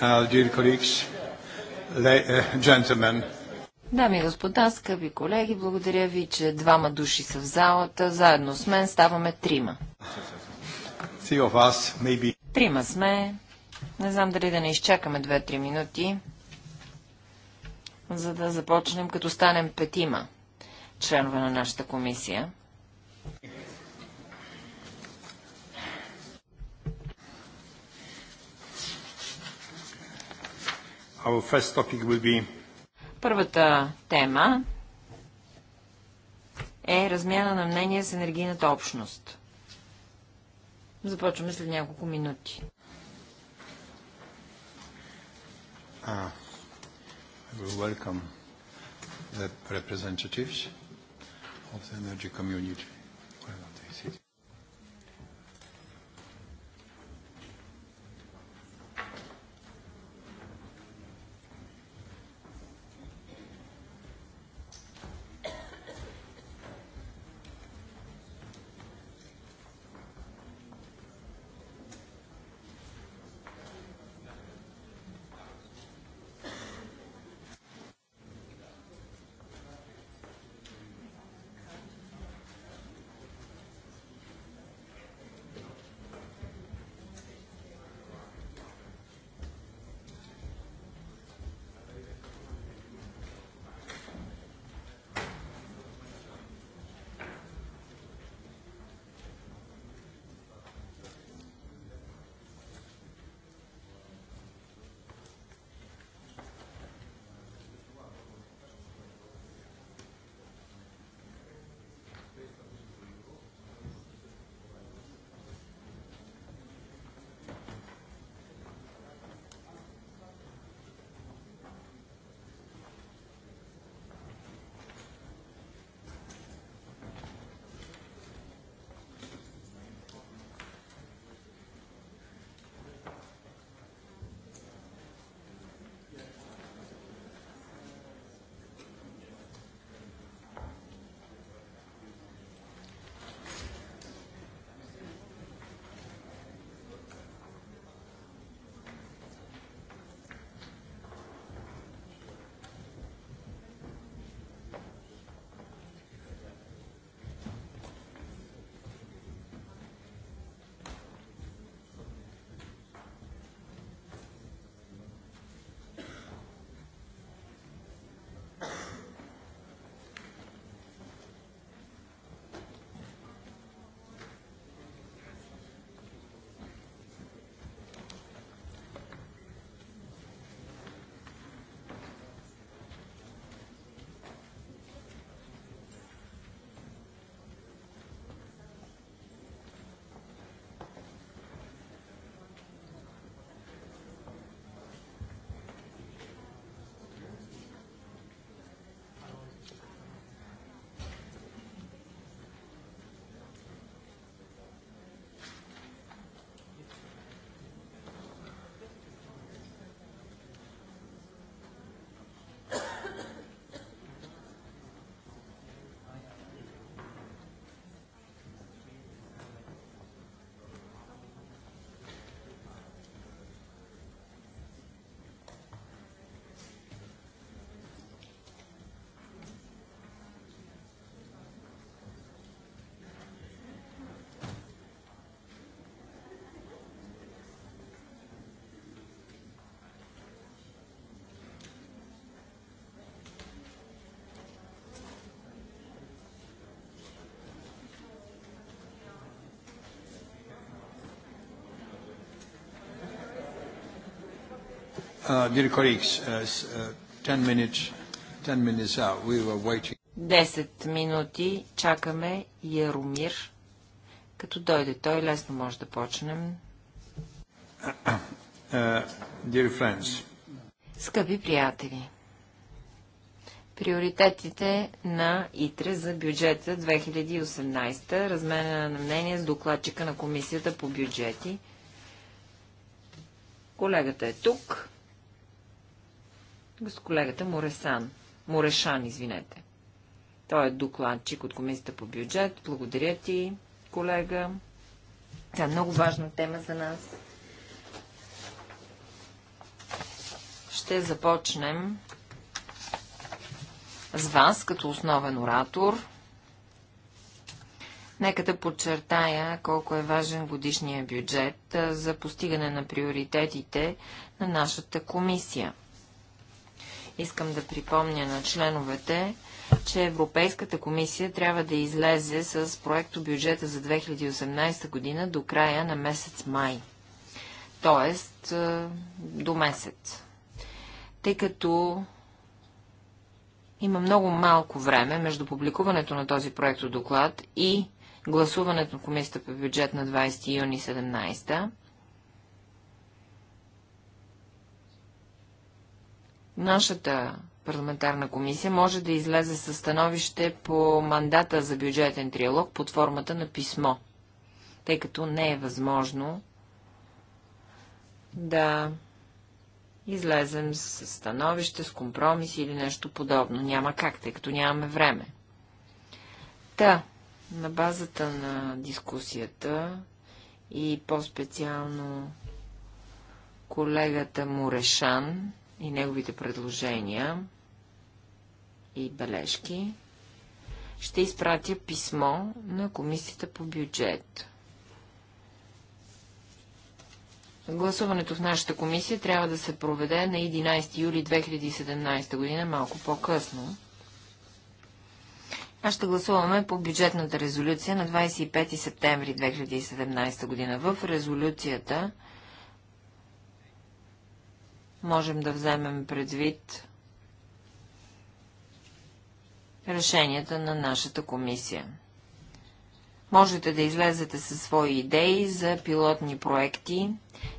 Uh, uh, Дами и господа, скъпи колеги, благодаря ви, че двама души са в залата. Заедно с мен ставаме трима. Трима сме. Не знам дали да не изчакаме две-три минути, за да започнем като станем петима членове на нашата комисия. Our first topic will be... Първата тема е размяна на мнение с енергийната общност. Започваме след няколко минути. Ah, of the energy community. Uh, dear colleagues, 10 uh, uh, minutes, 10 minutes out. We were waiting. 10 минути чакаме Яромир. Като дойде той, лесно може да почнем. dear friends. Скъпи приятели, приоритетите на ИТРЕ за бюджета 2018, размена на мнение с докладчика на Комисията по бюджети. Колегата е тук с колегата Моресан. Морешан, извинете. Той е докладчик от Комисията по бюджет. Благодаря ти, колега. Това е много важна тема за нас. Ще започнем с вас като основен оратор. Нека да подчертая колко е важен годишния бюджет за постигане на приоритетите на нашата комисия – Искам да припомня на членовете, че Европейската комисия трябва да излезе с проекто бюджета за 2018 година до края на месец май. Тоест е, до месец. Тъй като има много малко време между публикуването на този проект доклад и гласуването на комисията по бюджет на 20 юни 17 Нашата парламентарна комисия може да излезе със становище по мандата за бюджетен триалог под формата на писмо, тъй като не е възможно да излезем с становище, с компромис или нещо подобно. Няма как, тъй като нямаме време. Та, на базата на дискусията и по-специално колегата Мурешан и неговите предложения и бележки, ще изпратя писмо на Комисията по бюджет. Гласуването в нашата комисия трябва да се проведе на 11 юли 2017 година, малко по-късно. Аз ще гласуваме по бюджетната резолюция на 25 септември 2017 година. В резолюцията можем да вземем предвид решенията на нашата комисия. Можете да излезете със свои идеи за пилотни проекти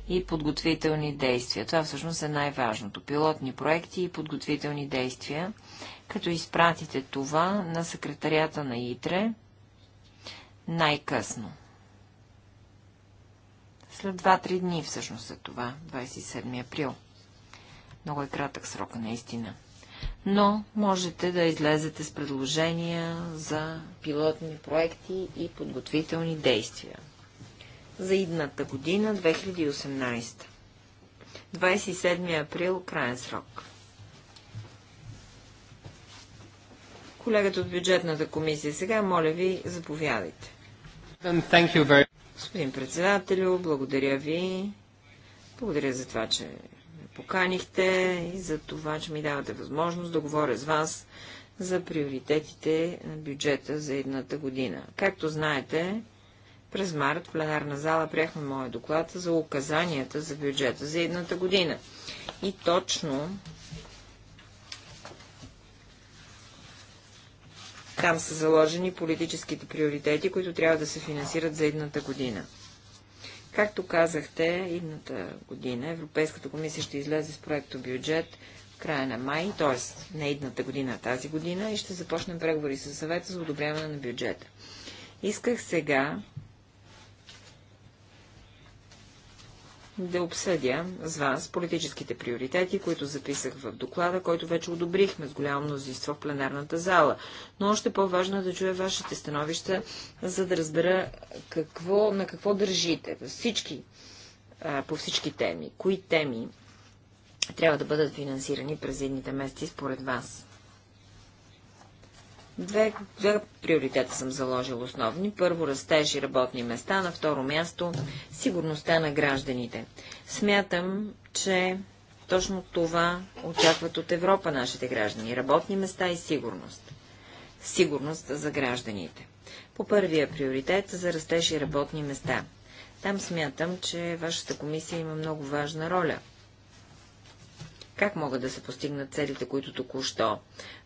и подготвителни действия. Това всъщност е най-важното. Пилотни проекти и подготвителни действия, като изпратите това на секретарията на ИТРЕ най-късно. След 2-3 дни всъщност е това, 27 април. Много е кратък срок, наистина. Но можете да излезете с предложения за пилотни проекти и подготвителни действия. За идната година, 2018. 27 април, крайен срок. Колегата от бюджетната комисия сега, моля ви, заповядайте. Господин председателю, благодаря ви. Благодаря за това, че поканихте и за това, че ми давате възможност да говоря с вас за приоритетите на бюджета за едната година. Както знаете, през март в пленарна зала приехме моя доклад за указанията за бюджета за едната година. И точно там са заложени политическите приоритети, които трябва да се финансират за едната година. Както казахте, едната година Европейската комисия ще излезе с проекто бюджет в края на май, т.е. не едната година, а тази година и ще започнем преговори с съвета за одобряване на бюджета. Исках сега да обсъдя с вас политическите приоритети, които записах в доклада, който вече одобрихме с голямо мнозинство в пленарната зала. Но още по-важно е да чуя вашите становища, за да разбера какво, на какво държите всички, по всички теми. Кои теми трябва да бъдат финансирани през едните месеци според вас? Две, две приоритета съм заложил основни. Първо, растеж и работни места. На второ място, сигурността на гражданите. Смятам, че точно това очакват от Европа нашите граждани. Работни места и сигурност. Сигурност за гражданите. По първия приоритет за растеж и работни места. Там смятам, че вашата комисия има много важна роля. Как могат да се постигнат целите, които току-що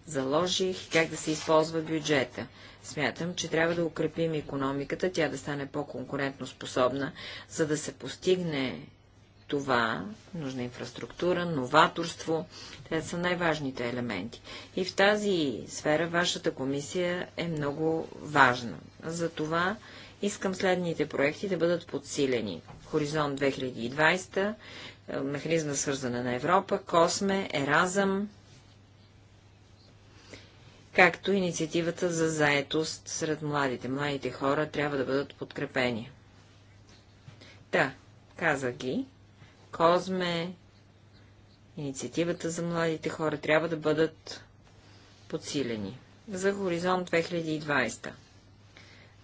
заложих, как да се използва бюджета. Смятам, че трябва да укрепим економиката, тя да стане по-конкурентно способна, за да се постигне това, нужна инфраструктура, новаторство, те са най-важните елементи. И в тази сфера вашата комисия е много важна. Затова искам следните проекти да бъдат подсилени. Хоризонт 2020, механизма свързана на Европа, Косме, Еразъм, както инициативата за заетост сред младите. Младите хора трябва да бъдат подкрепени. Та, да, каза ги, Козме, инициативата за младите хора трябва да бъдат подсилени. За Хоризонт 2020.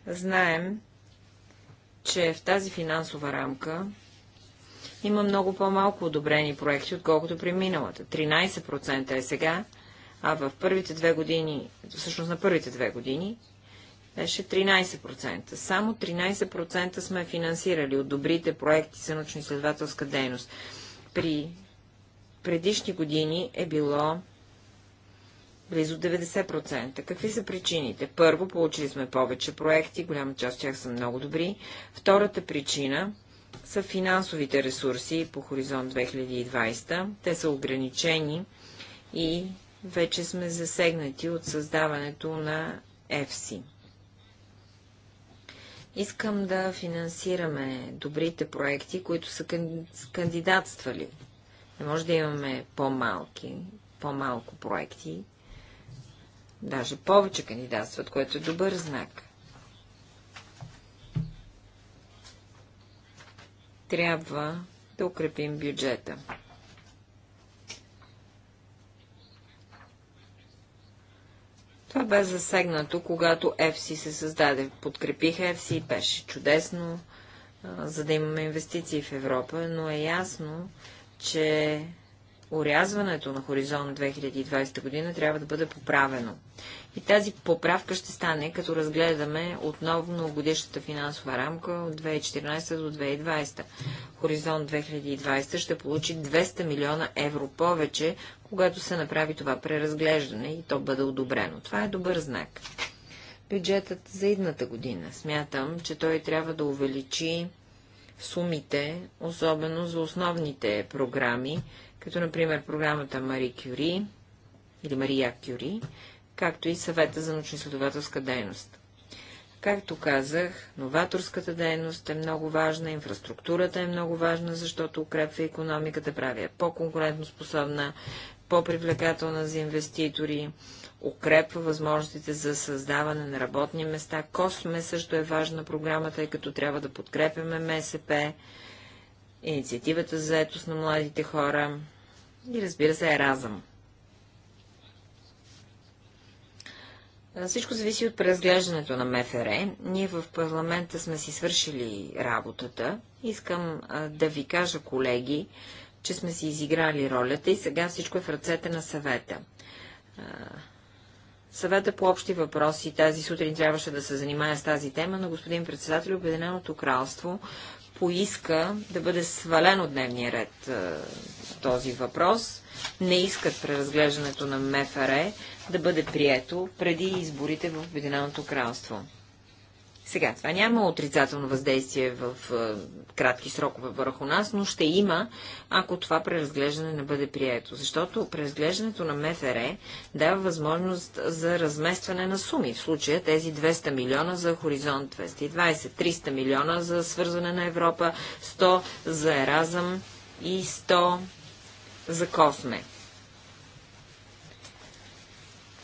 Знаем, че в тази финансова рамка има много по-малко одобрени проекти, отколкото при миналата. 13% е сега, а в първите две години, всъщност на първите две години, беше 13%. Само 13% сме финансирали от добрите проекти за научно-изследователска дейност. При предишни години е било близо 90%. Какви са причините? Първо, получили сме повече проекти, голяма част от тях са много добри. Втората причина са финансовите ресурси по Хоризонт 2020. Те са ограничени и вече сме засегнати от създаването на ЕФСИ. Искам да финансираме добрите проекти, които са кандидатствали. Не може да имаме по-малки, по-малко проекти. Даже повече кандидатстват, което е добър знак. Трябва да укрепим бюджета. Това бе засегнато, когато FC се създаде. Подкрепиха FC, беше чудесно, за да имаме инвестиции в Европа, но е ясно, че урязването на Хоризонт 2020 година трябва да бъде поправено. И тази поправка ще стане, като разгледаме отново годишната финансова рамка от 2014 до 2020. Хоризонт 2020 ще получи 200 милиона евро повече когато се направи това преразглеждане и то бъде одобрено. Това е добър знак. Бюджетът за идната година. Смятам, че той трябва да увеличи сумите, особено за основните програми, като например програмата Мари Кюри или Мария Кюри, както и съвета за научно-изследователска дейност. Както казах, новаторската дейност е много важна, инфраструктурата е много важна, защото укрепва економиката, прави е по-конкурентоспособна, по-привлекателна за инвеститори, укрепва възможностите за създаване на работни места. Косме също е важна програма, тъй като трябва да подкрепяме МСП, инициативата за заетост на младите хора и разбира се е разъм. Всичко зависи от преразглеждането на МФР. Ние в парламента сме си свършили работата. Искам да ви кажа, колеги, че сме си изиграли ролята и сега всичко е в ръцете на съвета. Съвета по общи въпроси тази сутрин трябваше да се занимая с тази тема, но господин председател Обединеното кралство поиска да бъде свален от дневния ред този въпрос. Не искат преразглеждането на МФР да бъде прието преди изборите в Обединеното кралство. Сега, това няма отрицателно въздействие в е, кратки срокове върху нас, но ще има, ако това преразглеждане не бъде прието. Защото преразглеждането на МФР дава възможност за разместване на суми. В случая тези 200 милиона за Хоризонт 220, 300 милиона за свързване на Европа, 100 за Еразъм и 100 за Косме.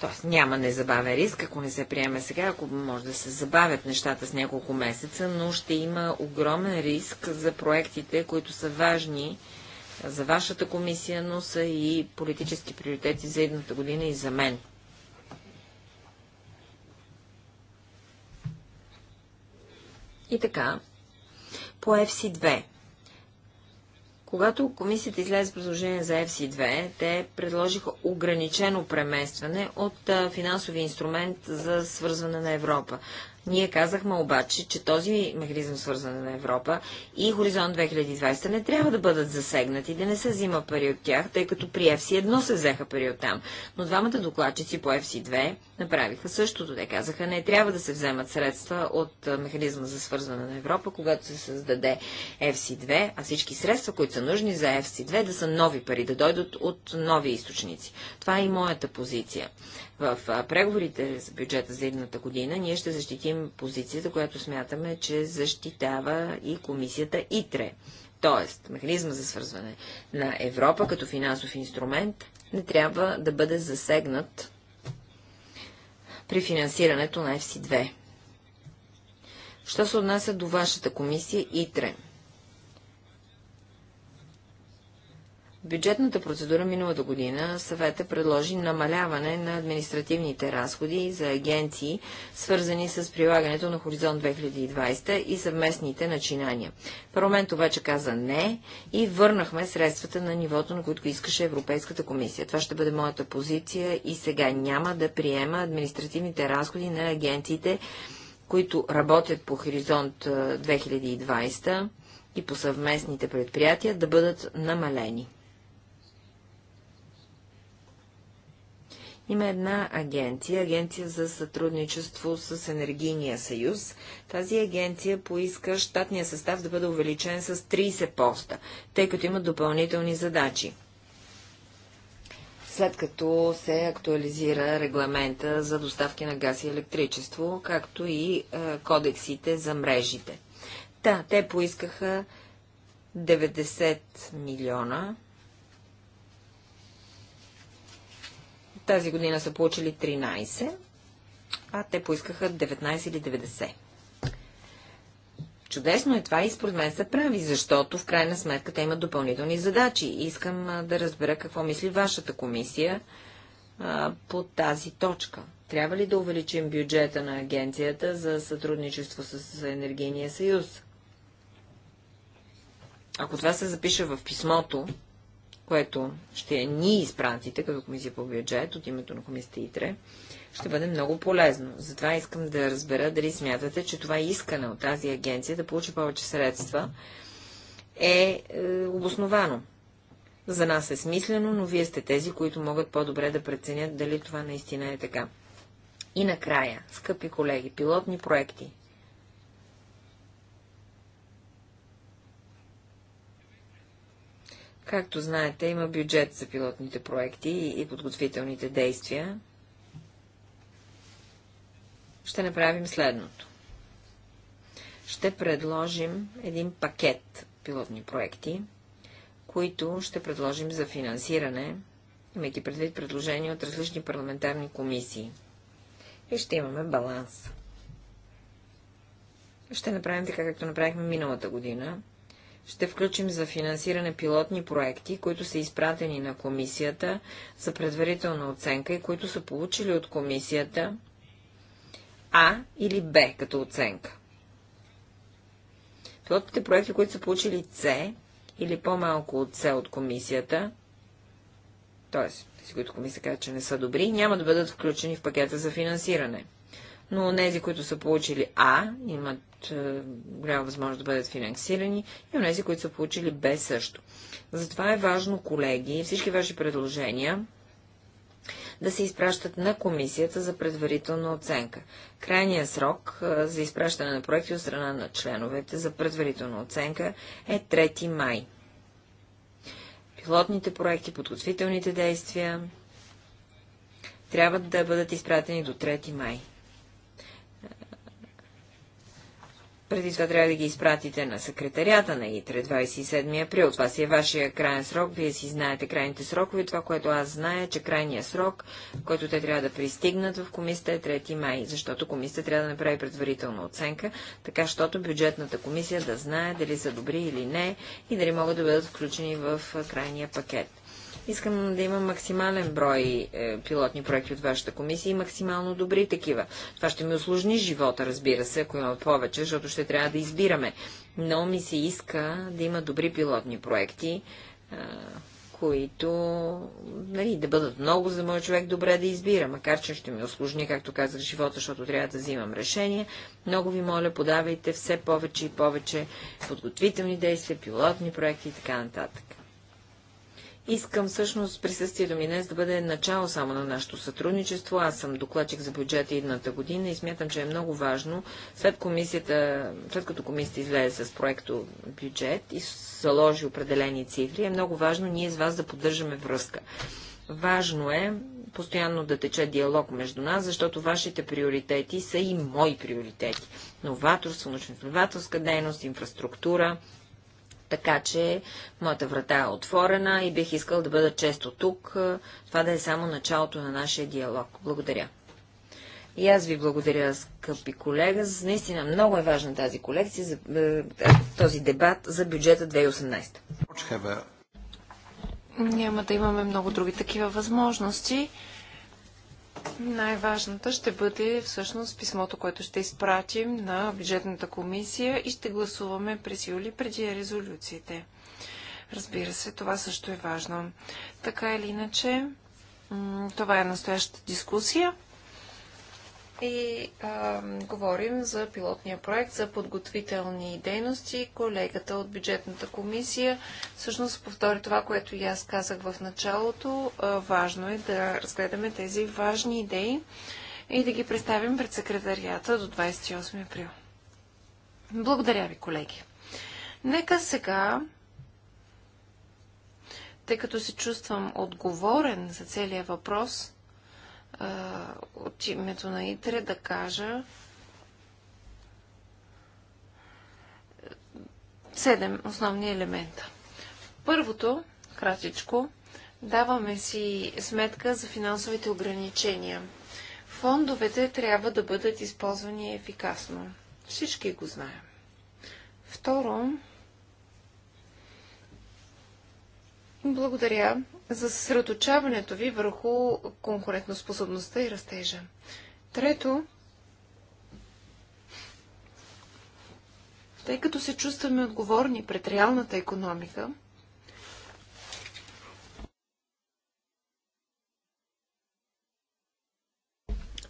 Тоест няма незабавен риск, ако не се приеме сега, ако може да се забавят нещата с няколко месеца, но ще има огромен риск за проектите, които са важни за вашата комисия, но са и политически приоритети за едната година и за мен. И така, по FC2. Когато комисията излезе с предложение за FC2, те предложиха ограничено преместване от финансови инструмент за свързване на Европа. Ние казахме обаче, че този механизъм свързан на Европа и Хоризонт 2020 не трябва да бъдат засегнати, да не се взима пари от тях, тъй като при FC1 се взеха пари от там. Но двамата докладчици по FC2 направиха същото. Те казаха, не трябва да се вземат средства от механизма за свързване на Европа, когато се създаде FC2, а всички средства, които са нужни за FC2, да са нови пари, да дойдат от нови източници. Това е и моята позиция. В преговорите за бюджета за едната година ние ще защитим позицията, която смятаме, че защитава и комисията ИТРЕ. Тоест, механизма за свързване на Европа като финансов инструмент не трябва да бъде засегнат при финансирането на FC2. Що се отнася до вашата комисия ИТРЕ? бюджетната процедура миналата година съвета предложи намаляване на административните разходи за агенции, свързани с прилагането на Хоризонт 2020 и съвместните начинания. Парламент обаче каза не и върнахме средствата на нивото, на което искаше Европейската комисия. Това ще бъде моята позиция и сега няма да приема административните разходи на агенциите, които работят по Хоризонт 2020 и по съвместните предприятия да бъдат намалени. Има една агенция, агенция за сътрудничество с Енергийния съюз. Тази агенция поиска щатния състав да бъде увеличен с 30 поста, тъй като има допълнителни задачи. След като се актуализира регламента за доставки на газ и електричество, както и е, кодексите за мрежите. Та, да, те поискаха 90 милиона Тази година са получили 13, а те поискаха 19 или 90. Чудесно е това и според мен се прави, защото в крайна сметка те имат допълнителни задачи. Искам да разбера какво мисли вашата комисия а, по тази точка. Трябва ли да увеличим бюджета на агенцията за сътрудничество с Енергийния съюз? Ако това се запише в писмото, което ще е ние избранците като комисия по бюджет от името на комисията ИТРЕ, ще бъде много полезно. Затова искам да разбера дали смятате, че това искане от тази агенция да получи повече средства е, е обосновано. За нас е смислено, но вие сте тези, които могат по-добре да преценят дали това наистина е така. И накрая, скъпи колеги, пилотни проекти. Както знаете, има бюджет за пилотните проекти и подготвителните действия. Ще направим следното. Ще предложим един пакет пилотни проекти, които ще предложим за финансиране, имайки предвид предложения от различни парламентарни комисии. И ще имаме баланс. Ще направим така, както направихме миналата година, ще включим за финансиране пилотни проекти, които са изпратени на комисията за предварителна оценка и които са получили от комисията А или Б като оценка. Пилотните проекти, които са получили С или по-малко от С от комисията, т.е. тези, които комисията каза, че не са добри, няма да бъдат включени в пакета за финансиране но тези, които са получили А, имат е, голяма възможност да бъдат финансирани и тези, които са получили Б също. Затова е важно, колеги, всички ваши предложения да се изпращат на комисията за предварителна оценка. Крайният срок е, за изпращане на проекти от страна на членовете за предварителна оценка е 3 май. Пилотните проекти, подготвителните действия трябва да бъдат изпратени до 3 май. Преди това трябва да ги изпратите на секретарията на ИТРЕ 27 април. Това си е вашия крайен срок. Вие си знаете крайните срокове. Това, което аз зная, е, че крайният срок, който те трябва да пристигнат в комисията е 3 май, защото комисията трябва да направи предварителна оценка, така щото бюджетната комисия да знае дали са добри или не и дали могат да бъдат включени в крайния пакет. Искам да има максимален брой е, пилотни проекти от вашата комисия и максимално добри такива. Това ще ми осложни живота, разбира се, ако има повече, защото ще трябва да избираме. Но ми се иска да има добри пилотни проекти, е, които нали, да бъдат много за моят човек добре да избира, макар че ще ми осложни, както казах, живота, защото трябва да взимам решение. Много ви моля, подавайте все повече и повече подготвителни действия, пилотни проекти и така нататък. Искам всъщност присъствието ми днес да бъде начало само на нашето сътрудничество. Аз съм докладчик за бюджета едната година и смятам, че е много важно, след, комисията, след като комисията излезе с проекто бюджет и заложи определени цифри, е много важно ние с вас да поддържаме връзка. Важно е постоянно да тече диалог между нас, защото вашите приоритети са и мои приоритети. Новаторство, научно-изследователска дейност, инфраструктура, така че моята врата е отворена и бих искал да бъда често тук. Това да е само началото на нашия диалог. Благодаря. И аз ви благодаря, скъпи колега. Наистина много е важна тази колекция, за, е, е, този дебат за бюджета 2018. Няма да имаме много други такива възможности. Най-важната ще бъде всъщност писмото, което ще изпратим на бюджетната комисия и ще гласуваме през юли преди резолюциите. Разбира се, това също е важно. Така или иначе, това е настоящата дискусия и а, говорим за пилотния проект за подготвителни дейности. Колегата от бюджетната комисия всъщност повтори това, което и аз казах в началото. А, важно е да разгледаме тези важни идеи и да ги представим пред секретарията до 28 април. Благодаря ви, колеги. Нека сега, тъй като се чувствам отговорен за целият въпрос, от името на ИТРЕ да кажа 7 основни елемента. Първото, кратичко, даваме си сметка за финансовите ограничения. Фондовете трябва да бъдат използвани ефикасно. Всички го знаем. Второ, благодаря за съсредоточаването ви върху конкурентоспособността и растежа. Трето, тъй като се чувстваме отговорни пред реалната економика,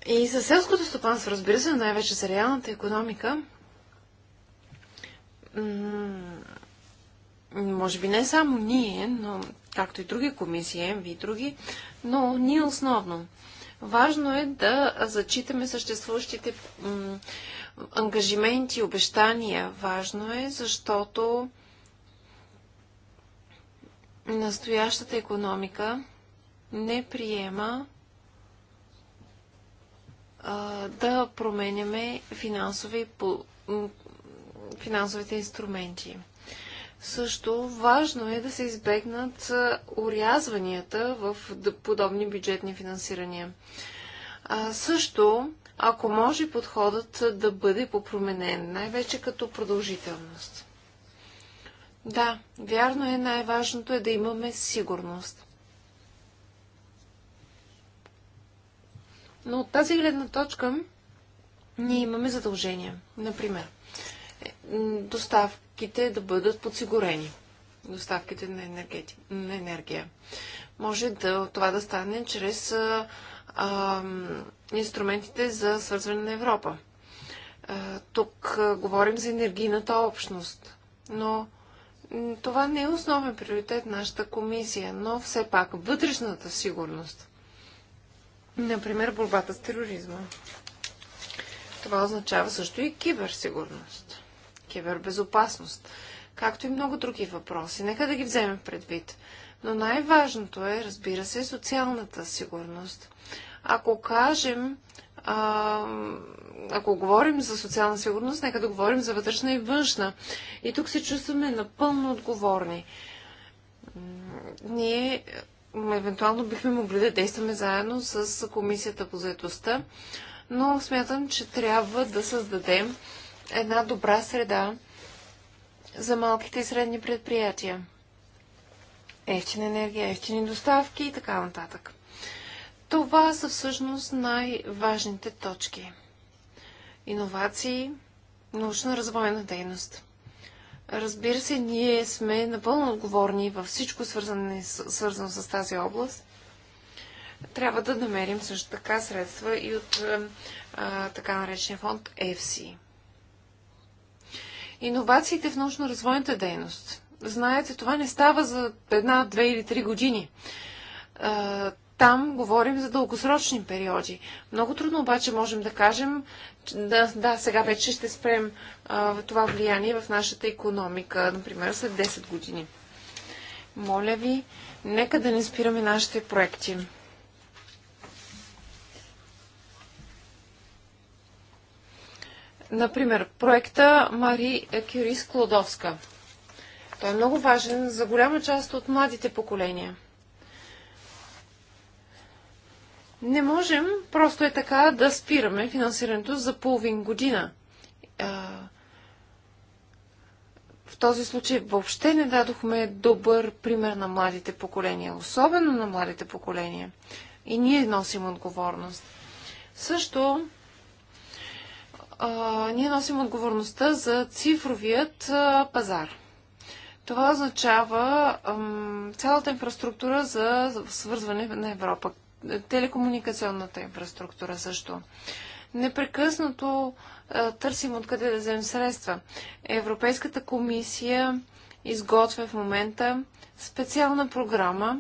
И за селското стопанство, разбира се, най-вече за реалната економика, може би не само ние, но както и други комисии, ви и други, но ние основно. Важно е да зачитаме съществуващите ангажименти, обещания. Важно е, защото настоящата економика не приема а, да променяме финансови, по, финансовите инструменти. Също важно е да се избегнат урязванията в подобни бюджетни финансирания. А, също, ако може подходът да бъде попроменен, най-вече като продължителност. Да, вярно е, най-важното е да имаме сигурност. Но от тази гледна точка ние имаме задължения. Например, доставките да бъдат подсигурени. Доставките на, енергети... на енергия. Може да, това да стане чрез а, а, инструментите за свързване на Европа. А, тук а, говорим за енергийната общност, но това не е основен приоритет на нашата комисия, но все пак вътрешната сигурност. Например, борбата с тероризма. Това означава също и киберсигурност кибербезопасност, както и много други въпроси. Нека да ги вземем предвид. Но най-важното е, разбира се, социалната сигурност. Ако кажем, а, ако говорим за социална сигурност, нека да говорим за вътрешна и външна. И тук се чувстваме напълно отговорни. Ние евентуално бихме могли да действаме заедно с Комисията по заедостта, но смятам, че трябва да създадем една добра среда за малките и средни предприятия. Ефтина енергия, ефтини доставки и така нататък. Това са всъщност най-важните точки. Иновации, научно-развойна дейност. Разбира се, ние сме напълно отговорни във всичко свързано, свързано с тази област. Трябва да намерим също така средства и от а, така наречения фонд EFSI иновациите в научно-развойната дейност. Знаете, това не става за една, две или три години. Там говорим за дългосрочни периоди. Много трудно обаче можем да кажем, да, да сега вече ще спрем а, това влияние в нашата економика, например, след 10 години. Моля ви, нека да не спираме нашите проекти. Например, проекта Мари Кюрис Клодовска. Той е много важен за голяма част от младите поколения. Не можем просто е така да спираме финансирането за половин година. В този случай въобще не дадохме добър пример на младите поколения, особено на младите поколения. И ние носим отговорност. Също а, ние носим отговорността за цифровият а, пазар. Това означава ам, цялата инфраструктура за свързване на Европа. Телекомуникационната инфраструктура също. Непрекъснато а, търсим откъде да вземем средства. Европейската комисия изготвя в момента специална програма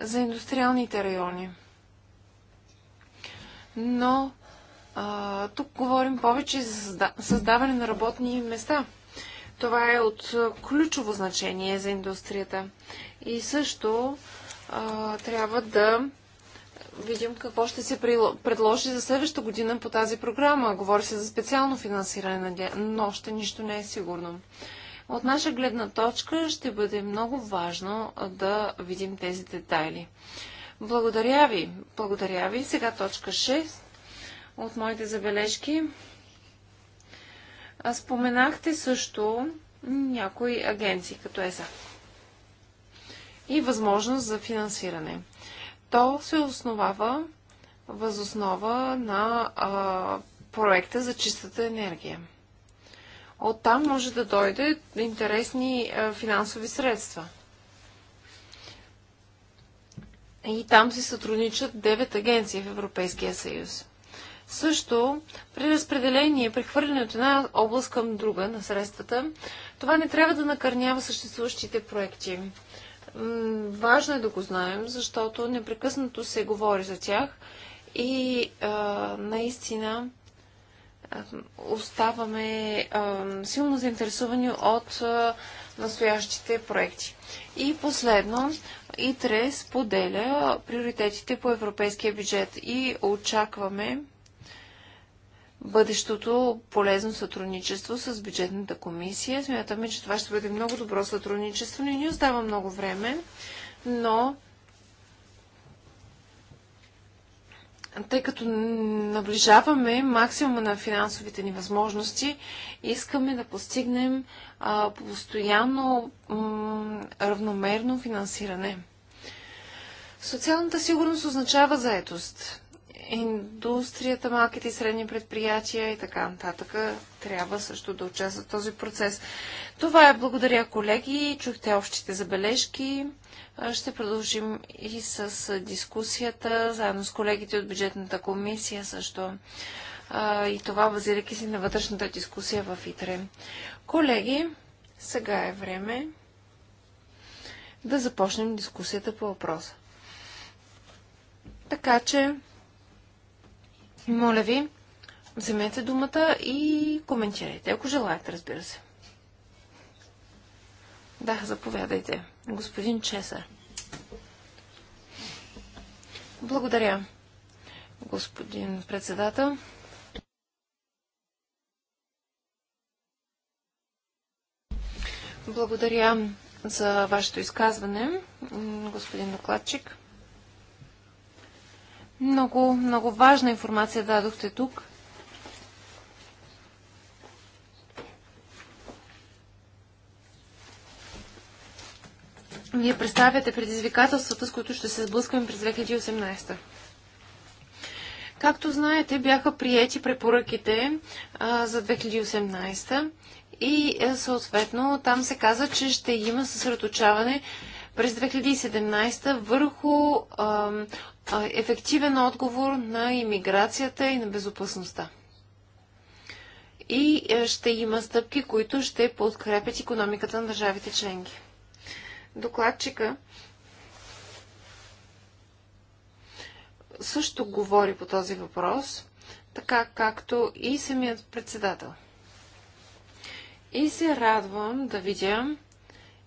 за индустриалните райони. Но а, тук говорим повече за създаване на работни места. Това е от ключово значение за индустрията. И също а, трябва да видим какво ще се предложи за следващата година по тази програма. Говори се за специално финансиране, но още нищо не е сигурно. От наша гледна точка ще бъде много важно да видим тези детайли. Благодаря ви. Благодаря ви. Сега точка 6 от моите забележки. А споменахте също някои агенции, като ЕСА. И възможност за финансиране. То се основава възоснова на а, проекта за чистата енергия. Оттам може да дойде интересни а, финансови средства. И там се сътрудничат 9 агенции в Европейския съюз. Също при разпределение, при хвърляне от една област към друга на средствата, това не трябва да накърнява съществуващите проекти. Важно е да го знаем, защото непрекъснато се говори за тях и а, наистина оставаме а, силно заинтересувани от а, настоящите проекти. И последно, ИТРЕ споделя приоритетите по европейския бюджет и очакваме бъдещото полезно сътрудничество с бюджетната комисия. Смятаме, че това ще бъде много добро сътрудничество. Не ни остава много време, но тъй като наближаваме максимума на финансовите ни възможности, искаме да постигнем а, постоянно равномерно финансиране. Социалната сигурност означава заетост индустрията, малките и средни предприятия и така нататък трябва също да участват в този процес. Това е благодаря, колеги. Чухте общите забележки. Ще продължим и с дискусията, заедно с колегите от бюджетната комисия също. И това базирайки си на вътрешната дискусия в ИТРЕ. Колеги, сега е време да започнем дискусията по въпроса. Така че моля ви, вземете думата и коментирайте, ако желаете, разбира се. Да, заповядайте. Господин Чесар. Благодаря, господин председател. Благодаря за вашето изказване, господин докладчик. Много, много важна информация дадохте тук. Вие представяте предизвикателствата, с които ще се сблъскаме през 2018. Както знаете, бяха приети препоръките а, за 2018 и е, съответно там се каза, че ще има съсредоточаване през 2017 върху а, ефективен отговор на иммиграцията и на безопасността. И е, ще има стъпки, които ще подкрепят економиката на държавите членки. Докладчика също говори по този въпрос, така както и самият председател. И се радвам да видя,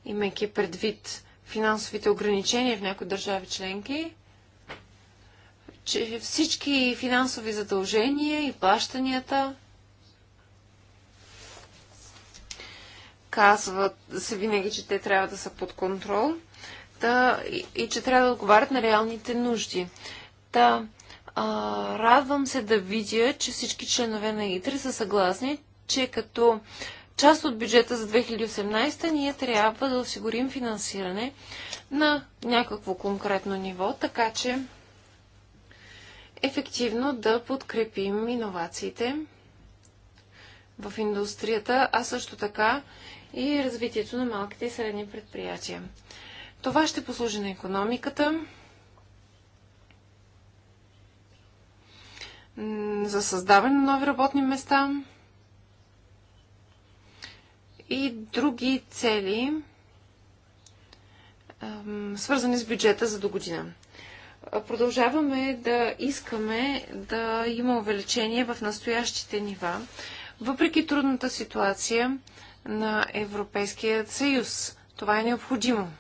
имайки предвид финансовите ограничения в някои държави членки, че всички финансови задължения и плащанията казват се винаги, че те трябва да са под контрол та, и, и че трябва да отговарят на реалните нужди. Та, а, радвам се да видя, че всички членове на ИТРИ са съгласни, че като част от бюджета за 2018 ние трябва да осигурим финансиране на някакво конкретно ниво, така че ефективно да подкрепим иновациите в индустрията, а също така и развитието на малките и средни предприятия. Това ще послужи на економиката, за създаване на нови работни места и други цели, свързани с бюджета за до година продължаваме да искаме да има увеличение в настоящите нива, въпреки трудната ситуация на Европейския съюз. Това е необходимо.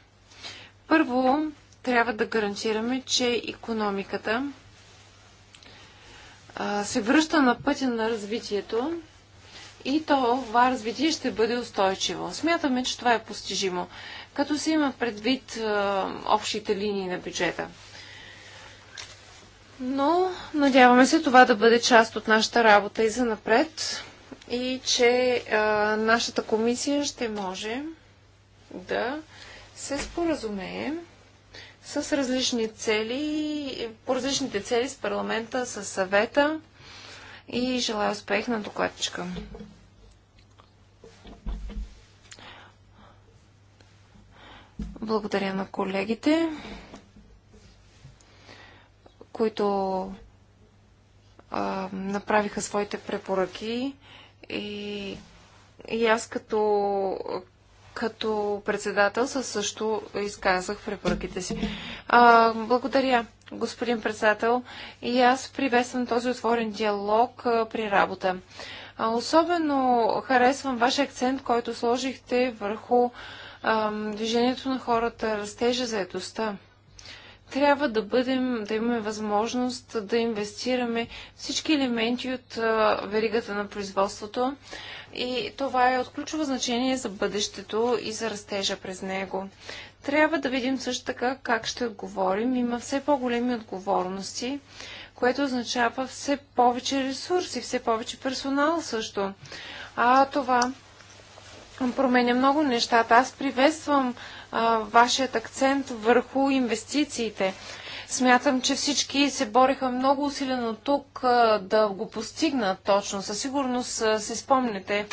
Първо, трябва да гарантираме, че економиката се връща на пътя на развитието и това развитие ще бъде устойчиво. Смятаме, че това е постижимо, като се има предвид общите линии на бюджета – но надяваме се това да бъде част от нашата работа и за напред и че а, нашата комисия ще може да се споразумее с различни цели, по различните цели с парламента, с съвета и желая успех на докладчика. Благодаря на колегите които а, направиха своите препоръки и, и аз като, като председател също изказах препоръките си. А, благодаря, господин председател. И аз приветствам този отворен диалог а, при работа. А, особено харесвам вашия акцент, който сложихте върху а, движението на хората, растежа заедостта трябва да бъдем, да имаме възможност да инвестираме всички елементи от веригата на производството и това е от ключово значение за бъдещето и за растежа през него. Трябва да видим също така как ще отговорим. Има все по-големи отговорности, което означава все повече ресурси, все повече персонал също. А това променя много нещата. Аз приветствам вашият акцент върху инвестициите. Смятам, че всички се бореха много усилено тук да го постигнат точно. Със сигурност се спомняте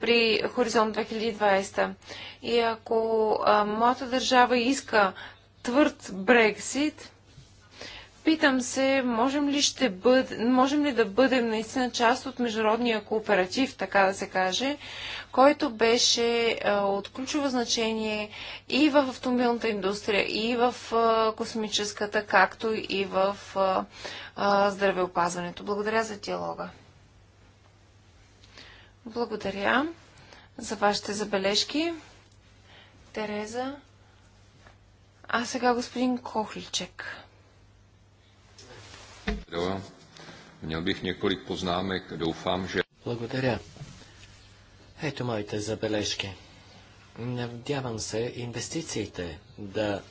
при Хоризонт 2020. И ако а, моята държава иска твърд Брексит, Питам се, можем ли, ще бъд... можем ли да бъдем наистина част от международния кооператив, така да се каже, който беше а, от ключово значение и в автомобилната индустрия, и в а, космическата, както и в а, здравеопазването. Благодаря за диалога. Благодаря за вашите забележки. Тереза. А сега господин Кохличек. Благодаря. Ето моите забележки. Надявам се инвестициите да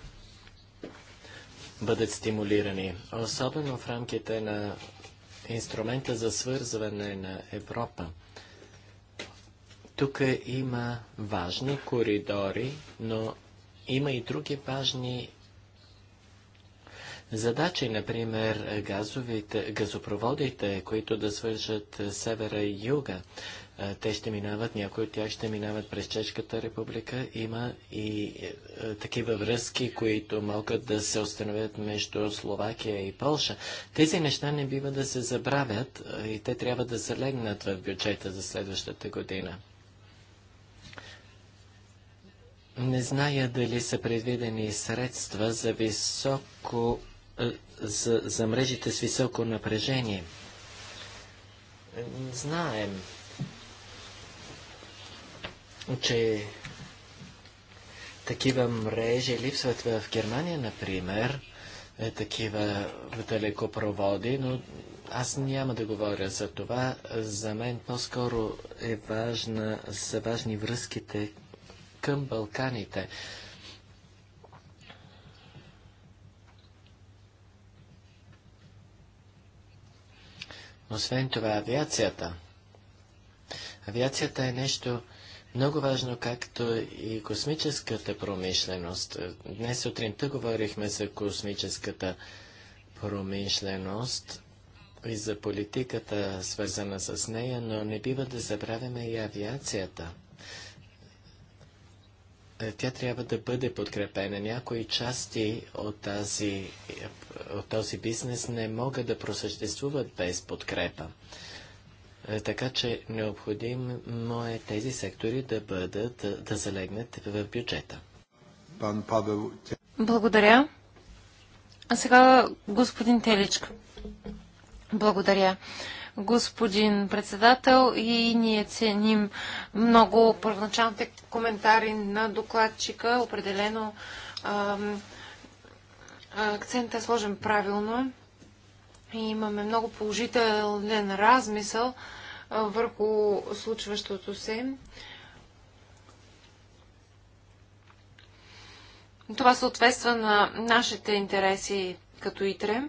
бъдат стимулирани, особено в рамките на инструмента за свързване на Европа. Тук има важни коридори, но има и други важни задачи, например газовите, газопроводите, които да свържат е, севера и юга. Е, те ще минават, някои от тях ще минават през Чешката република. Има и е, е, такива връзки, които могат да се установят между Словакия и Полша. Тези неща не бива да се забравят и те трябва да се легнат в бюджета за следващата година. Не зная дали са предвидени средства за високо за, за мрежите с високо напрежение. Знаем, че такива мрежи липсват в Германия, например, е, такива далекопроводи, но аз няма да говоря за това. За мен по-скоро е важна, са важни връзките към Балканите. Освен това, авиацията. Авиацията е нещо много важно, както и космическата промишленост. Днес сутринта говорихме за космическата промишленост и за политиката, свързана с нея, но не бива да забравяме и авиацията. Е, тя трябва да бъде подкрепена. Някои части от, тази, от този бизнес не могат да просъществуват без подкрепа. Е, така че необходимо е тези сектори да бъдат, да, да залегнат в бюджета. Благодаря. А сега господин Теличка. Благодаря господин председател, и ние ценим много първоначалните коментари на докладчика. Определено акцентът е сложен правилно и имаме много положителен размисъл върху случващото се. Това съответства на нашите интереси като ИТРЕ,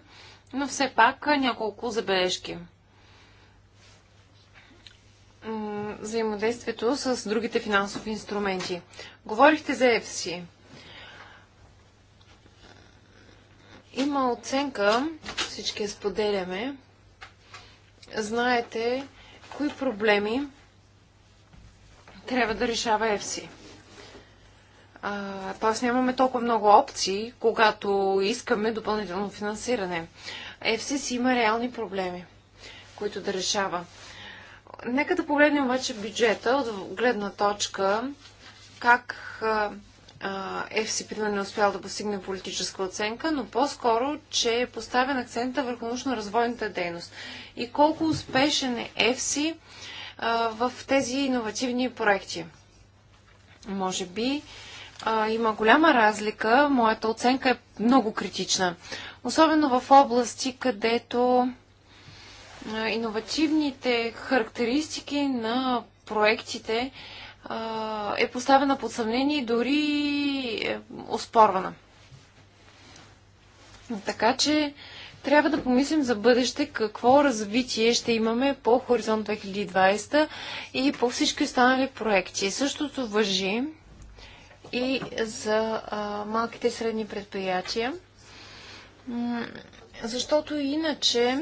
но все пак няколко забележки взаимодействието с другите финансови инструменти. Говорихте за ЕФСИ. Има оценка, всички я споделяме. Знаете кои проблеми трябва да решава Ефси. Тоест нямаме толкова много опции, когато искаме допълнително финансиране. ЕФСИ си има реални проблеми, които да решава. Нека да погледнем вече бюджета от гледна точка как ЕФСИ, примерно, не успял да постигне политическа оценка, но по-скоро, че е поставен акцента върху научно-развойната дейност. И колко успешен е ЕФСИ в тези иновативни проекти. Може би а, има голяма разлика. Моята оценка е много критична. Особено в области, където иновативните характеристики на проектите е поставена под съмнение и дори е, оспорвана. Така че трябва да помислим за бъдеще какво развитие ще имаме по Хоризонт 2020 и по всички останали проекти. Същото въжи и за а, малките и средни предприятия, защото иначе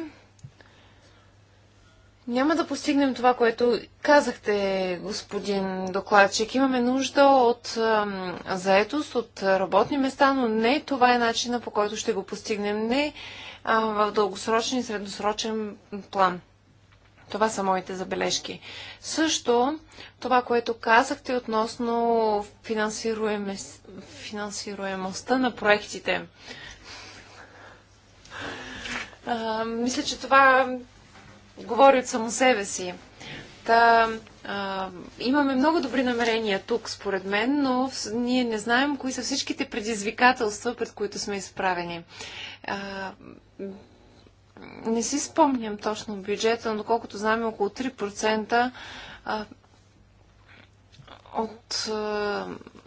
няма да постигнем това, което казахте, господин докладчик. Имаме нужда от заетост, от работни места, но не това е начина по който ще го постигнем. Не а, в дългосрочен и средносрочен план. Това са моите забележки. Също това, което казахте относно финансируемостта на проектите. А, мисля, че това говори от само себе си. Та, а, имаме много добри намерения тук, според мен, но ние не знаем кои са всичките предизвикателства, пред които сме изправени. А, не си спомням точно бюджета, но колкото знаме около 3% от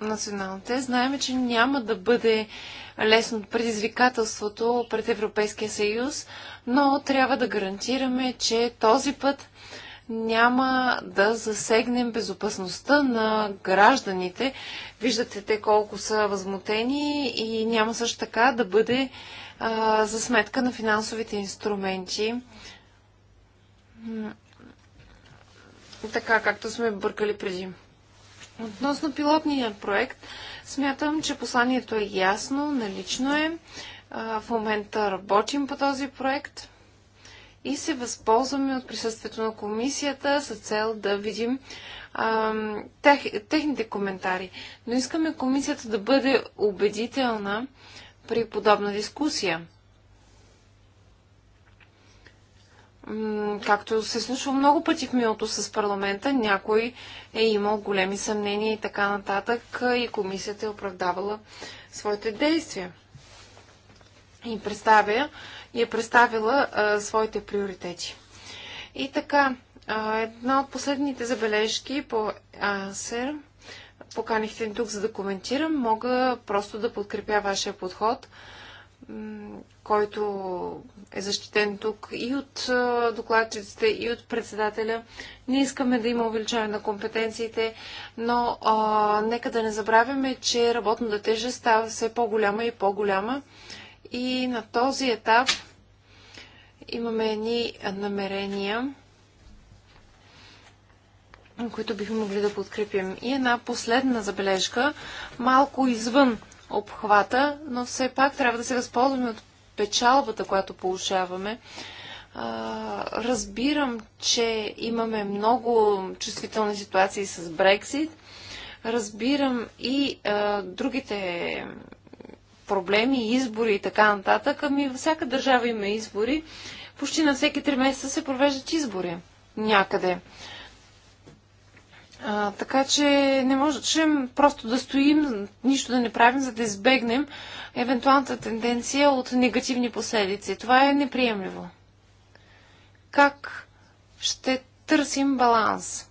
националните. Знаем, че няма да бъде лесно предизвикателството пред Европейския съюз, но трябва да гарантираме, че този път няма да засегнем безопасността на гражданите. Виждате те колко са възмутени и няма също така да бъде а, за сметка на финансовите инструменти. Така, както сме бъркали преди. Относно пилотния проект, смятам, че посланието е ясно, налично е. В момента работим по този проект и се възползваме от присъствието на комисията с цел да видим а, тех, техните коментари. Но искаме комисията да бъде убедителна при подобна дискусия. както се случва много пъти в миналото с парламента, някой е имал големи съмнения и така нататък и комисията е оправдавала своите действия. И, представя, и е представила а, своите приоритети. И така, а, една от последните забележки по АСЕР, поканихте ни тук за да коментирам, мога просто да подкрепя вашия подход – който е защитен тук и от докладчиците, и от председателя. Не искаме да има увеличаване на компетенциите, но а, нека да не забравяме, че работната тежест става все по-голяма и по-голяма. И на този етап имаме едни намерения, които бихме могли да подкрепим. И една последна забележка, малко извън обхвата, но все пак трябва да се възползваме от печалбата, която получаваме. А, разбирам, че имаме много чувствителни ситуации с Брексит. Разбирам и а, другите проблеми, избори и така нататък. Ами във всяка държава има избори. Почти на всеки три месеца се провеждат избори някъде. А, така че не можем просто да стоим, нищо да не правим, за да избегнем евентуалната тенденция от негативни последици. Това е неприемливо. Как ще търсим баланс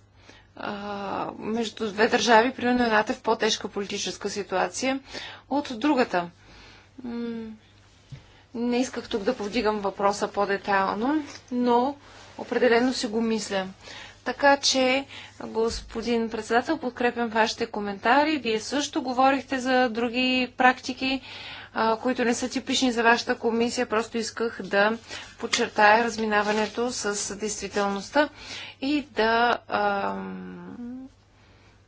а, между две държави, примерно едната е в по-тежка политическа ситуация от другата? не исках тук да повдигам въпроса по-детайлно, но определено си го мисля. Така че, господин председател, подкрепям вашите коментари. Вие също говорихте за други практики, които не са типични за вашата комисия. Просто исках да подчертая разминаването с действителността и да,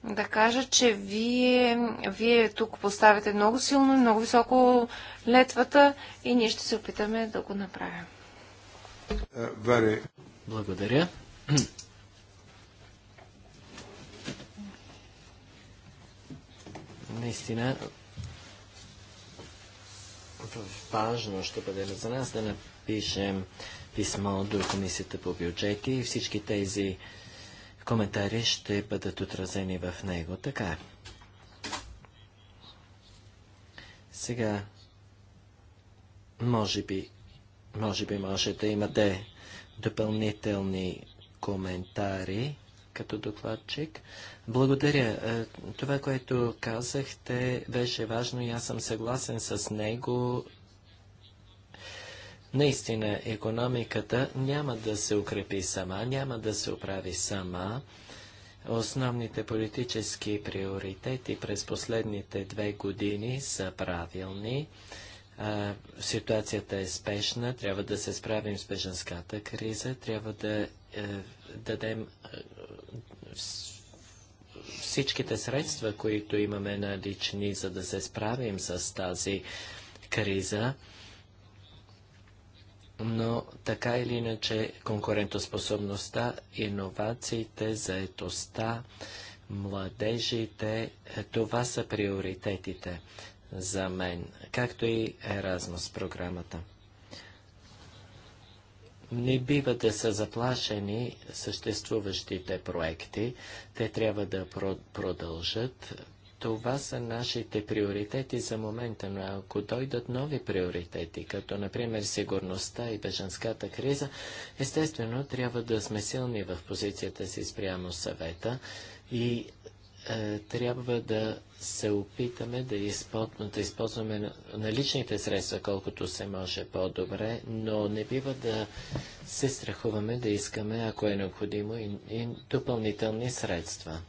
да кажа, че вие, вие тук поставяте много силно и много високо летвата и ние ще се опитаме да го направим. Е, Благодаря. Наистина, важно ще бъде за нас да напишем писмо до Комисията по бюджети и всички тези коментари ще бъдат отразени в него. Така. Е. Сега, може би, може би може да имате допълнителни коментари като докладчик. Благодаря. Е, това, което казахте, беше важно и аз съм съгласен с него. Наистина, економиката няма да се укрепи сама, няма да се оправи сама. Основните политически приоритети през последните две години са правилни. Е, ситуацията е спешна, трябва да се справим с беженската криза, трябва да е, дадем всичките средства, които имаме налични, за да се справим с тази криза, но така или иначе конкурентоспособността, иновациите, заетостта, младежите, това са приоритетите за мен, както и Еразмус програмата не бива да са заплашени съществуващите проекти. Те трябва да продължат. Това са нашите приоритети за момента, но ако дойдат нови приоритети, като например сигурността и беженската криза, естествено трябва да сме силни в позицията си спрямо съвета и е, трябва да се опитаме да, да използваме наличните средства колкото се може по-добре, но не бива да се страхуваме да искаме, ако е необходимо, и, и допълнителни средства.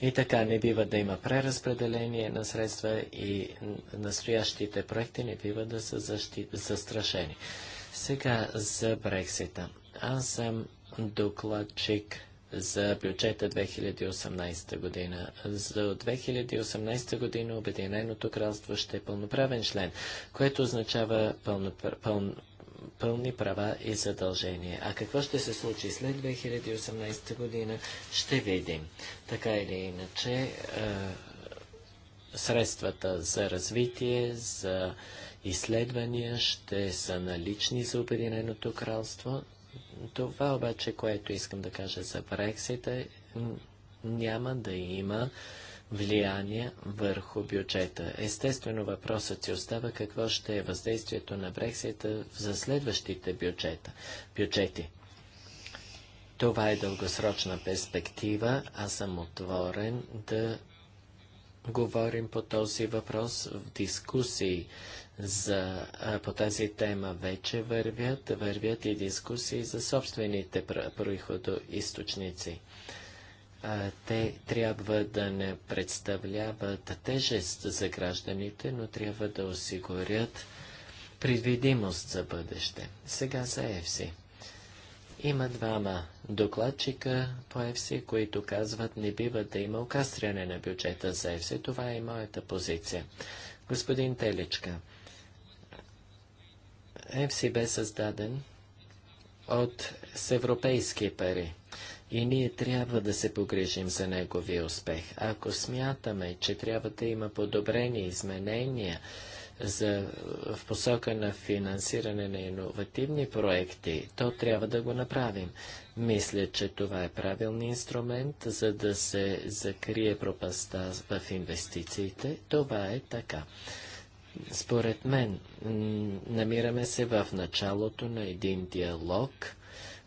И така не бива да има преразпределение на средства и настоящите проекти не бива да са защи... застрашени. Сега за Брексита. Аз съм докладчик за бюджета 2018 година. За 2018 година Обединеното кралство ще е пълноправен член, което означава пълно, пъл, пълни права и задължения. А какво ще се случи след 2018 година, ще видим. Така или иначе, е, средствата за развитие, за изследвания ще са налични за Обединеното кралство, това обаче, което искам да кажа за Брексита, няма да има влияние върху бюджета. Естествено, въпросът си остава какво ще е въздействието на Брексита за следващите бюджета, бюджети. Това е дългосрочна перспектива. Аз съм отворен да говорим по този въпрос в дискусии за, по тази тема вече вървят, вървят и дискусии за собствените происходоисточници. Те трябва да не представляват тежест за гражданите, но трябва да осигурят предвидимост за бъдеще. Сега за ЕФСИ. Има двама докладчика по ЕФСИ, които казват, не бива да има окастряне на бюджета за ЕФСИ. Това е моята позиция. Господин Теличка, ЕФСИ бе е създаден от с европейски пари. И ние трябва да се погрижим за неговия успех. Ако смятаме, че трябва да има подобрени изменения за, в посока на финансиране на иновативни проекти, то трябва да го направим. Мисля, че това е правилният инструмент, за да се закрие пропаста в инвестициите. Това е така. Според мен, намираме се в началото на един диалог.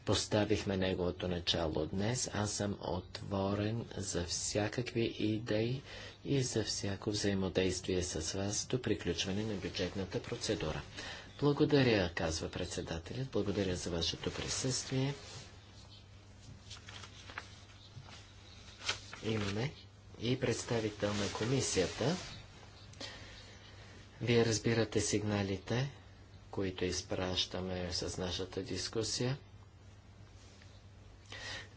Поставихме неговото начало днес. Аз съм отворен за всякакви идеи и за всяко взаимодействие с вас до приключване на бюджетната процедура. Благодаря, казва председателят. Благодаря за вашето присъствие. Имаме и представител на комисията. Вие разбирате сигналите, които изпращаме с нашата дискусия.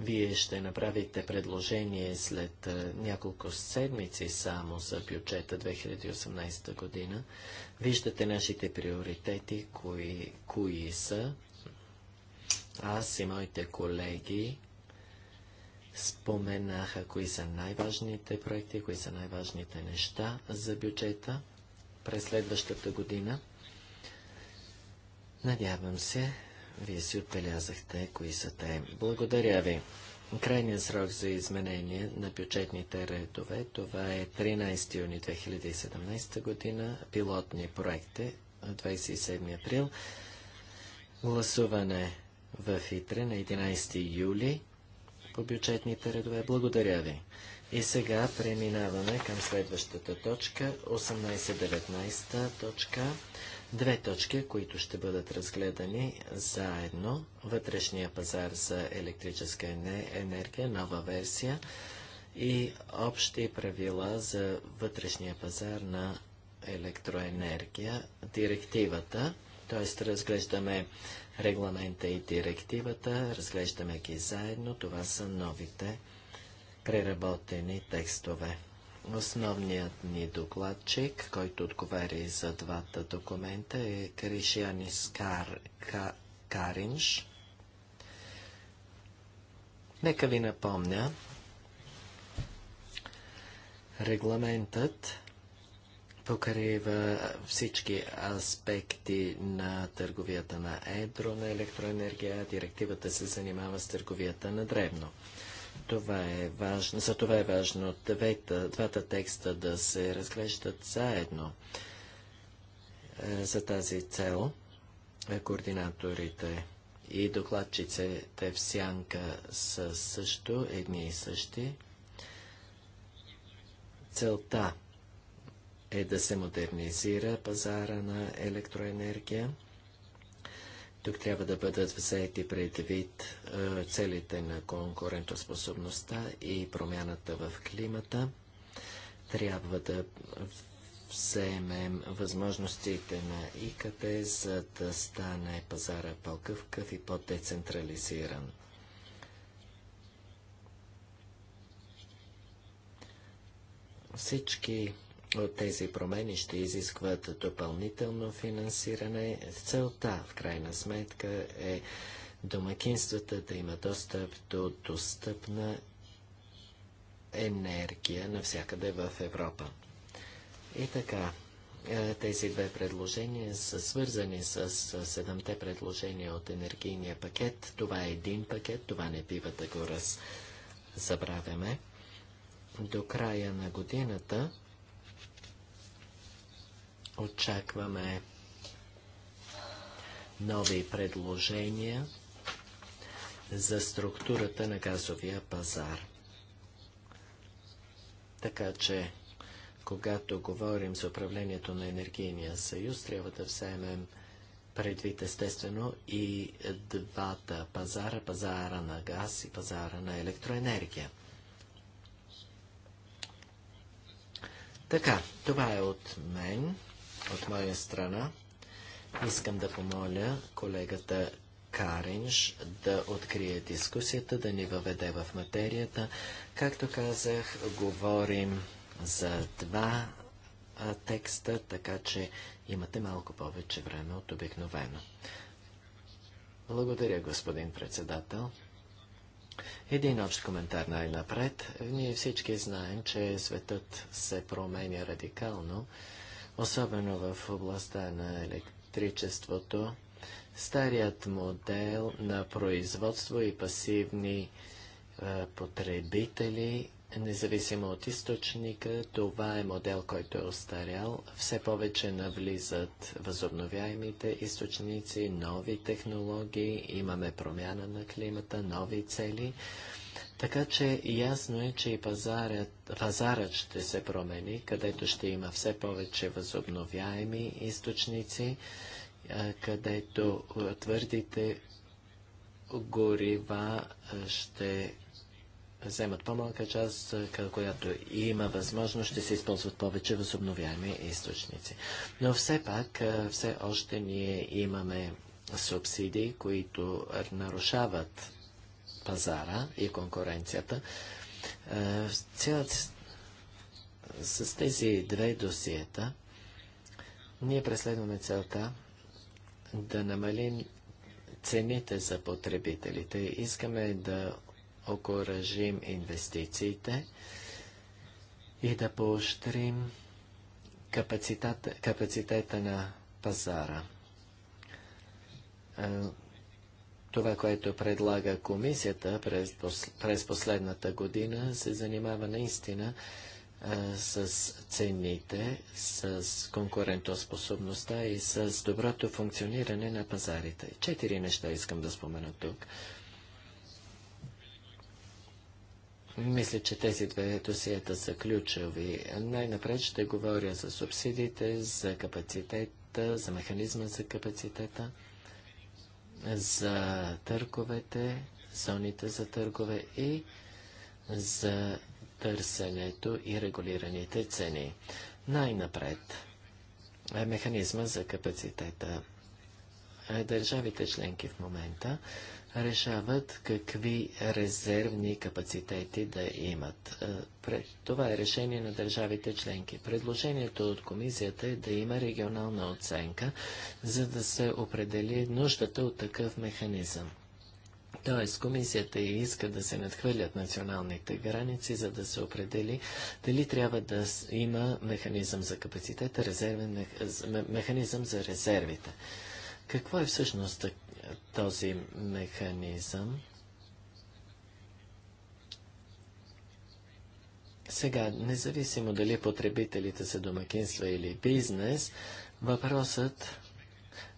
Вие ще направите предложение след няколко седмици само за бюджета 2018 година. Виждате нашите приоритети, кои, кои са. Аз и моите колеги споменаха кои са най-важните проекти, кои са най-важните неща за бюджета през следващата година. Надявам се, вие си отбелязахте кои са те. Благодаря ви. Крайният срок за изменение на бюджетните редове, това е 13 юни 2017 година, пилотни проекти 27 април, гласуване в ИТРЕ на 11 юли по бюджетните редове. Благодаря ви. И сега преминаваме към следващата точка, 18-19 точка. Две точки, които ще бъдат разгледани заедно. Вътрешния пазар за електрическа енергия, нова версия и общи правила за вътрешния пазар на електроенергия, директивата, т.е. разглеждаме регламента и директивата, разглеждаме ги заедно. Това са новите преработени текстове. Основният ни докладчик, който отговаря и за двата документа, е Кришианис Кар... Ка... Каринш. Нека ви напомня, регламентът покрива всички аспекти на търговията на едро на електроенергия. Директивата се занимава с търговията на древно. Това е важно, за това е важно двата, двата текста да се разглеждат заедно. Е, за тази цел е, координаторите и докладчиците в сянка са също едни и същи. Целта е да се модернизира пазара на електроенергия тук трябва да бъдат взети предвид целите на конкурентоспособността и промяната в климата. Трябва да вземем възможностите на ИКТ, за да стане пазара по къвкъв и по-децентрализиран. Всички тези промени ще изискват допълнително финансиране. Целта, в крайна сметка, е домакинствата да има достъп до достъпна енергия навсякъде в Европа. И така, е, тези две предложения са свързани с седемте предложения от енергийния пакет. Това е един пакет, това не бива да го раз... забравяме. До края на годината Очакваме нови предложения за структурата на газовия пазар. Така че, когато говорим за управлението на енергийния съюз, трябва да вземем предвид естествено и двата пазара, пазара на газ и пазара на електроенергия. Така, това е от мен от моя страна. Искам да помоля колегата Каринш да открие дискусията, да ни въведе в материята. Както казах, говорим за два а, текста, така че имате малко повече време от обикновено. Благодаря, господин председател. Един общ коментар най-напред. Ние всички знаем, че светът се променя радикално особено в областта на електричеството. Старият модел на производство и пасивни е, потребители, независимо от източника, това е модел, който е остарял. Все повече навлизат възобновяемите източници, нови технологии, имаме промяна на климата, нови цели. Така че ясно е, че и пазарът, пазарът ще се промени, където ще има все повече възобновяеми източници, където твърдите горива ще вземат по-малка част, която има възможност, ще се използват повече възобновяеми източници. Но все пак, все още ние имаме субсидии, които нарушават пазара и конкуренцията. Е, цялата с тези две досиета ние преследваме целта да намалим цените за потребителите. Искаме да окоръжим инвестициите и да поощрим капацитета, капацитета на пазара. Е, това, което предлага комисията през, през последната година, се занимава наистина с цените, с конкурентоспособността и с доброто функциониране на пазарите. Четири неща искам да спомена тук. Мисля, че тези две досиета са ключови. Най-напред ще говоря за субсидиите, за капацитета, за механизма за капацитета за търговете, зоните за търгове и за търсенето и регулираните цени. Най-напред е механизма за капацитета. Е, държавите членки в момента решават какви резервни капацитети да имат. Е, това е решение на държавите членки. Предложението от комисията е да има регионална оценка, за да се определи нуждата от такъв механизъм. Тоест, комисията иска да се надхвърлят националните граници, за да се определи дали трябва да има механизъм за капацитета, резервен механизъм за резервите. Какво е всъщност този механизъм. Сега, независимо дали потребителите са домакинства или бизнес, въпросът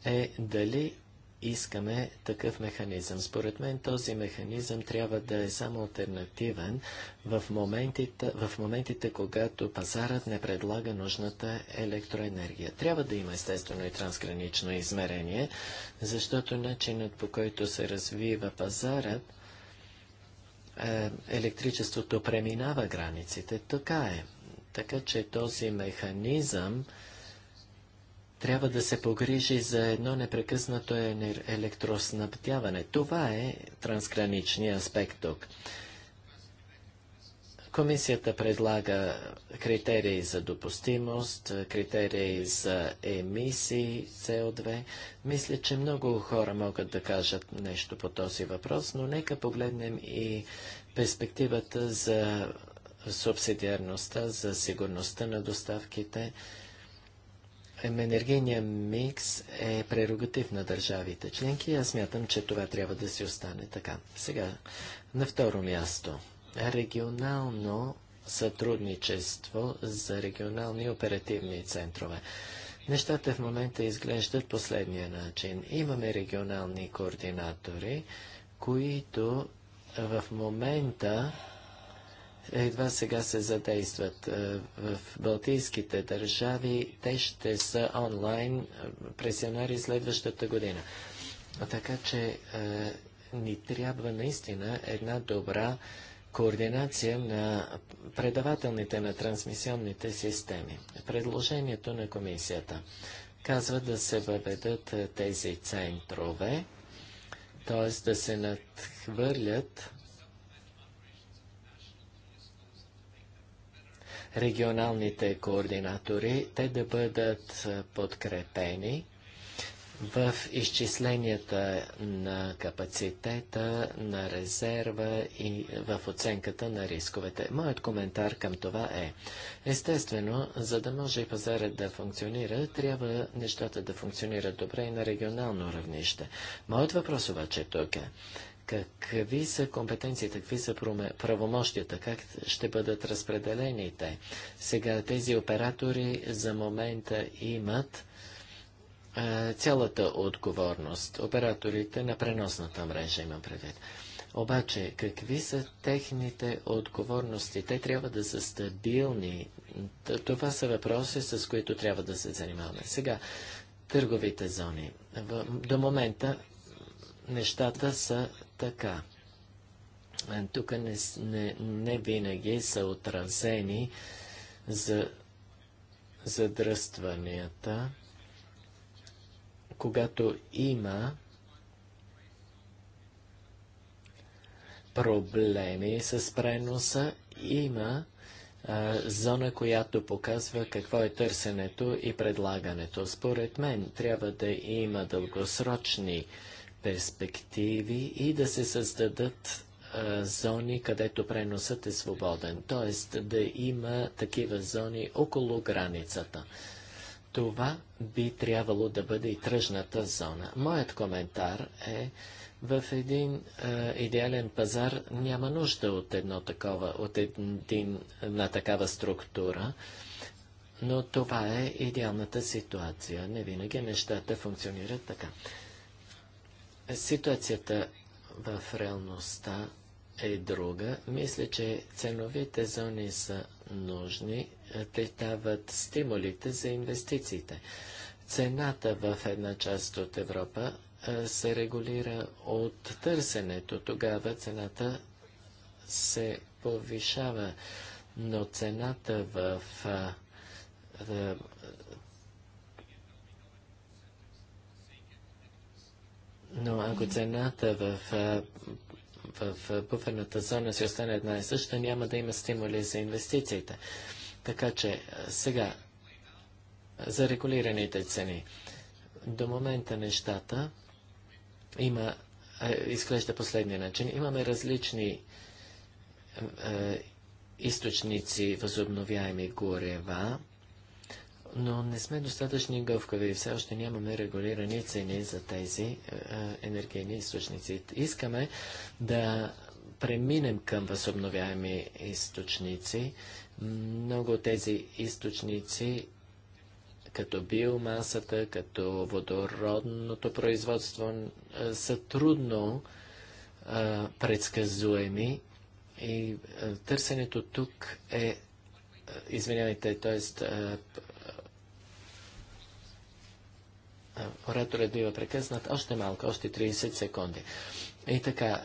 е дали искаме такъв механизъм. Според мен този механизъм трябва да е само альтернативен в моментите, в моментите, когато пазарът не предлага нужната електроенергия. Трябва да има естествено и трансгранично измерение, защото начинът по който се развива пазарът, е, електричеството преминава границите. Така е. Така че този механизъм трябва да се погрижи за едно непрекъснато електроснабдяване. Това е трансграничния аспект тук. Комисията предлага критерии за допустимост, критерии за емисии со 2 Мисля, че много хора могат да кажат нещо по този въпрос, но нека погледнем и перспективата за субсидиарността, за сигурността на доставките енергийния микс е прерогатив на държавите членки. Аз мятам, че това трябва да си остане така. Сега, на второ място. Регионално сътрудничество за регионални оперативни центрове. Нещата в момента изглеждат последния начин. Имаме регионални координатори, които в момента едва сега се задействат. В балтийските държави те ще са онлайн през януари следващата година. Така че ни трябва наистина една добра координация на предавателните на трансмисионните системи. Предложението на комисията казва да се въведат тези центрове, т.е. да се надхвърлят регионалните координатори, те да бъдат подкрепени в изчисленията на капацитета, на резерва и в оценката на рисковете. Моят коментар към това е, естествено, за да може и пазарът да функционира, трябва нещата да функционират добре и на регионално равнище. Моят въпрос обаче тук е, Какви са компетенциите, какви са правомощията, как ще бъдат разпределени те? Сега тези оператори за момента имат а, цялата отговорност. Операторите на преносната мрежа имам предвид. Обаче, какви са техните отговорности? Те трябва да са стабилни. Това са въпроси, с които трябва да се занимаваме. Сега, търговите зони. до момента нещата са така. Тук не, не, не винаги са отразени за задръстванията, когато има проблеми с преноса, има а, зона, която показва какво е търсенето и предлагането. Според мен трябва да има дългосрочни перспективи и да се създадат зони, където преносът е свободен, т.е. да има такива зони около границата. Това би трябвало да бъде и тръжната зона. Моят коментар е, в един е, идеален пазар няма нужда от едно такова, от един, на такава структура, но това е идеалната ситуация. Не винаги нещата функционират така. Ситуацията в реалността е друга. Мисля, че ценовите зони са нужни. Те дават стимулите за инвестициите. Цената в една част от Европа се регулира от търсенето. Тогава цената се повишава, но цената в Но ако цената в, в, в буферната зона си остане една и съща, няма да има стимули за инвестициите. Така че сега за регулираните цени. До момента нещата има, изглежда последния начин. Имаме различни е, източници възобновяеми горева, но не сме достатъчни гъвкави и все още нямаме регулирани цени за тези е, е, енергийни източници. Искаме да преминем към възобновяеми източници. Много тези източници като биомасата, като водородното производство е, са трудно предсказуеми и търсенето тук е извинявайте, т.е ораторът е бива прекъснат още малко, още 30 секунди. И така,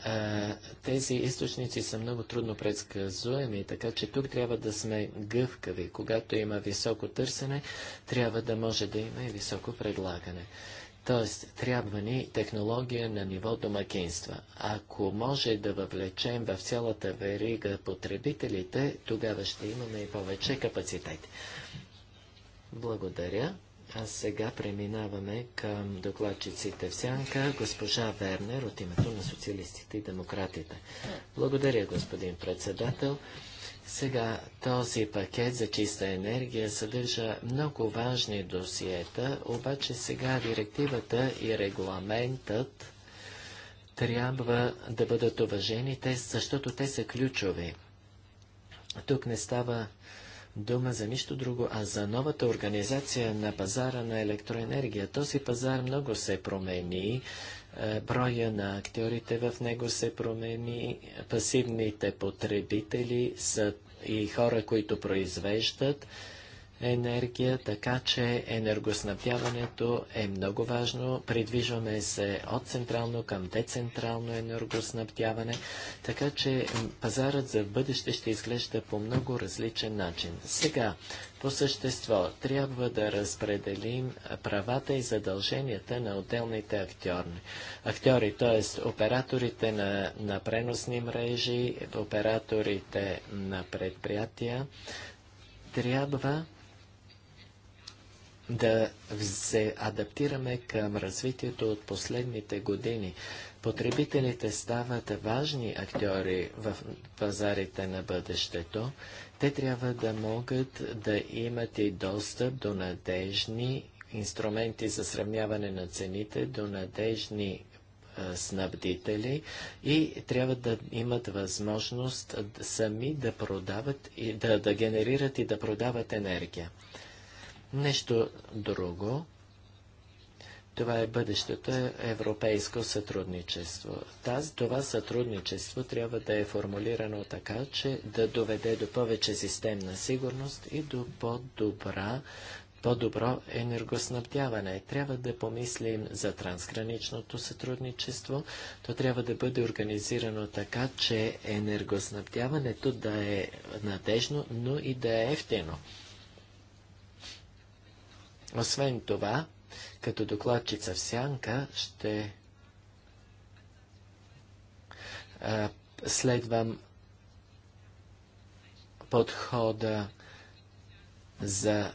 тези източници са много трудно предсказуеми, така че тук трябва да сме гъвкави. Когато има високо търсене, трябва да може да има и високо предлагане. Тоест, трябва ни технология на ниво домакинства. Ако може да въвлечем в цялата верига потребителите, тогава ще имаме и повече капацитет. Благодаря. А сега преминаваме към докладчиците в сянка, госпожа Вернер от името на социалистите и демократите. Благодаря, господин председател. Сега този пакет за чиста енергия съдържа много важни досиета, обаче сега директивата и регламентът трябва да бъдат уважени, защото те са ключови. Тук не става дума за нищо друго, а за новата организация на пазара на електроенергия. Този пазар много се промени, е, броя на актьорите в него се промени, пасивните потребители са и хора, които произвеждат енергия, така че енергоснабдяването е много важно. Придвижваме се от централно към децентрално енергоснабдяване, така че пазарът за бъдеще ще изглежда по много различен начин. Сега, по същество, трябва да разпределим правата и задълженията на отделните актьори. актьори, т.е. операторите на, на преносни мрежи, операторите на предприятия, трябва да се адаптираме към развитието от последните години. Потребителите стават важни актьори в пазарите на бъдещето. Те трябва да могат да имат и достъп до надежни инструменти за сравняване на цените, до надежни снабдители и трябва да имат възможност сами да продават и да, да генерират и да продават енергия. Нещо друго. Това е бъдещето европейско сътрудничество. Таз, това сътрудничество трябва да е формулирано така, че да доведе до повече системна сигурност и до по-добра по-добро енергоснабдяване. Трябва да помислим за трансграничното сътрудничество. То трябва да бъде организирано така, че енергоснабдяването да е надежно, но и да е ефтено. Освен това, като докладчица в сянка ще а, следвам подхода за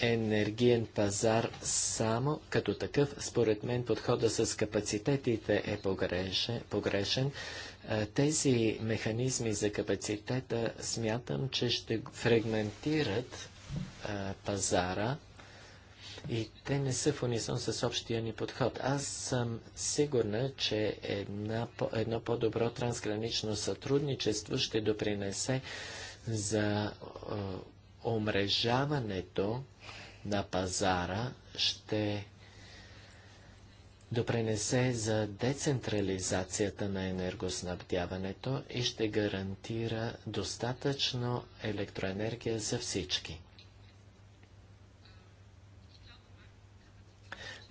енергиен пазар само като такъв. Според мен подхода с капацитетите е погрешен. погрешен. Тези механизми за капацитета смятам, че ще фрагментират а, пазара и те не са в унисон с общия ни подход. Аз съм сигурна, че една, едно по-добро трансгранично сътрудничество ще допринесе за омрежаването на пазара, ще допренесе за децентрализацията на енергоснабдяването и ще гарантира достатъчно електроенергия за всички.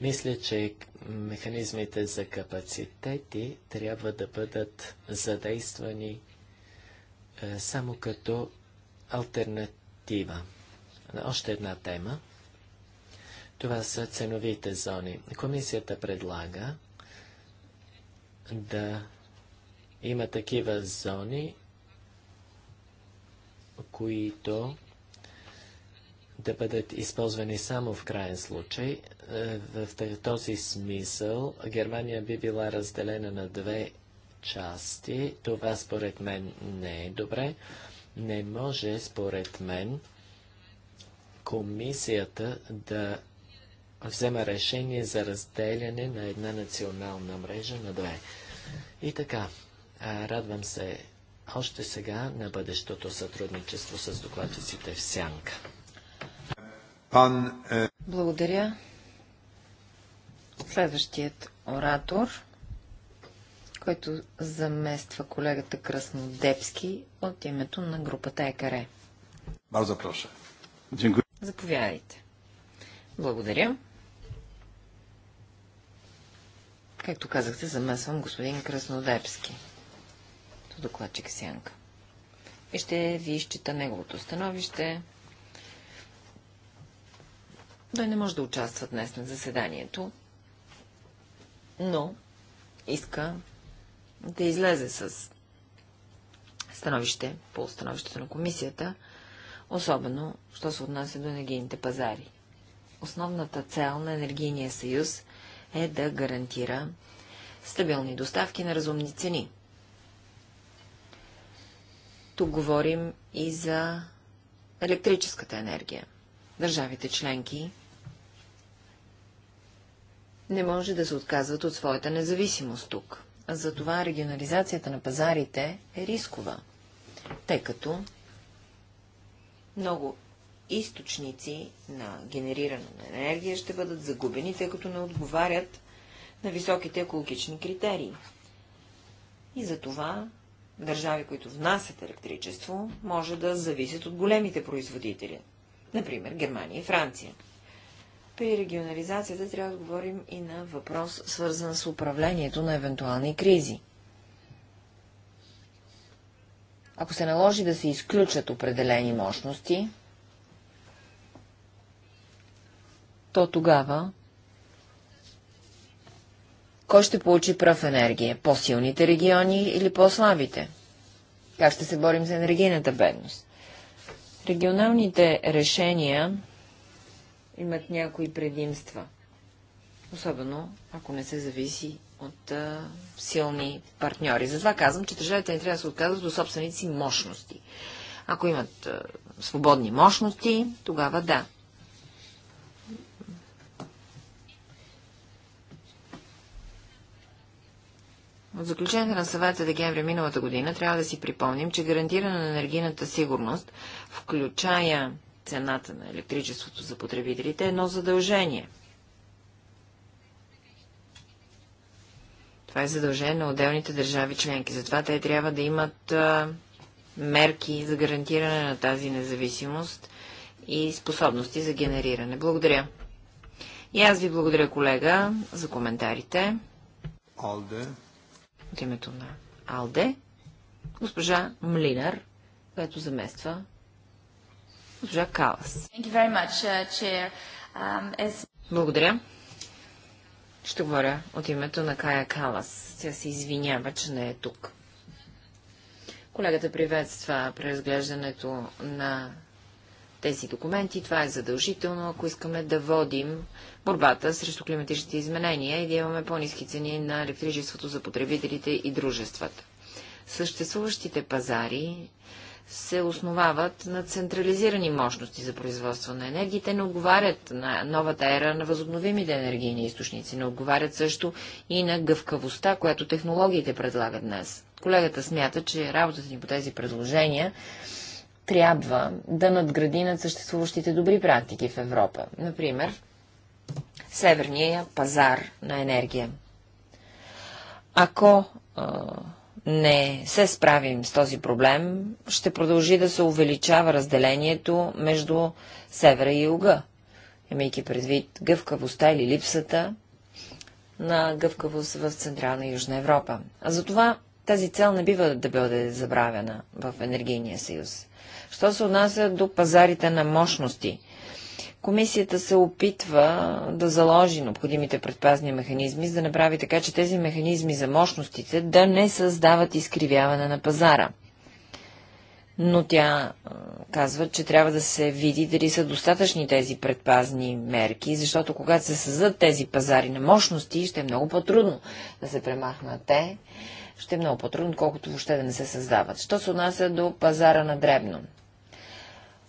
Мисля, че механизмите за капацитети трябва да бъдат задействани е, само като альтернатива. Още една тема. Това са ценовите зони. Комисията предлага да има такива зони, които да бъдат използвани само в крайен случай. Е, в този смисъл Германия би била разделена на две части. Това според мен не е добре. Не може, според мен, комисията да взема решение за разделяне на една национална мрежа на две. И така, радвам се още сега на бъдещото сътрудничество с докладчиците в Сянка. Е, Благодаря. Следващият оратор, който замества колегата Краснодепски от името на групата ЕКАРЕ. Заповядайте. Благодаря. Както казахте, замесвам господин Краснодепски. До докладчик Сянка. И ще ви изчита неговото становище той не може да участва днес на заседанието, но иска да излезе с становище по становището на комисията, особено, що се отнася до енергийните пазари. Основната цел на Енергийния съюз е да гарантира стабилни доставки на разумни цени. Тук говорим и за електрическата енергия. Държавите членки не може да се отказват от своята независимост тук. затова регионализацията на пазарите е рискова, тъй като много източници на генериране на енергия ще бъдат загубени, тъй като не отговарят на високите екологични критерии. И затова държави, които внасят електричество, може да зависят от големите производители, например Германия и Франция при регионализацията трябва да говорим и на въпрос, свързан с управлението на евентуални кризи. Ако се наложи да се изключат определени мощности, то тогава кой ще получи прав енергия? По-силните региони или по-слабите? Как ще се борим за енергийната бедност? Регионалните решения имат някои предимства. Особено, ако не се зависи от а, силни партньори. Затова казвам, че държавите не трябва да се отказват до собствените си мощности. Ако имат а, свободни мощности, тогава да. От заключението на съвета декември миналата година трябва да си припомним, че гарантиране на енергийната сигурност, включая цената на електричеството за потребителите е едно задължение. Това е задължение на отделните държави членки. Затова те трябва да имат мерки за гарантиране на тази независимост и способности за генериране. Благодаря. И аз ви благодаря, колега, за коментарите. Алде. От името на Алде. Госпожа Млинар, която замества Госпожа Калас. Uh, um, Благодаря. Ще говоря от името на Кая Калас. Тя се извинява, че не е тук. Колегата приветства преразглеждането на тези документи. Това е задължително, ако искаме да водим борбата срещу климатичните изменения и да имаме по-низки цени на електричеството за потребителите и дружествата. Съществуващите пазари се основават на централизирани мощности за производство на енергия. Те не отговарят на новата ера на възобновимите енергийни източници, не отговарят също и на гъвкавостта, която технологиите предлагат днес. Колегата смята, че работата ни по тези предложения трябва да надгради над съществуващите добри практики в Европа. Например, северния пазар на енергия. Ако не се справим с този проблем, ще продължи да се увеличава разделението между севера и юга, имайки предвид гъвкавостта или липсата на гъвкавост в Централна и Южна Европа. А затова тази цел не бива да бъде забравена в Енергийния съюз. Що се отнася до пазарите на мощности, Комисията се опитва да заложи необходимите предпазни механизми, за да направи така, че тези механизми за мощностите да не създават изкривяване на пазара. Но тя казва, че трябва да се види дали са достатъчни тези предпазни мерки, защото когато се създадат тези пазари на мощности, ще е много по-трудно да се премахнат те ще е много по-трудно, колкото въобще да не се създават. Що се отнася до пазара на дребно?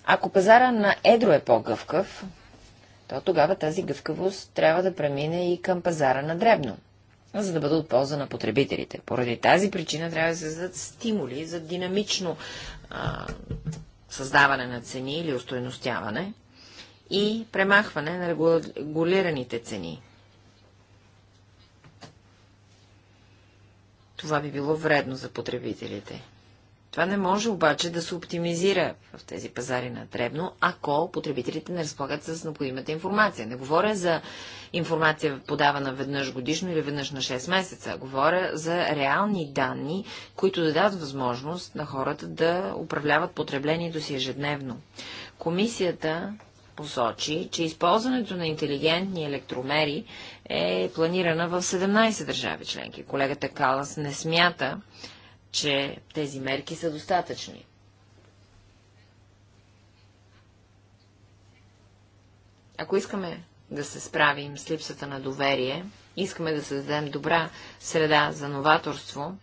Ако пазара на едро е по-гъвкав, то тогава тази гъвкавост трябва да премине и към пазара на дребно, за да бъде от полза на потребителите. Поради тази причина трябва да се създадат стимули за динамично а, създаване на цени или устойностяване и премахване на регулираните цени. Това би било вредно за потребителите. Това не може обаче да се оптимизира в тези пазари на дребно, ако потребителите не разполагат с необходимата информация. Не говоря за информация подавана веднъж годишно или веднъж на 6 месеца, говоря за реални данни, които да дадат възможност на хората да управляват потреблението си ежедневно. Комисията посочи, че използването на интелигентни електромери е планирана в 17 държави членки. Колегата Калас не смята, че тези мерки са достатъчни. Ако искаме да се справим с липсата на доверие, искаме да създадем добра среда за новаторство,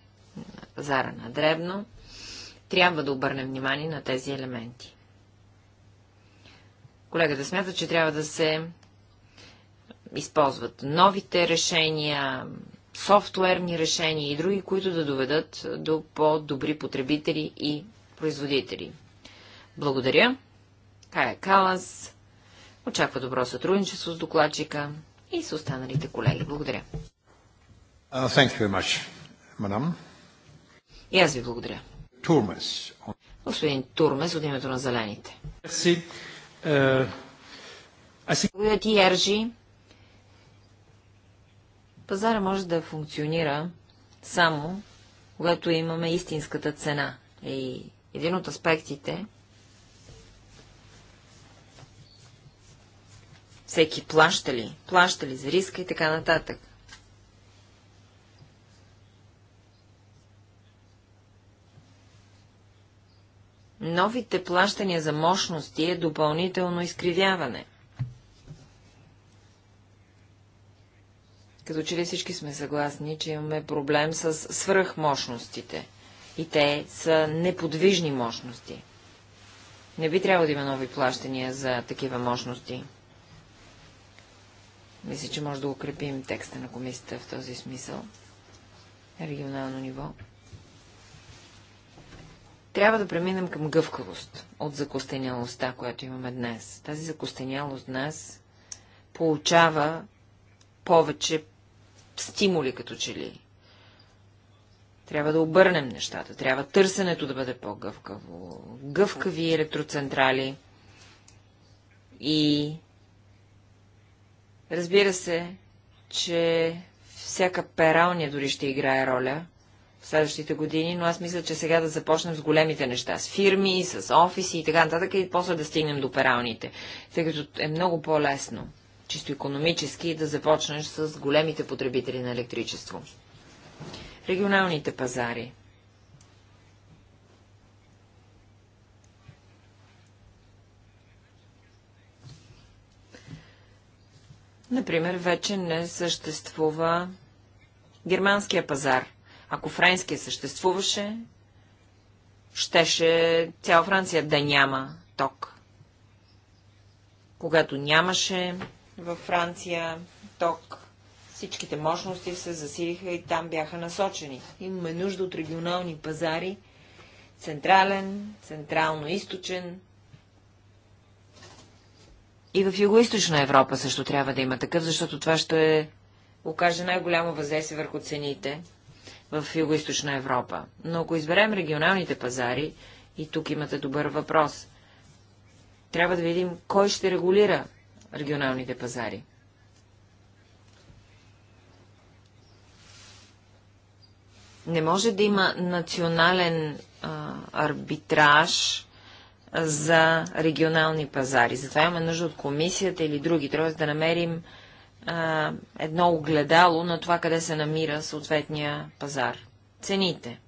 зара на дребно, трябва да обърнем внимание на тези елементи. Колегата смята, че трябва да се използват новите решения, софтуерни решения и други, които да доведат до по-добри потребители и производители. Благодаря. Кая Калас. Очаква добро сътрудничество с докладчика и с останалите колеги. Благодаря. Uh, much, и аз ви благодаря. Турмес. Господин Турмес от името на Зелените. Uh, благодаря ти, Ержи. Пазара може да функционира само, когато имаме истинската цена. И един от аспектите, всеки плаща ли, плаща ли за риска и така нататък. Новите плащания за мощности е допълнително изкривяване – Като че ли всички сме съгласни, че имаме проблем с свръхмощностите. И те са неподвижни мощности. Не би трябвало да има нови плащания за такива мощности. Мисля, че може да укрепим текста на комисията в този смисъл. Регионално ниво. Трябва да преминем към гъвкавост от закостенялостта, която имаме днес. Тази закостенялост днес получава повече стимули, като че ли. Трябва да обърнем нещата, трябва търсенето да бъде по-гъвкаво, гъвкави електроцентрали и разбира се, че всяка пералня дори ще играе роля в следващите години, но аз мисля, че сега да започнем с големите неща, с фирми, с офиси и така нататък и после да стигнем до пералните, тъй като е много по-лесно чисто економически и да започнеш с големите потребители на електричество. Регионалните пазари. Например, вече не съществува германския пазар. Ако френския съществуваше, щеше цяла Франция да няма ток. Когато нямаше, във Франция ток всичките мощности се засилиха и там бяха насочени. Имаме нужда от регионални пазари, централен, централно-источен. И в Юго-Источна Европа също трябва да има такъв, защото това ще окаже най-голямо въздействие върху цените в Юго-Источна Европа. Но ако изберем регионалните пазари, и тук имате добър въпрос, трябва да видим кой ще регулира регионалните пазари. Не може да има национален а, арбитраж за регионални пазари. Затова имаме нужда от комисията или други. Трябва да намерим а, едно огледало на това, къде се намира съответния пазар. Цените.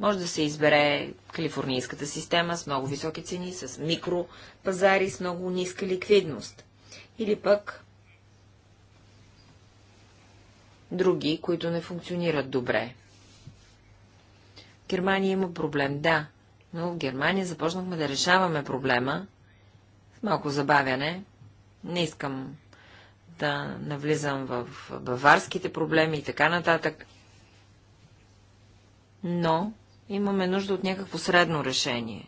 Може да се избере калифорнийската система с много високи цени, с микропазари, с много ниска ликвидност. Или пък други, които не функционират добре. В Германия има проблем, да, но в Германия започнахме да решаваме проблема с малко забавяне. Не искам да навлизам в баварските проблеми и така нататък. Но Имаме нужда от някакво средно решение.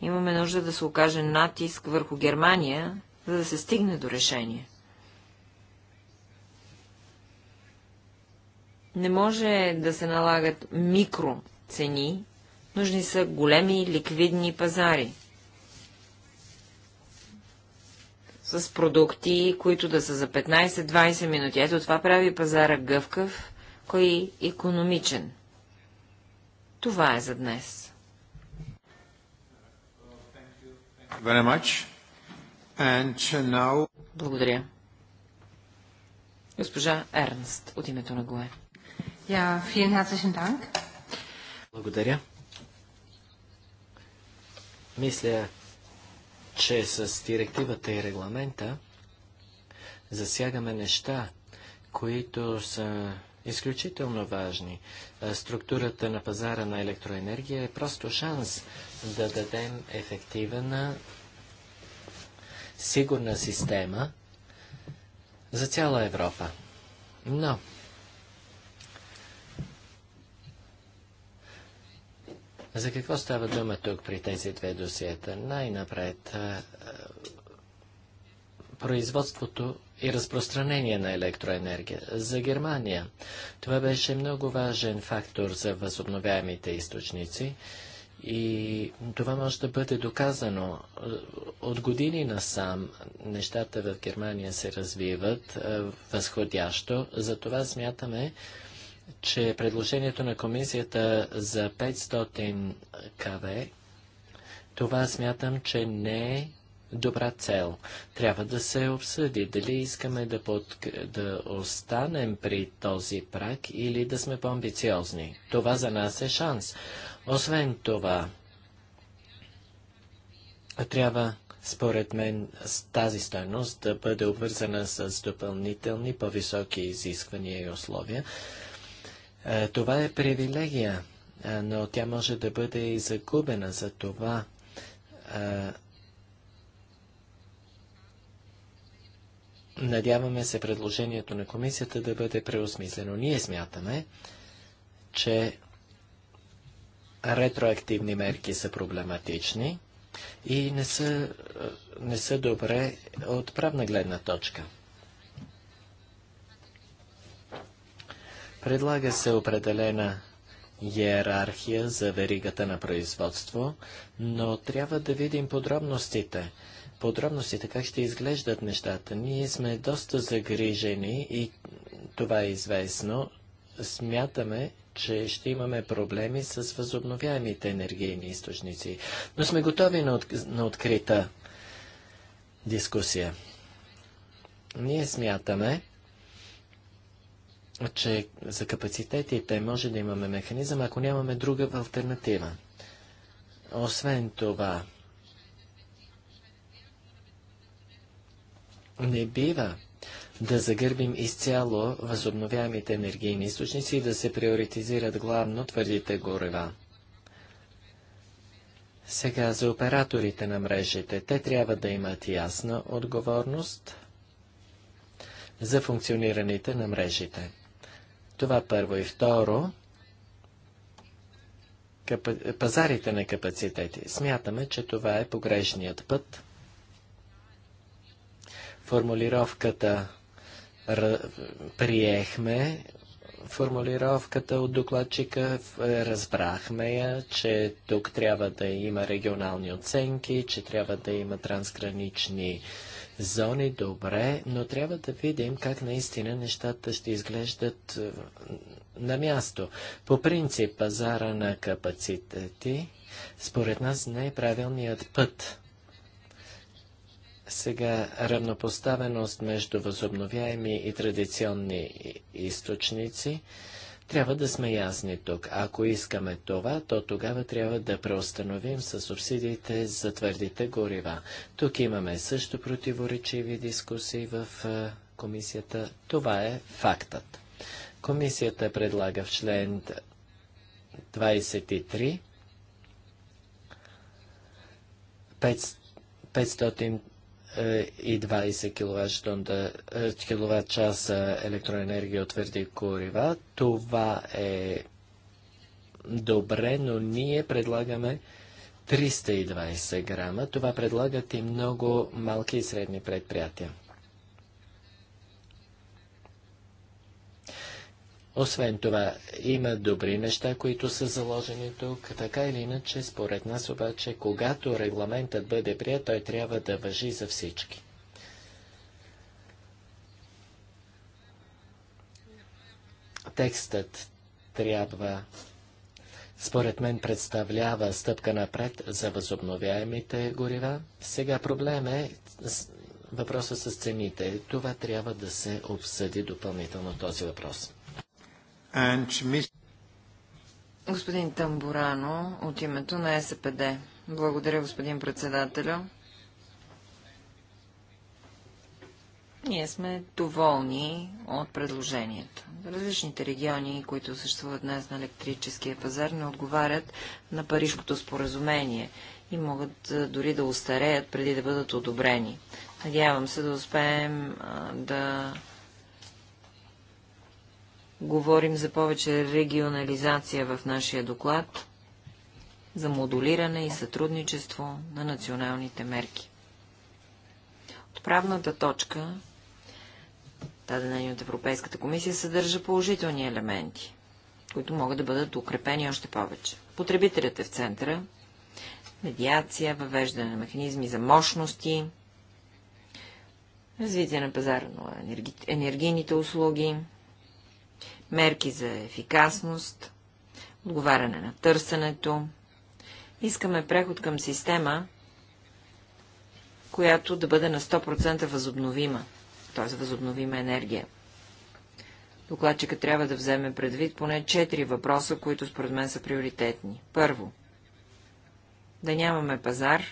Имаме нужда да се окаже натиск върху Германия, за да се стигне до решение. Не може да се налагат микро цени. нужни са големи ликвидни пазари. С продукти, които да са за 15-20 минути. Ето това прави пазара гъвкав, кой е економичен. Това е за днес. Благодаря. Госпожа Ернст от името на ГОЕ. Благодаря. Мисля, че с директивата и регламента засягаме неща, които са изключително важни. Структурата на пазара на електроенергия е просто шанс да дадем ефективна, сигурна система за цяла Европа. Но За какво става дума тук при тези две досиета? Най-напред производството и разпространение на електроенергия. За Германия това беше много важен фактор за възобновяемите източници и това може да бъде доказано. От години насам нещата в Германия се развиват е, възходящо, затова смятаме, че предложението на комисията за 500 КВ, това смятам, че не е добра цел. Трябва да се обсъди дали искаме да, под... да останем при този прак или да сме по-амбициозни. Това за нас е шанс. Освен това, трябва според мен тази стойност да бъде обвързана с допълнителни по-високи изисквания и условия. Е, това е привилегия, е, но тя може да бъде и загубена за това. Е, Надяваме се предложението на комисията да бъде преосмислено. Ние смятаме, че ретроактивни мерки са проблематични и не са, не са добре от правна гледна точка. Предлага се определена иерархия за веригата на производство, но трябва да видим подробностите – подробностите как ще изглеждат нещата. Ние сме доста загрижени и това е известно. Смятаме, че ще имаме проблеми с възобновяемите енергийни източници, но сме готови на, от, на открита дискусия. Ние смятаме, че за капацитетите може да имаме механизъм, ако нямаме друга альтернатива. Освен това, Не бива да загърбим изцяло възобновяемите енергийни източници и да се приоритизират главно твърдите горева. Сега за операторите на мрежите. Те трябва да имат ясна отговорност за функционираните на мрежите. Това първо и второ. Пазарите на капацитети. Смятаме, че това е погрешният път Формулировката приехме, формулировката от докладчика, е, разбрахме я, че тук трябва да има регионални оценки, че трябва да има трансгранични зони, добре, но трябва да видим как наистина нещата ще изглеждат е, на място. По принцип, пазара на капацитети, според нас не е правилният път. Сега равнопоставеност между възобновяеми и традиционни източници. Трябва да сме ясни тук. Ако искаме това, то тогава трябва да преустановим с субсидиите за твърдите горива. Тук имаме също противоречиви дискусии в комисията. Това е фактът. Комисията предлага в член 23 500 и 20 кВт часа електроенергия от твърди корива. Това е добре, но ние предлагаме 320 грама. Това предлагат и много малки и средни предприятия. Освен това, има добри неща, които са заложени тук. Така или иначе, според нас обаче, когато регламентът бъде прият, той трябва да въжи за всички. Текстът трябва, според мен, представлява стъпка напред за възобновяемите горива. Сега проблем е въпроса с цените. Това трябва да се обсъди допълнително този въпрос. Господин Тамбурано от името на СПД. Благодаря, господин председателю. Ние сме доволни от предложението. Различните региони, които съществуват днес на електрическия пазар, не отговарят на Парижкото споразумение и могат дори да устареят преди да бъдат одобрени. Надявам се да успеем да Говорим за повече регионализация в нашия доклад, за модулиране и сътрудничество на националните мерки. Отправната точка, дадена ни от Европейската комисия, съдържа положителни елементи, които могат да бъдат укрепени още повече. Потребителят е в центъра, медиация, въвеждане на механизми за мощности, развитие на пазара на енерги... енергийните услуги, мерки за ефикасност, отговаряне на търсенето. Искаме преход към система, която да бъде на 100% възобновима, т.е. възобновима енергия. Докладчика трябва да вземе предвид поне 4 въпроса, които според мен са приоритетни. Първо, да нямаме пазар,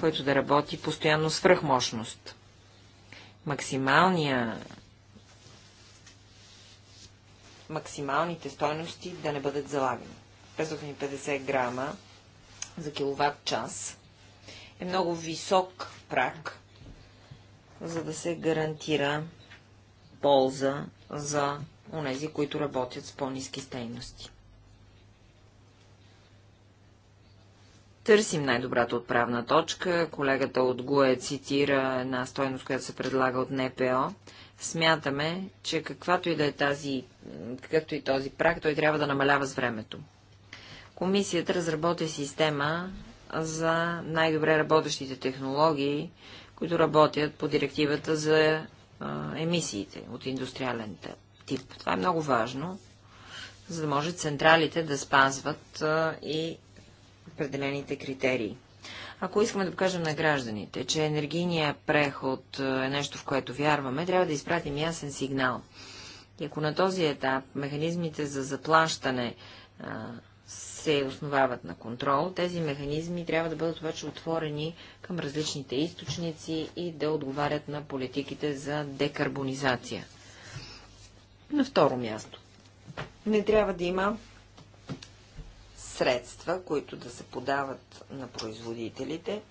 който да работи постоянно свръхмощност. Максималния максималните стойности да не бъдат залагани. 550 грама за киловатт час е много висок прак, за да се гарантира полза за онези, които работят с по-низки стейности. Търсим най-добрата отправна точка. Колегата от ГУЕ цитира една стойност, която се предлага от НПО. Смятаме, че каквато и да е тази, какъвто и този прак, той трябва да намалява с времето. Комисията разработи система за най-добре работещите технологии, които работят по директивата за емисиите от индустриален тип. Това е много важно, за да може централите да спазват и определените критерии. Ако искаме да покажем на гражданите, че енергийният преход е нещо, в което вярваме, трябва да изпратим ясен сигнал. И ако на този етап механизмите за заплащане е, се основават на контрол, тези механизми трябва да бъдат обаче отворени към различните източници и да отговарят на политиките за декарбонизация. На второ място. Не трябва да има средства, които да се подават на производителите,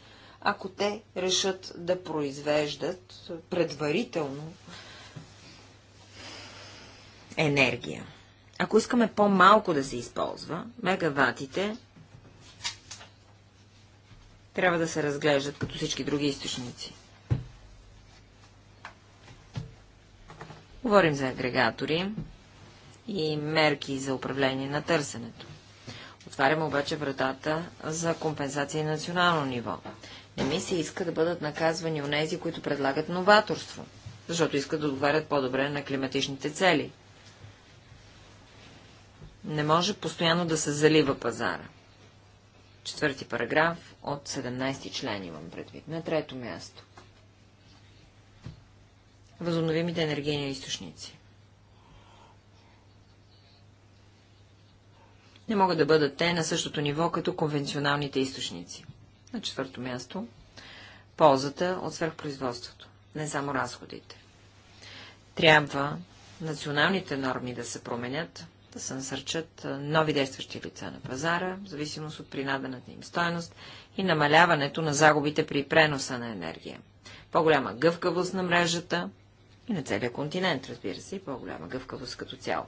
ако те решат да произвеждат предварително енергия. Ако искаме по-малко да се използва, мегаватите трябва да се разглеждат като всички други източници. Говорим за агрегатори и мерки за управление на търсенето. Отваряме обаче вратата за компенсации на национално ниво. Не ми се иска да бъдат наказвани онези, които предлагат новаторство, защото искат да отговарят по-добре на климатичните цели. Не може постоянно да се залива пазара. Четвърти параграф от 17 член имам предвид. На трето място. Възобновимите енергийни източници. не могат да бъдат те на същото ниво като конвенционалните източници. На четвърто място – ползата от свръхпроизводството, не само разходите. Трябва националните норми да се променят, да се насърчат нови действащи лица на пазара, в зависимост от принадената им стоеност и намаляването на загубите при преноса на енергия. По-голяма гъвкавост на мрежата и на целия континент, разбира се, и по-голяма гъвкавост като цяло.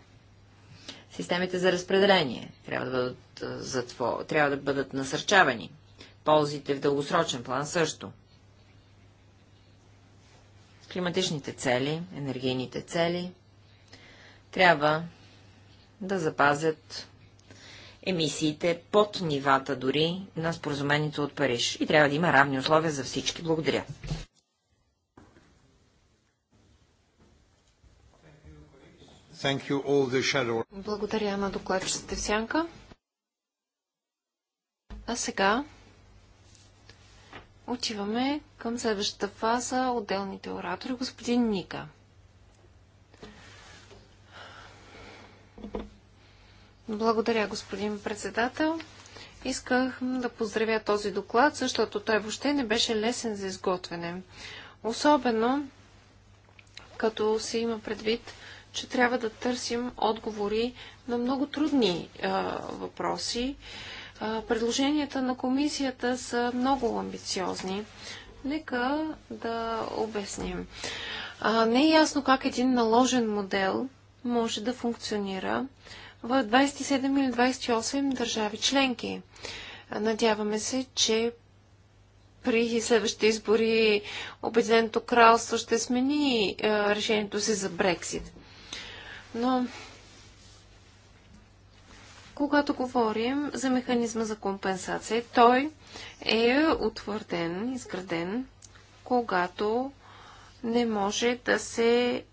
Системите за разпределение трябва да бъдат, затво... трябва да бъдат насърчавани. Ползите в дългосрочен план също. Климатичните цели, енергийните цели трябва да запазят емисиите под нивата дори на споразумението от Париж. И трябва да има равни условия за всички. Благодаря. You, Благодаря на докладчите сянка. А сега отиваме към следващата фаза отделните оратори. Господин Ника. Благодаря, господин председател. Исках да поздравя този доклад, защото той въобще не беше лесен за изготвяне. Особено като се има предвид, че трябва да търсим отговори на много трудни а, въпроси. А, предложенията на комисията са много амбициозни. Нека да обясним. А, не е ясно как един наложен модел може да функционира в 27 или 28 държави членки. Надяваме се, че при следващите избори Обединеното кралство ще смени решението си за Брексит. Но когато говорим за механизма за компенсация, той е утвърден, изграден, когато не може да се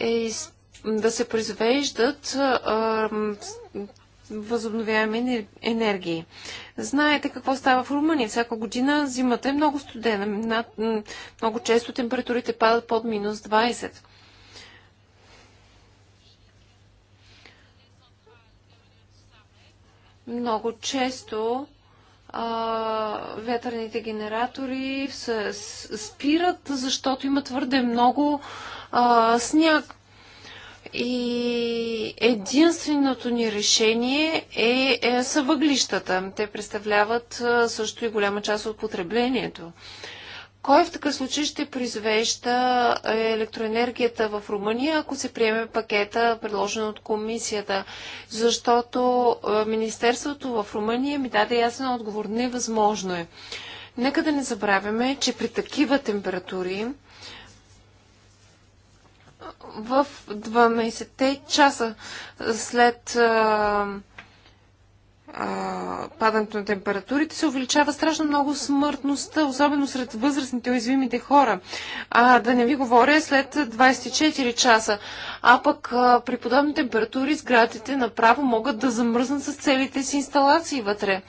е, да се произвеждат а, възобновяеми енергии. Знаете какво става в Румъния. Всяка година зимата е много студена. Над, много често температурите падат под минус 20. Много често а, ветърните генератори се спират, защото има твърде много а, сняг. И единственото ни решение е, е, са въглищата. Те представляват а, също и голяма част от потреблението. Кой в такъв случай ще произвежда е, електроенергията в Румъния, ако се приеме пакета, предложен от комисията? Защото е, Министерството в Румъния ми даде ясен отговор. Невъзможно е. Нека да не забравяме, че при такива температури в 12-те часа след е, падането на температурите се увеличава страшно много смъртността, особено сред възрастните уязвимите хора. А, да не ви говоря след 24 часа. А пък а, при подобни температури сградите направо могат да замръзнат с целите си инсталации вътре.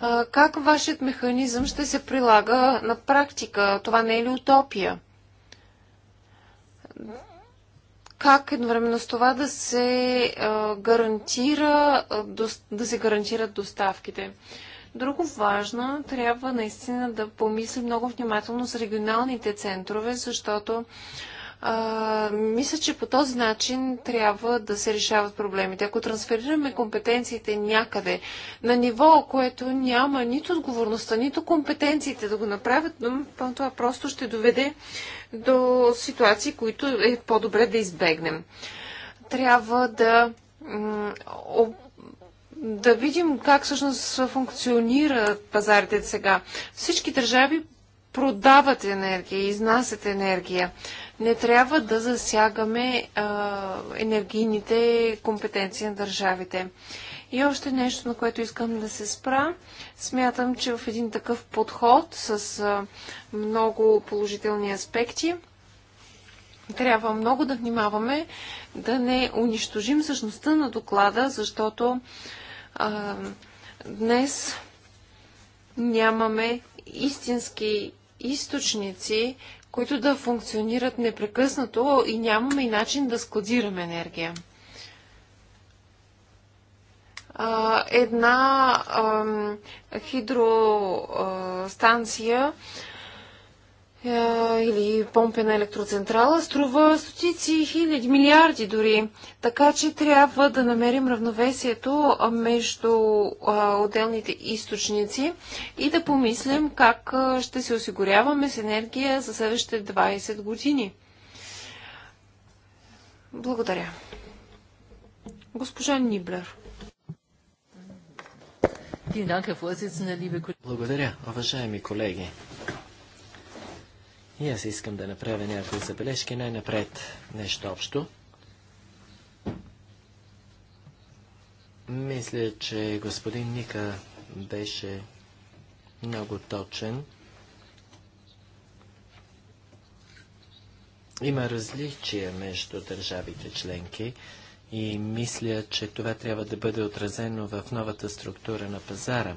А, как вашият механизъм ще се прилага на практика? Това не е ли утопия? как едновременно с това да се гарантира, да се гарантират доставките. Друго важно, трябва наистина да помисли много внимателно с регионалните центрове, защото а, мисля, че по този начин трябва да се решават проблемите. Ако трансферираме компетенциите някъде на ниво, което няма нито отговорността, нито компетенциите да го направят, но това просто ще доведе до ситуации, които е по-добре да избегнем. Трябва да да видим как всъщност функционират пазарите сега. Всички държави продават енергия, изнасят енергия. Не трябва да засягаме а, енергийните компетенции на държавите. И още нещо, на което искам да се спра. Смятам, че в един такъв подход с а, много положителни аспекти, трябва много да внимаваме да не унищожим същността на доклада, защото а, днес нямаме истински източници, които да функционират непрекъснато и нямаме и начин да складираме енергия. Една хидростанция е, или помпена електроцентрала струва стотици хиляди, милиарди дори. Така че трябва да намерим равновесието между отделните източници и да помислим как ще се осигуряваме с енергия за следващите 20 години. Благодаря. Госпожа Ниблер. Благодаря, уважаеми колеги. И аз искам да направя някои забележки. Най-напред нещо общо. Мисля, че господин Ника беше много точен. Има различия между държавите членки и мисля, че това трябва да бъде отразено в новата структура на пазара.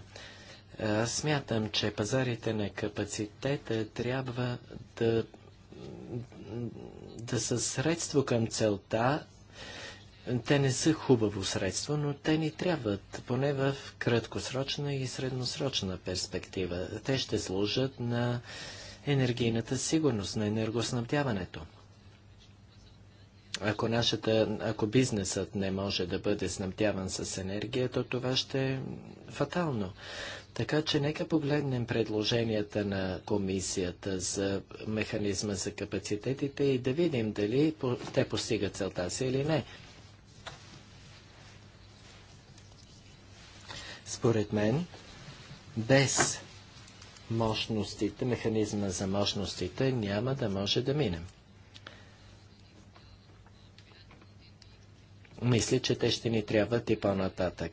Е, аз смятам, че пазарите на капацитета трябва да, да са средство към целта. Те не са хубаво средство, но те ни трябват, поне в краткосрочна и средносрочна перспектива. Те ще служат на енергийната сигурност, на енергоснабдяването. Ако, нашата, ако бизнесът не може да бъде снабдяван с енергия, то това ще е фатално. Така че нека погледнем предложенията на комисията за механизма за капацитетите и да видим дали те постигат целта си или не. Според мен, без мощностите, механизма за мощностите няма да може да минем. Мисля, че те ще ни трябват и по-нататък.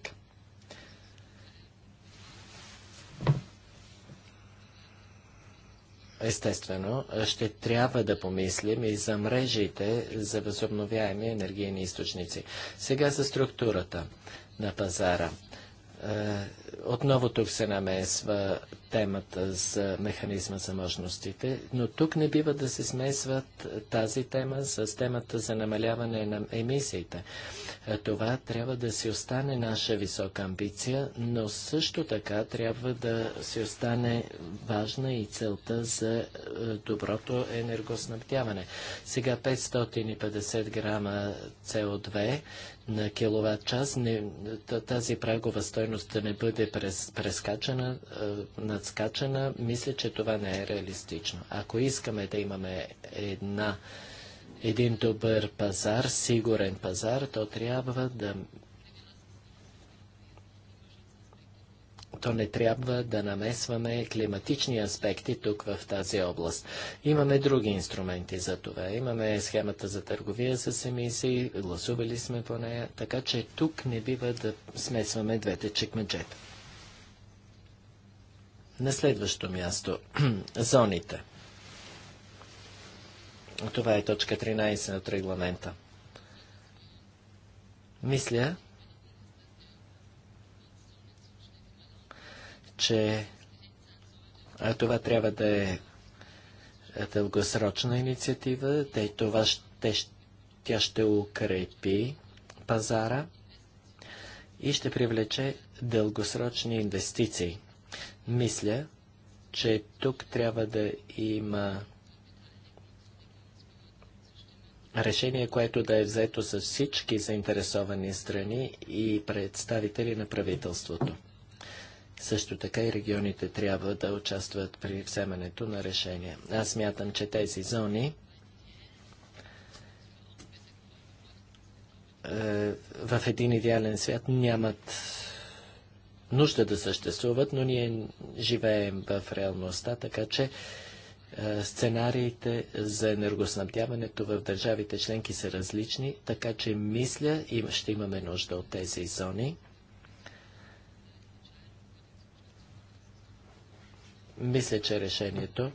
Естествено, ще трябва да помислим и за мрежите за възобновяеми енергийни източници. Сега за структурата на пазара. Е, отново тук се намесва темата за механизма за мощностите, но тук не бива да се смесват тази тема с темата за намаляване на емисиите. Това трябва да си остане наша висока амбиция, но също така трябва да си остане важна и целта за е, доброто енергоснабдяване. Сега 550 грама со 2 на киловатт час, тази прагова стойност да не бъде бъде прескачана, е, надскачана, мисля, че това не е реалистично. Ако искаме да имаме една, един добър пазар, сигурен пазар, то трябва да то не трябва да намесваме климатични аспекти тук в тази област. Имаме други инструменти за това. Имаме схемата за търговия с емисии, гласували сме по нея, така че тук не бива да смесваме двете чекмеджета. На следващо място зоните. Това е точка 13 от регламента. Мисля, че това трябва да е дългосрочна инициатива. Те, това ще, тя ще укрепи пазара и ще привлече дългосрочни инвестиции. Мисля, че тук трябва да има решение, което да е взето с всички заинтересовани страни и представители на правителството. Също така и регионите трябва да участват при вземането на решения. Аз мятам, че тези зони е, в един идеален свят нямат нужда да съществуват, но ние живеем в реалността, така че сценариите за енергоснабдяването в държавите членки са различни, така че мисля, и ще имаме нужда от тези зони. Мисля, че решението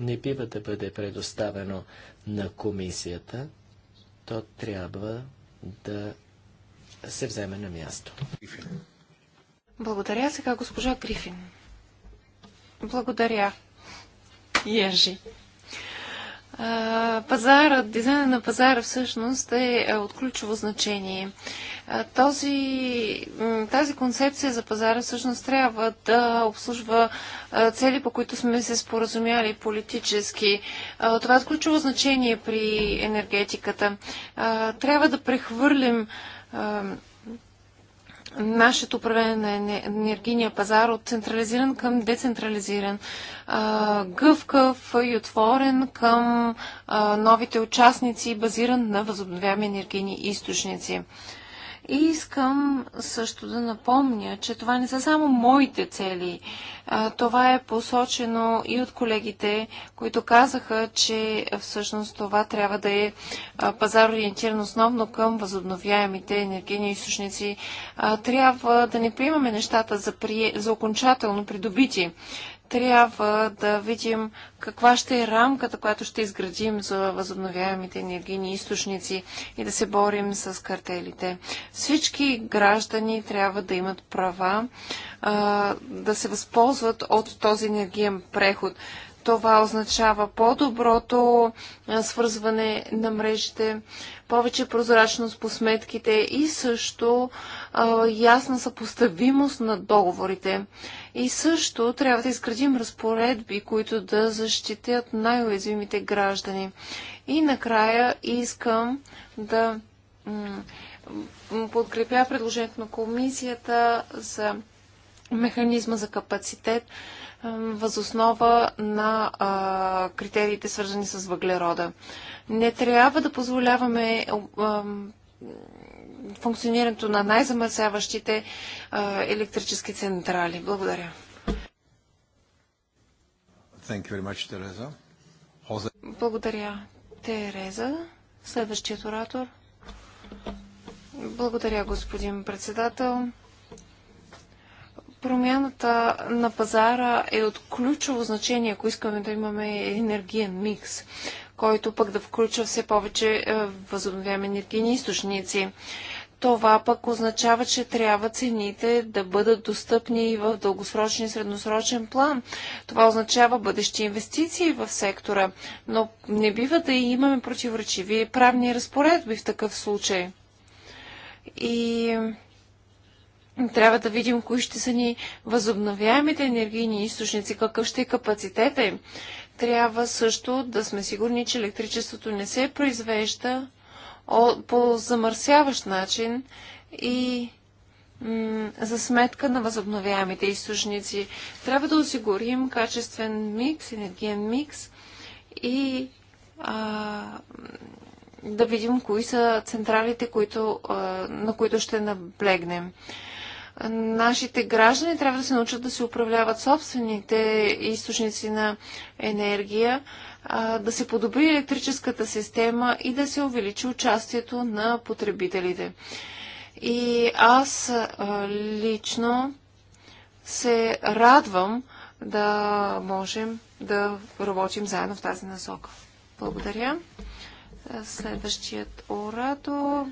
не бива да бъде предоставено на комисията, то трябва да се вземе на място. Благодаря. Сега госпожа Грифин. Благодаря. Ежи. Пазара, дизайна на пазара всъщност е, е от ключово значение. Този, тази концепция за пазара всъщност трябва да обслужва цели, по които сме се споразумяли политически. Това е от ключово значение при енергетиката. Трябва да прехвърлим нашето управление на енергийния пазар от централизиран към децентрализиран, гъвкав и отворен към новите участници, базиран на възобновяеми енергийни източници. И искам също да напомня, че това не са само моите цели. Това е посочено и от колегите, които казаха, че всъщност това трябва да е пазар ориентиран основно към възобновяемите енергийни източници. Трябва да не приемаме нещата за, при... за окончателно придобити трябва да видим каква ще е рамката, която ще изградим за възобновяемите енергийни източници и да се борим с картелите. Всички граждани трябва да имат права а, да се възползват от този енергиен преход. Това означава по-доброто свързване на мрежите, повече прозрачност по сметките и също а, ясна съпоставимост на договорите. И също трябва да изградим разпоредби, които да защитят най-уязвимите граждани. И накрая искам да подкрепя предложението на комисията за механизма за капацитет възоснова на а, критериите, свързани с въглерода. Не трябва да позволяваме а, функционирането на най-замърсяващите електрически централи. Благодаря. Much, Jose... Благодаря, Тереза. Следващият оратор. Благодаря, господин председател. Промяната на пазара е от ключово значение, ако искаме да имаме енергиен микс, който пък да включва все повече е, възобновяеми енергийни източници това пък означава, че трябва цените да бъдат достъпни и в дългосрочен и средносрочен план. Това означава бъдещи инвестиции в сектора, но не бива да имаме противоречиви правни разпоредби в такъв случай. И трябва да видим кои ще са ни възобновяемите енергийни източници, какъв ще е капацитета им. Трябва също да сме сигурни, че електричеството не се произвежда по замърсяващ начин и за сметка на възобновяемите източници. Трябва да осигурим качествен микс, енергиен микс и а, да видим кои са централите, които, а, на които ще наблегнем. Нашите граждани трябва да се научат да се управляват собствените източници на енергия да се подобри електрическата система и да се увеличи участието на потребителите. И аз лично се радвам да можем да работим заедно в тази насока. Благодаря. Следващият оратор.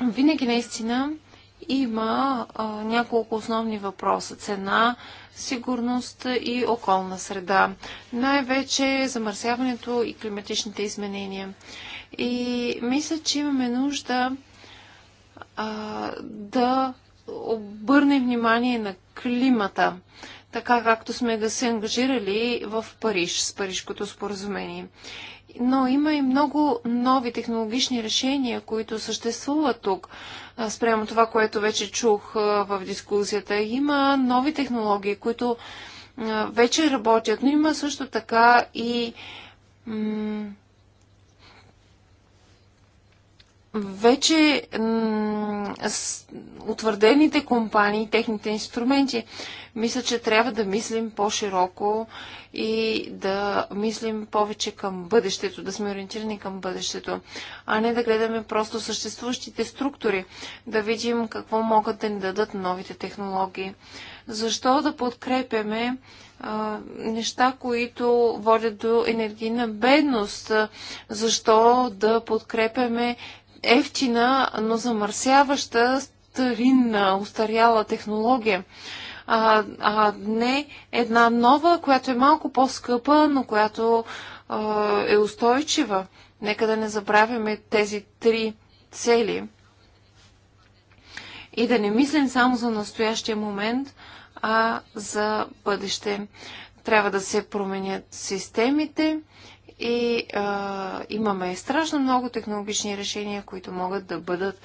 Винаги наистина има а, няколко основни въпроса. Цена, сигурност и околна среда. Най-вече замърсяването и климатичните изменения. И мисля, че имаме нужда а, да обърнем внимание на климата, така както сме да се ангажирали в Париж с Парижкото споразумение но има и много нови технологични решения, които съществуват тук. Спрямо това, което вече чух в дискусията, има нови технологии, които вече работят, но има също така и вече утвърдените компании, техните инструменти. Мисля, че трябва да мислим по-широко и да мислим повече към бъдещето, да сме ориентирани към бъдещето, а не да гледаме просто съществуващите структури, да видим какво могат да ни дадат новите технологии. Защо да подкрепяме неща, които водят до енергийна бедност. Защо да подкрепяме ефтина, но замърсяваща, старинна, устаряла технология. А, а не една нова, която е малко по-скъпа, но която а, е устойчива. Нека да не забравяме тези три цели. И да не мислим само за настоящия момент, а за бъдеще. Трябва да се променят системите и а, имаме страшно много технологични решения, които могат да бъдат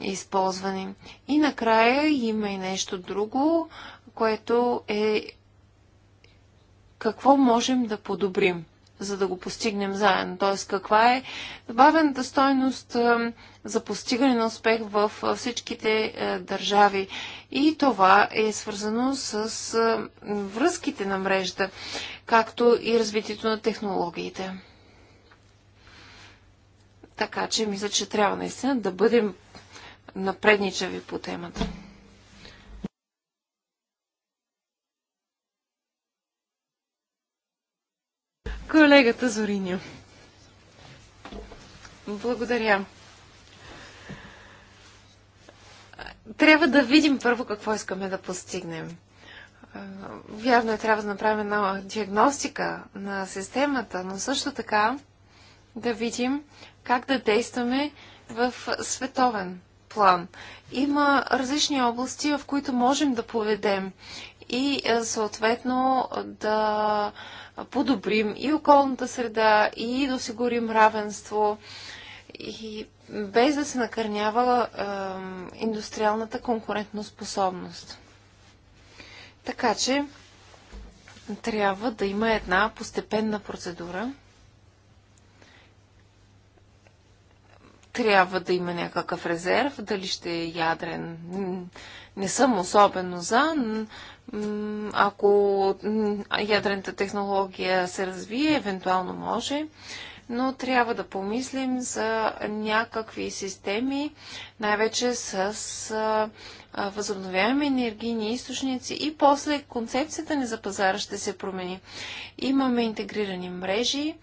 използвани. И накрая има и нещо друго, което е какво можем да подобрим за да го постигнем заедно. Т.е. каква е добавената стойност за постигане на успех в всичките е, държави. И това е свързано с връзките на мрежата, както и развитието на технологиите. Така че мисля, че трябва наистина да бъдем напредничави по темата. Колегата Зориня. Благодаря. Трябва да видим първо какво искаме да постигнем. Вярно е, трябва да направим една диагностика на системата, но също така да видим как да действаме в световен план. Има различни области, в които можем да поведем и е, съответно да подобрим и околната среда, и да осигурим равенство, и без да се накърнява е, индустриалната конкурентоспособност. Така че трябва да има една постепенна процедура. Трябва да има някакъв резерв, дали ще е ядрен. Не съм особено за, ако ядрената технология се развие, евентуално може, но трябва да помислим за някакви системи, най-вече с възобновяеми енергийни източници и после концепцията ни за пазара ще се промени. Имаме интегрирани мрежи,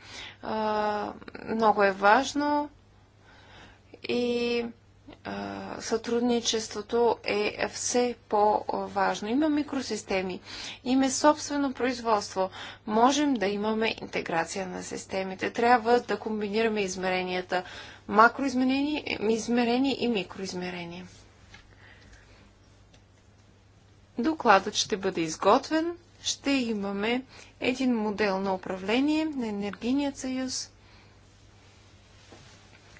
много е важно и сътрудничеството е все по-важно. Има микросистеми, има собствено производство. Можем да имаме интеграция на системите. Трябва да комбинираме измеренията макроизмерение, измерения и микроизмерение. Докладът ще бъде изготвен. Ще имаме един модел на управление на енергийният съюз.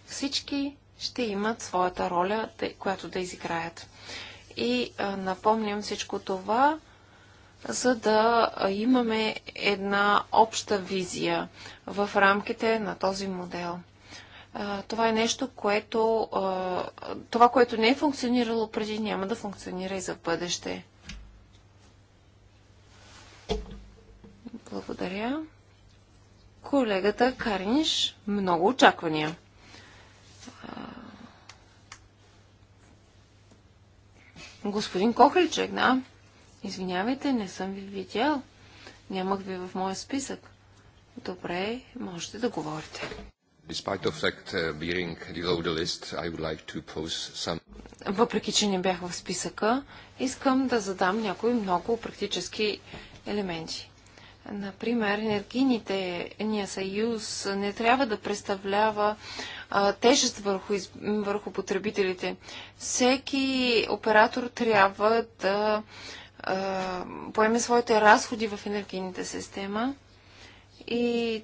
Всички ще имат своята роля, която да изиграят. И напомням всичко това, за да имаме една обща визия в рамките на този модел. Това е нещо, което това, което не е функционирало преди, няма да функционира и за бъдеще. Благодаря. Колегата Кариниш, много очаквания. Господин Кохличек, да. Извинявайте, не съм ви видял. Нямах ви в моя списък. Добре, можете да говорите. Въпреки, че не бях в списъка, искам да задам някои много практически елементи. Например, енергийните ния съюз не трябва да представлява а, тежест върху, из... върху потребителите. Всеки оператор трябва да а, поеме своите разходи в енергийната система и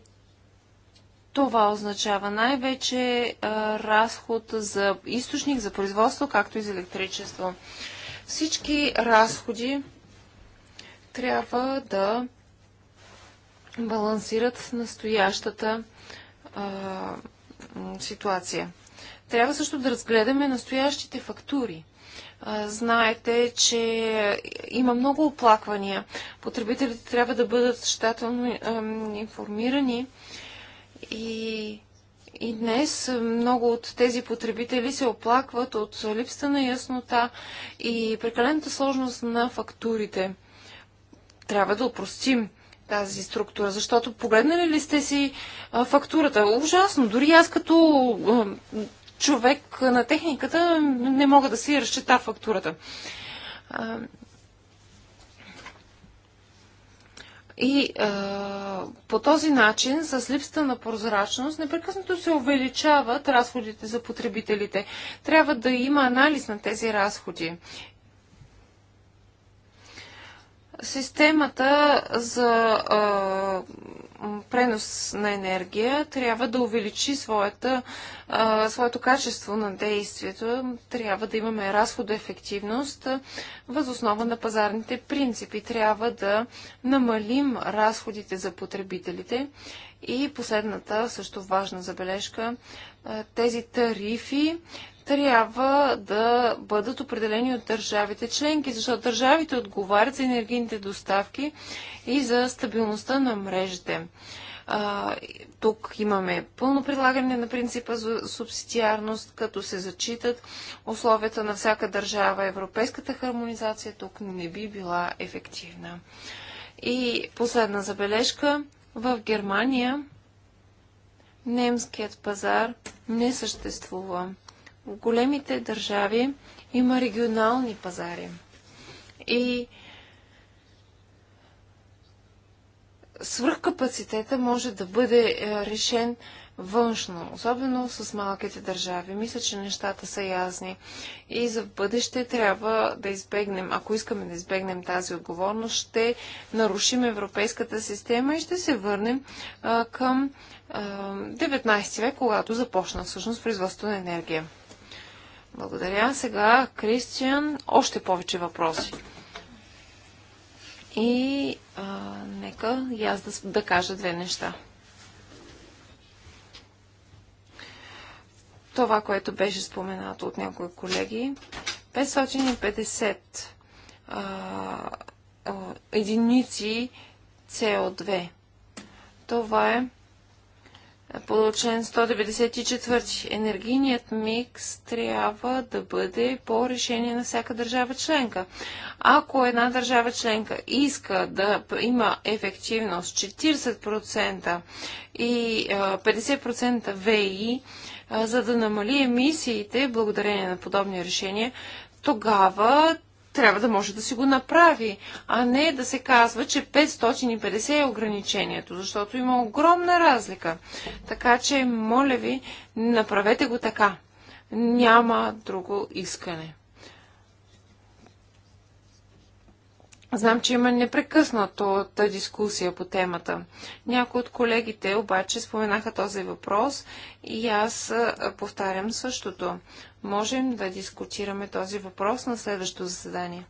това означава най-вече разход за източник, за производство, както и за електричество. Всички разходи трябва да балансират настоящата а, ситуация. Трябва също да разгледаме настоящите фактури. Знаете, че има много оплаквания. Потребителите трябва да бъдат щателно информирани и и днес много от тези потребители се оплакват от липсата на яснота и прекалената сложност на фактурите. Трябва да опростим тази структура, защото погледнали ли сте си а, фактурата? Ужасно! Дори аз като а, човек на техниката не мога да си разчета фактурата. А, и а, по този начин, с липсата на прозрачност, непрекъснато се увеличават разходите за потребителите. Трябва да има анализ на тези разходи Системата за а, пренос на енергия трябва да увеличи своята, а, своето качество на действието. Трябва да имаме разходоефективност възоснова на пазарните принципи. Трябва да намалим разходите за потребителите. И последната, също важна забележка, тези тарифи трябва да бъдат определени от държавите членки, защото държавите отговарят за енергийните доставки и за стабилността на мрежите. А, тук имаме пълно прилагане на принципа за субсидиарност, като се зачитат условията на всяка държава. Европейската хармонизация тук не би била ефективна. И последна забележка. В Германия немският пазар не съществува големите държави има регионални пазари. И свръхкапацитета може да бъде е, решен външно, особено с малките държави. Мисля, че нещата са ясни. И за бъдеще трябва да избегнем, ако искаме да избегнем тази отговорност, ще нарушим европейската система и ще се върнем а, към а, 19 век, когато започна всъщност производство на енергия. Благодаря. Сега, Кристиан, още повече въпроси. И а, нека и аз да, да кажа две неща. Това, което беше споменато от някои колеги, 550 а, а, единици CO2. Това е Получен 194. Енергийният микс трябва да бъде по решение на всяка държава членка. Ако една държава членка иска да има ефективност 40% и 50% ВИ, за да намали емисиите благодарение на подобни решения, тогава трябва да може да си го направи, а не да се казва, че 550 е ограничението, защото има огромна разлика. Така че, моля ви, направете го така. Няма друго искане. Знам, че има непрекъснато та дискусия по темата. Някои от колегите обаче споменаха този въпрос и аз повтарям същото. Можем да дискутираме този въпрос на следващото заседание.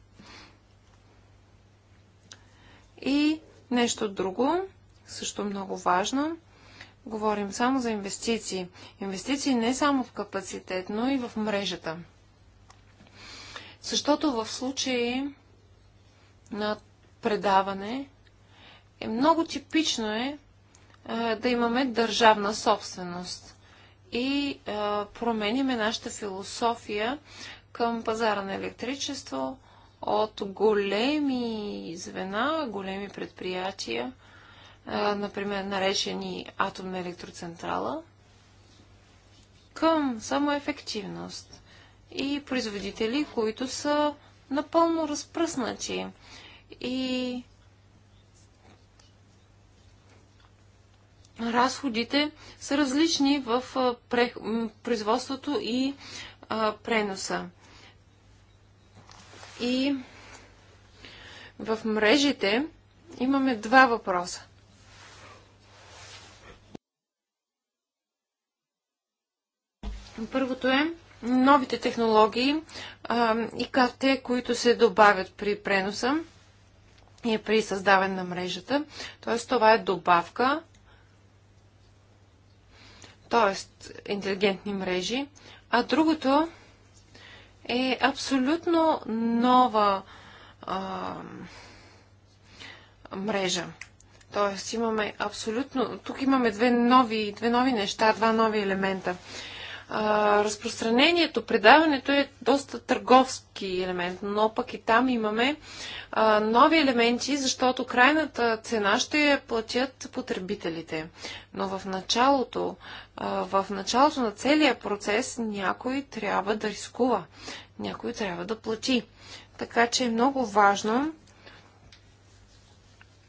И нещо друго, също много важно. Говорим само за инвестиции. Инвестиции не само в капацитет, но и в мрежата. Защото в случаи на предаване, е много типично е, е да имаме държавна собственост и е, промениме нашата философия към пазара на електричество от големи звена, големи предприятия, е, например наречени атомна електроцентрала, към самоефективност и производители, които са напълно разпръснати и разходите са различни в производството и преноса. И в мрежите имаме два въпроса. Първото е новите технологии и карте, които се добавят при преноса. Е при създаване на мрежата. Т.е. това е добавка. т.е. интелигентни мрежи. А другото е абсолютно нова а, мрежа. Тоест имаме абсолютно... Тук имаме две нови, две нови неща, два нови елемента а, разпространението, предаването е доста търговски елемент, но пък и там имаме а, нови елементи, защото крайната цена ще я платят потребителите. Но в началото, а, в началото на целия процес някой трябва да рискува, някой трябва да плати. Така че е много важно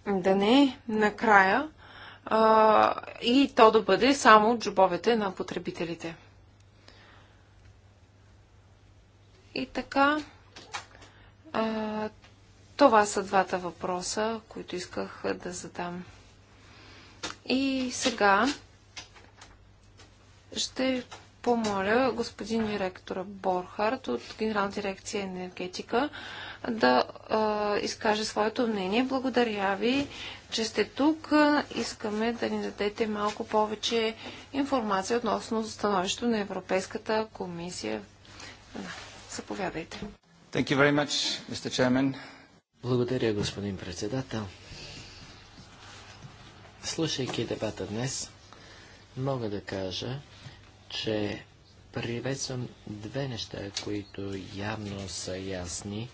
да не накрая а, и то да бъде само от джобовете на потребителите. И така, а, това са двата въпроса, които исках да задам. И сега ще помоля господин директора Борхард от Генерална дирекция енергетика да а, изкаже своето мнение. Благодаря ви, че сте тук. Искаме да ни дадете малко повече информация относно становището на Европейската комисия. Да. Заповядайте. Thank you very much, Mr. Chairman. Благодаря, господин председател. Слушайки дебата днес, мога да кажа, че приветствам две неща, които явно са ясни.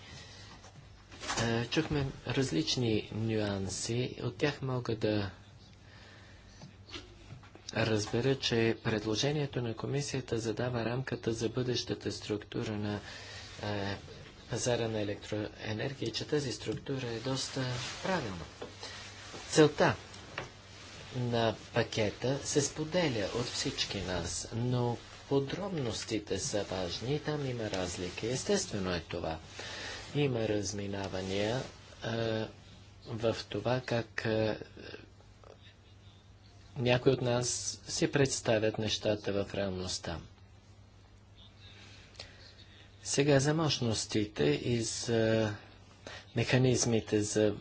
Е, чухме различни нюанси, от тях мога да разбера, че предложението на комисията задава рамката за бъдещата структура на е, пазара на електроенергия и че тази структура е доста правилна. Целта на пакета се споделя от всички нас, но подробностите са важни и там има разлики. Естествено е това. Има разминавания е, в това как е, някои от нас си представят нещата в реалността. Сега за мощностите и за механизмите за е,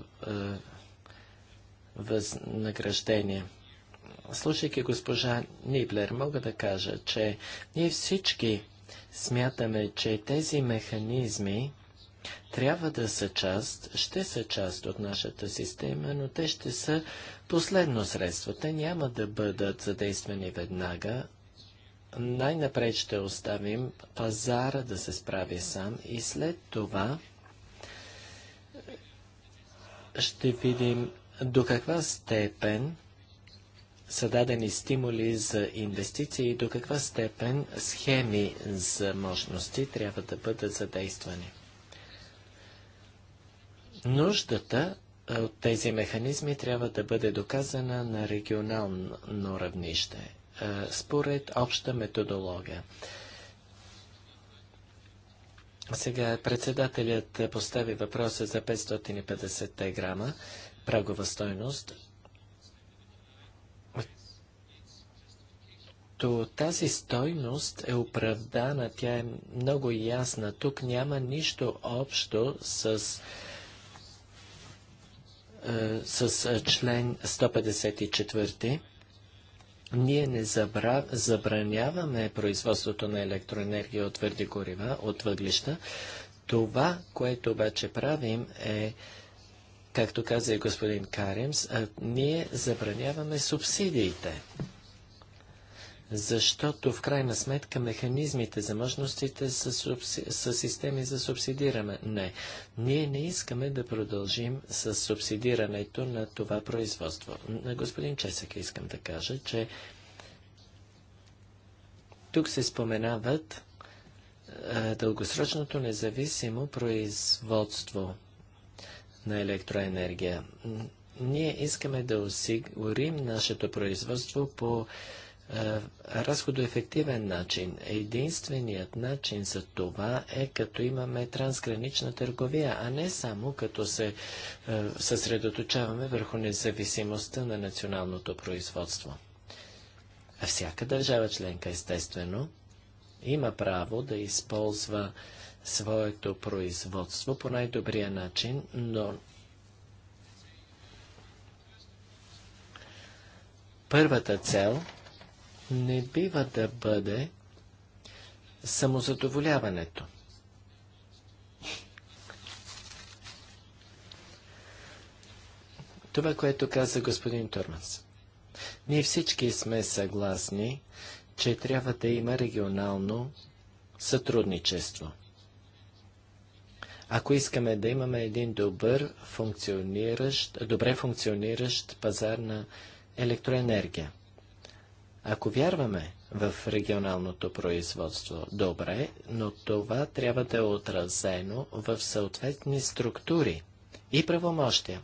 възнаграждение. Слушайки госпожа Ниблер, мога да кажа, че ние всички смятаме, че тези механизми трябва да са част, ще са част от нашата система, но те ще са последно средство. Те няма да бъдат задействани веднага. Най-напред ще оставим пазара да се справи сам и след това ще видим до каква степен са дадени стимули за инвестиции и до каква степен схеми за мощности трябва да бъдат задействани. Нуждата от тези механизми трябва да бъде доказана на регионално равнище, според обща методология. Сега председателят постави въпроса за 550 грама прагова стойност. То тази стойност е оправдана, тя е много ясна. Тук няма нищо общо с е, с е, член 154 ние не забра... забраняваме производството на електроенергия от твърди горива, от въглища. Това, което обаче правим е, както каза и господин Каремс, е, ние забраняваме субсидиите защото в крайна сметка механизмите за мъжностите са, субси... са системи за субсидиране. Не, ние не искаме да продължим с субсидирането на това производство. На господин Чесък искам да кажа, че тук се споменават е, дългосрочното независимо производство на електроенергия. Ние искаме да осигурим нашето производство по е, разходоефективен начин. Единственият начин за това е като имаме трансгранична търговия, а не само като се е, съсредоточаваме върху независимостта на националното производство. всяка държава членка, естествено, има право да използва своето производство по най-добрия начин, но първата цел – не бива да бъде самозадоволяването. Това, което каза господин Турманс, Ние всички сме съгласни, че трябва да има регионално сътрудничество. Ако искаме да имаме един добър, функциониращ, добре функциониращ пазар на електроенергия. Ако вярваме в регионалното производство, добре, но това трябва да е отразено в съответни структури и правомощия.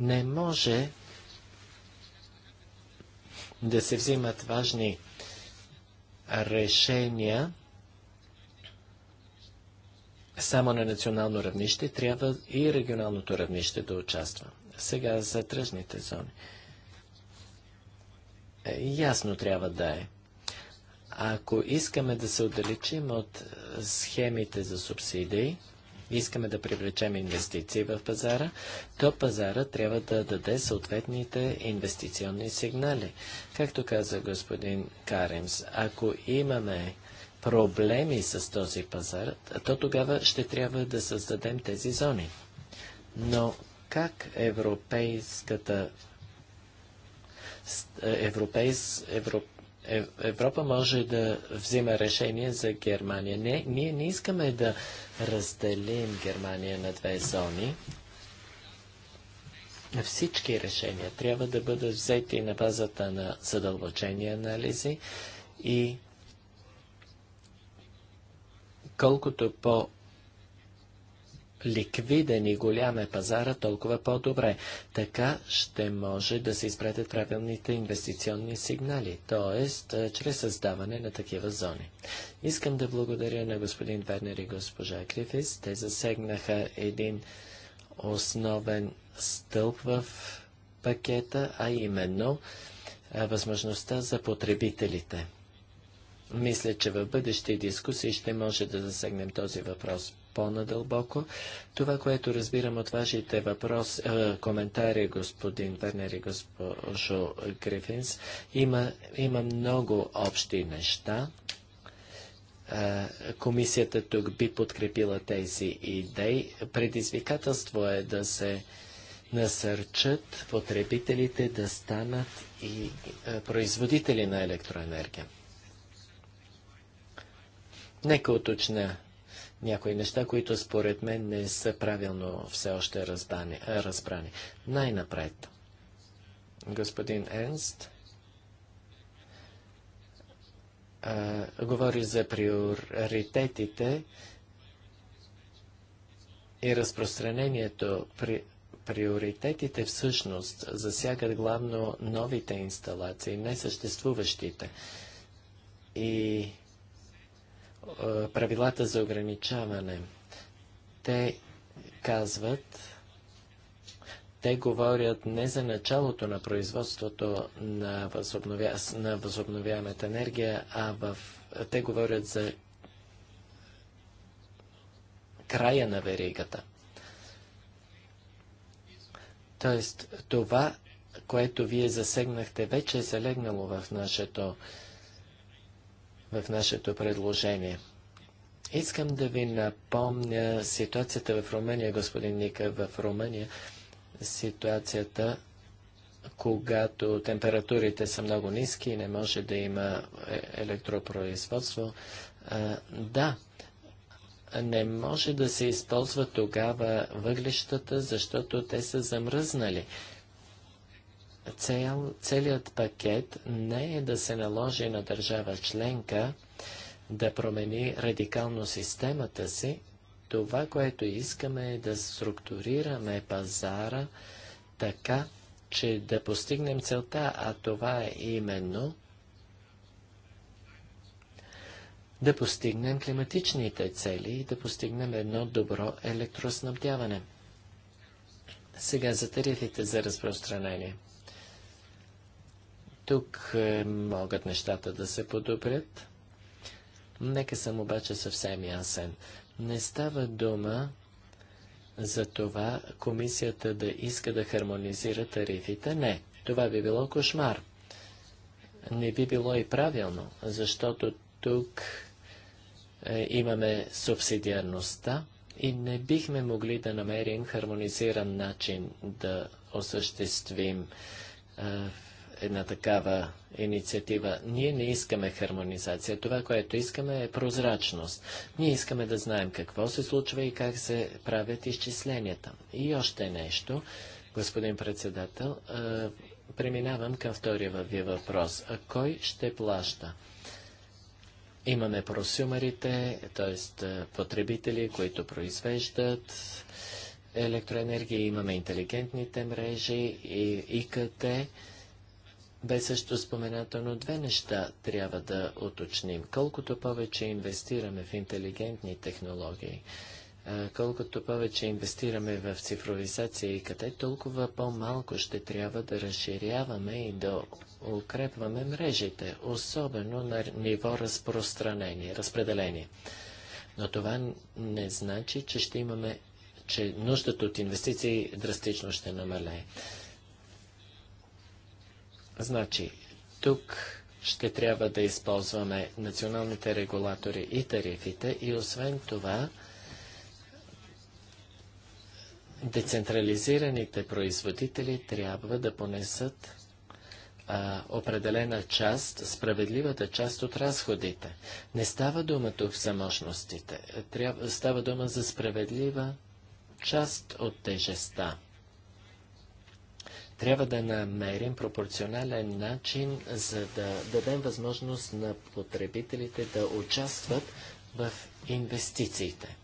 Не може да се взимат важни решения само на национално равнище, трябва и регионалното равнище да участва. Сега за тръжните зони. Е, ясно трябва да е. Ако искаме да се отдалечим от е, схемите за субсидии, искаме да привлечем инвестиции в пазара, то пазара трябва да даде съответните инвестиционни сигнали. Както каза господин Каримс, ако имаме проблеми с този пазар, то тогава ще трябва да създадем тези зони. Но как Европейската Европейс, Европ, е, Европа може да взима решение за Германия. Не, ние не искаме да разделим Германия на две зони. Всички решения трябва да бъдат взети на базата на задълбочени анализи и колкото по- ликвиден и голям е пазара, толкова по-добре. Така ще може да се изпратят правилните инвестиционни сигнали, т.е. чрез създаване на такива зони. Искам да благодаря на господин Вернер и госпожа Крифис. Те засегнаха един основен стълб в пакета, а именно възможността за потребителите. Мисля, че в бъдещи дискусии ще може да засегнем този въпрос по-надълбоко. Това, което разбирам от вашите въпрос, е, коментари, господин Вернер и госпожо Грифинс, има, има много общи неща. Е, комисията тук би подкрепила тези идеи. Предизвикателство е да се насърчат потребителите да станат и е, производители на електроенергия. Нека уточня някои неща, които според мен не са правилно все още разбани, разбрани. Най-напред, господин Енст а, говори за приоритетите и разпространението при приоритетите всъщност засягат главно новите инсталации, не съществуващите. И правилата за ограничаване. Те казват, те говорят не за началото на производството на, възобновя... на възобновяемата енергия, а в... те говорят за края на веригата. Тоест, това, което вие засегнахте, вече е залегнало в нашето в нашето предложение. Искам да ви напомня ситуацията в Румъния, господин Ника, в Румъния. Ситуацията, когато температурите са много ниски и не може да има е, електропроизводство. А, да, не може да се използва тогава въглищата, защото те са замръзнали цел, целият пакет не е да се наложи на държава членка да промени радикално системата си. Това, което искаме е да структурираме пазара така, че да постигнем целта, а това е именно да постигнем климатичните цели и да постигнем едно добро електроснабдяване. Сега за тарифите за разпространение тук е, могат нещата да се подобрят. Нека съм обаче съвсем ясен. Не става дума за това комисията да иска да хармонизира тарифите. Не, това би било кошмар. Не би било и правилно, защото тук е, имаме субсидиарността и не бихме могли да намерим хармонизиран начин да осъществим е, една такава инициатива. Ние не искаме хармонизация. Това, което искаме е прозрачност. Ние искаме да знаем какво се случва и как се правят изчисленията. И още нещо, господин председател, преминавам към втория ви въпрос. А кой ще плаща? Имаме просюмерите, т.е. потребители, които произвеждат електроенергия, имаме интелигентните мрежи и ИКТ. Бе също споменато, но две неща трябва да уточним. Колкото повече инвестираме в интелигентни технологии, колкото повече инвестираме в цифровизация и къде, толкова по-малко ще трябва да разширяваме и да укрепваме мрежите, особено на ниво разпространение, разпределение. Но това не значи, че ще имаме, че нуждата от инвестиции драстично ще намалее. Значи, тук ще трябва да използваме националните регулатори и тарифите и освен това децентрализираните производители трябва да понесат а, определена част, справедливата част от разходите. Не става дума тук за мощностите, трябва, става дума за справедлива част от тежеста. Трябва да намерим пропорционален начин, за да дадем възможност на потребителите да участват в инвестициите.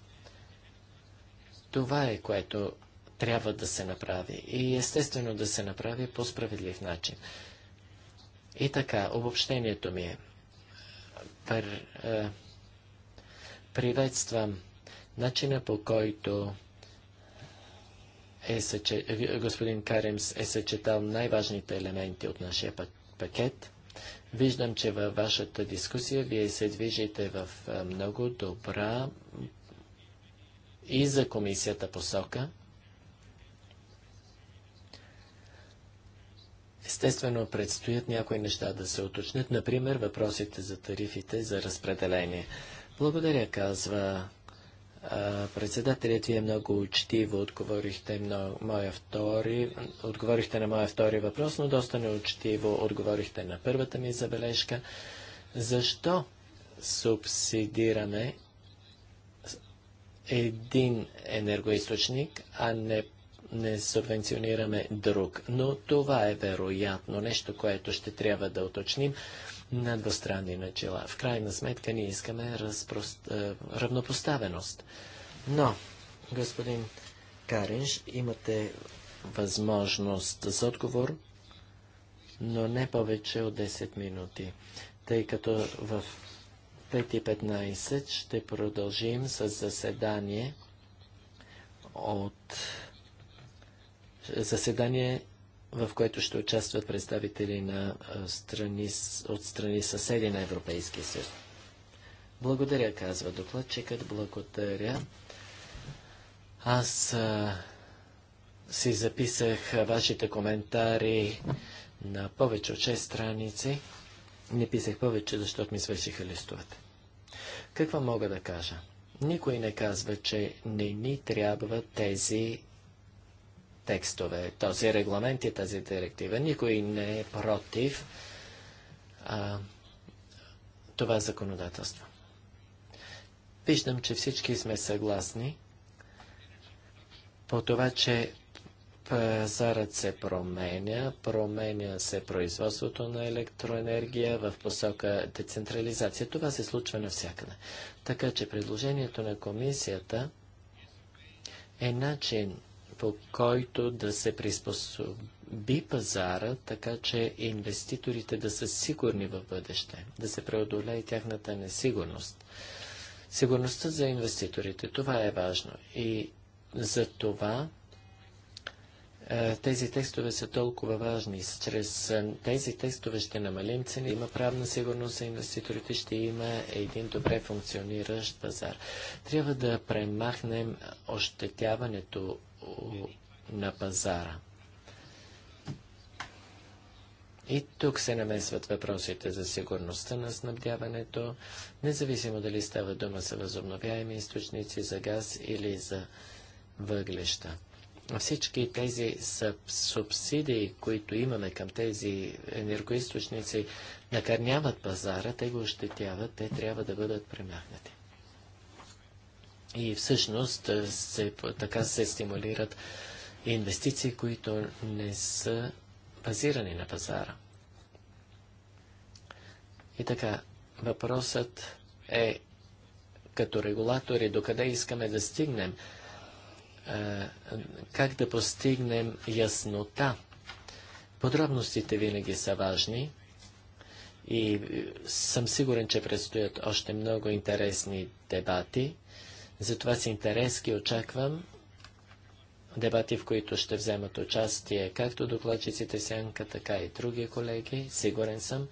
Това е което трябва да се направи и естествено да се направи по справедлив начин. И така, обобщението ми е. е приветствам начина по който е, господин Каремс е съчетал най-важните елементи от нашия пакет. Виждам, че във вашата дискусия вие се движите в много добра и за комисията посока. Естествено, предстоят някои неща да се уточнят, например въпросите за тарифите за разпределение. Благодаря, казва Председателят вие много учтиво отговорихте, на моя втори, отговорихте на моя втори въпрос, но доста неучтиво отговорихте на първата ми забележка. Защо субсидираме един енергоисточник, а не, не субвенционираме друг? Но това е вероятно нещо, което ще трябва да уточним на двустранни начала. В крайна сметка ние искаме разпрост... Е, равнопоставеност. Но, господин Каринш, имате възможност за отговор, но не повече от 10 минути, тъй като в 5.15 ще продължим с заседание от заседание в което ще участват представители на страни, от страни съседи на Европейския съюз. Благодаря, казва докладчикът. Благодаря. Аз а, си записах вашите коментари на повече от 6 страници. Не писах повече, защото ми свършиха листовете. Какво мога да кажа? Никой не казва, че не ни трябва тези текстове, този регламент и тази директива. Никой не е против а, това законодателство. Виждам, че всички сме съгласни по това, че пазарът се променя, променя се производството на електроенергия в посока децентрализация. Това се случва навсякъде. Така че предложението на комисията е начин по който да се приспособи пазара, така че инвеститорите да са сигурни в бъдеще, да се преодолее тяхната несигурност. Сигурността за инвеститорите, това е важно. И за това е, тези текстове са толкова важни. Чрез е, тези текстове ще намалим цени, има правна сигурност за инвеститорите, ще има един добре функциониращ пазар. Трябва да премахнем ощетяването на пазара. И тук се намесват въпросите за сигурността на снабдяването, независимо дали става дума за възобновяеми източници за газ или за въглеща. Всички тези субсидии, които имаме към тези енергоисточници, накърняват пазара, те го ощетяват, те трябва да бъдат премахнати. И всъщност е, се, така се стимулират инвестиции, които не са базирани на пазара. И така, въпросът е като регулатори, докъде искаме да стигнем, е, как да постигнем яснота. Подробностите винаги са важни и е, съм сигурен, че предстоят още много интересни дебати. Затова с интерес ги очаквам дебати, в които ще вземат участие както докладчиците Сянка, така и други колеги. Сигурен съм.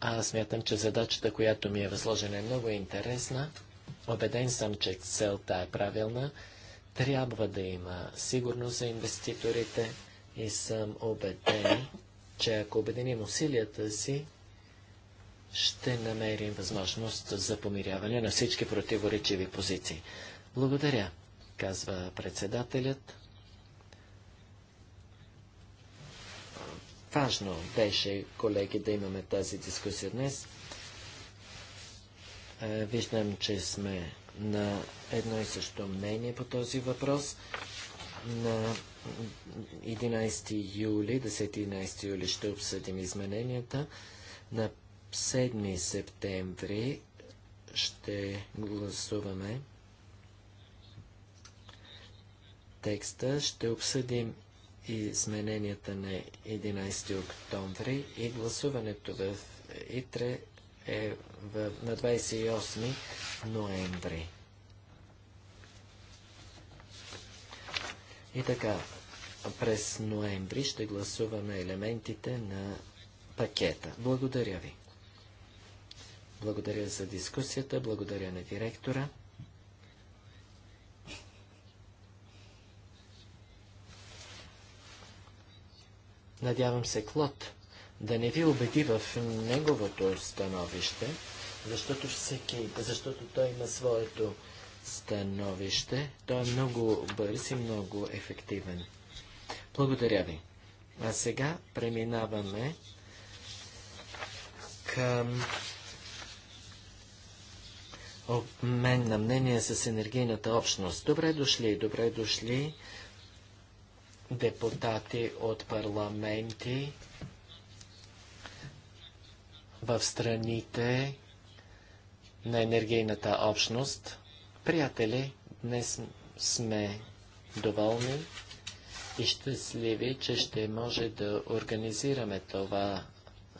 Аз смятам, че задачата, която ми е възложена, е много интересна. Обеден съм, че целта е правилна. Трябва да има сигурност за инвеститорите и съм убеден, че ако обединим усилията си, ще намерим възможност за помиряване на всички противоречиви позиции. Благодаря, казва председателят. Важно беше, колеги, да имаме тази дискусия днес. Е, виждам, че сме на едно и също мнение по този въпрос. На 11 юли, 10-11 юли ще обсъдим измененията. На 7 септември ще гласуваме текста, ще обсъдим измененията на 11 октомври и гласуването в ИТРЕ е в, на 28 ноември. И така, през ноември ще гласуваме елементите на пакета. Благодаря ви. Благодаря за дискусията, благодаря на директора. Надявам се Клод да не ви убеди в неговото становище, защото, всеки, защото той има своето становище. Той е много бърз и много ефективен. Благодаря ви. А сега преминаваме към обмен на мнение с енергийната общност. Добре дошли, добре дошли депутати от парламенти в страните на енергийната общност. Приятели, днес сме доволни и щастливи, че ще може да организираме това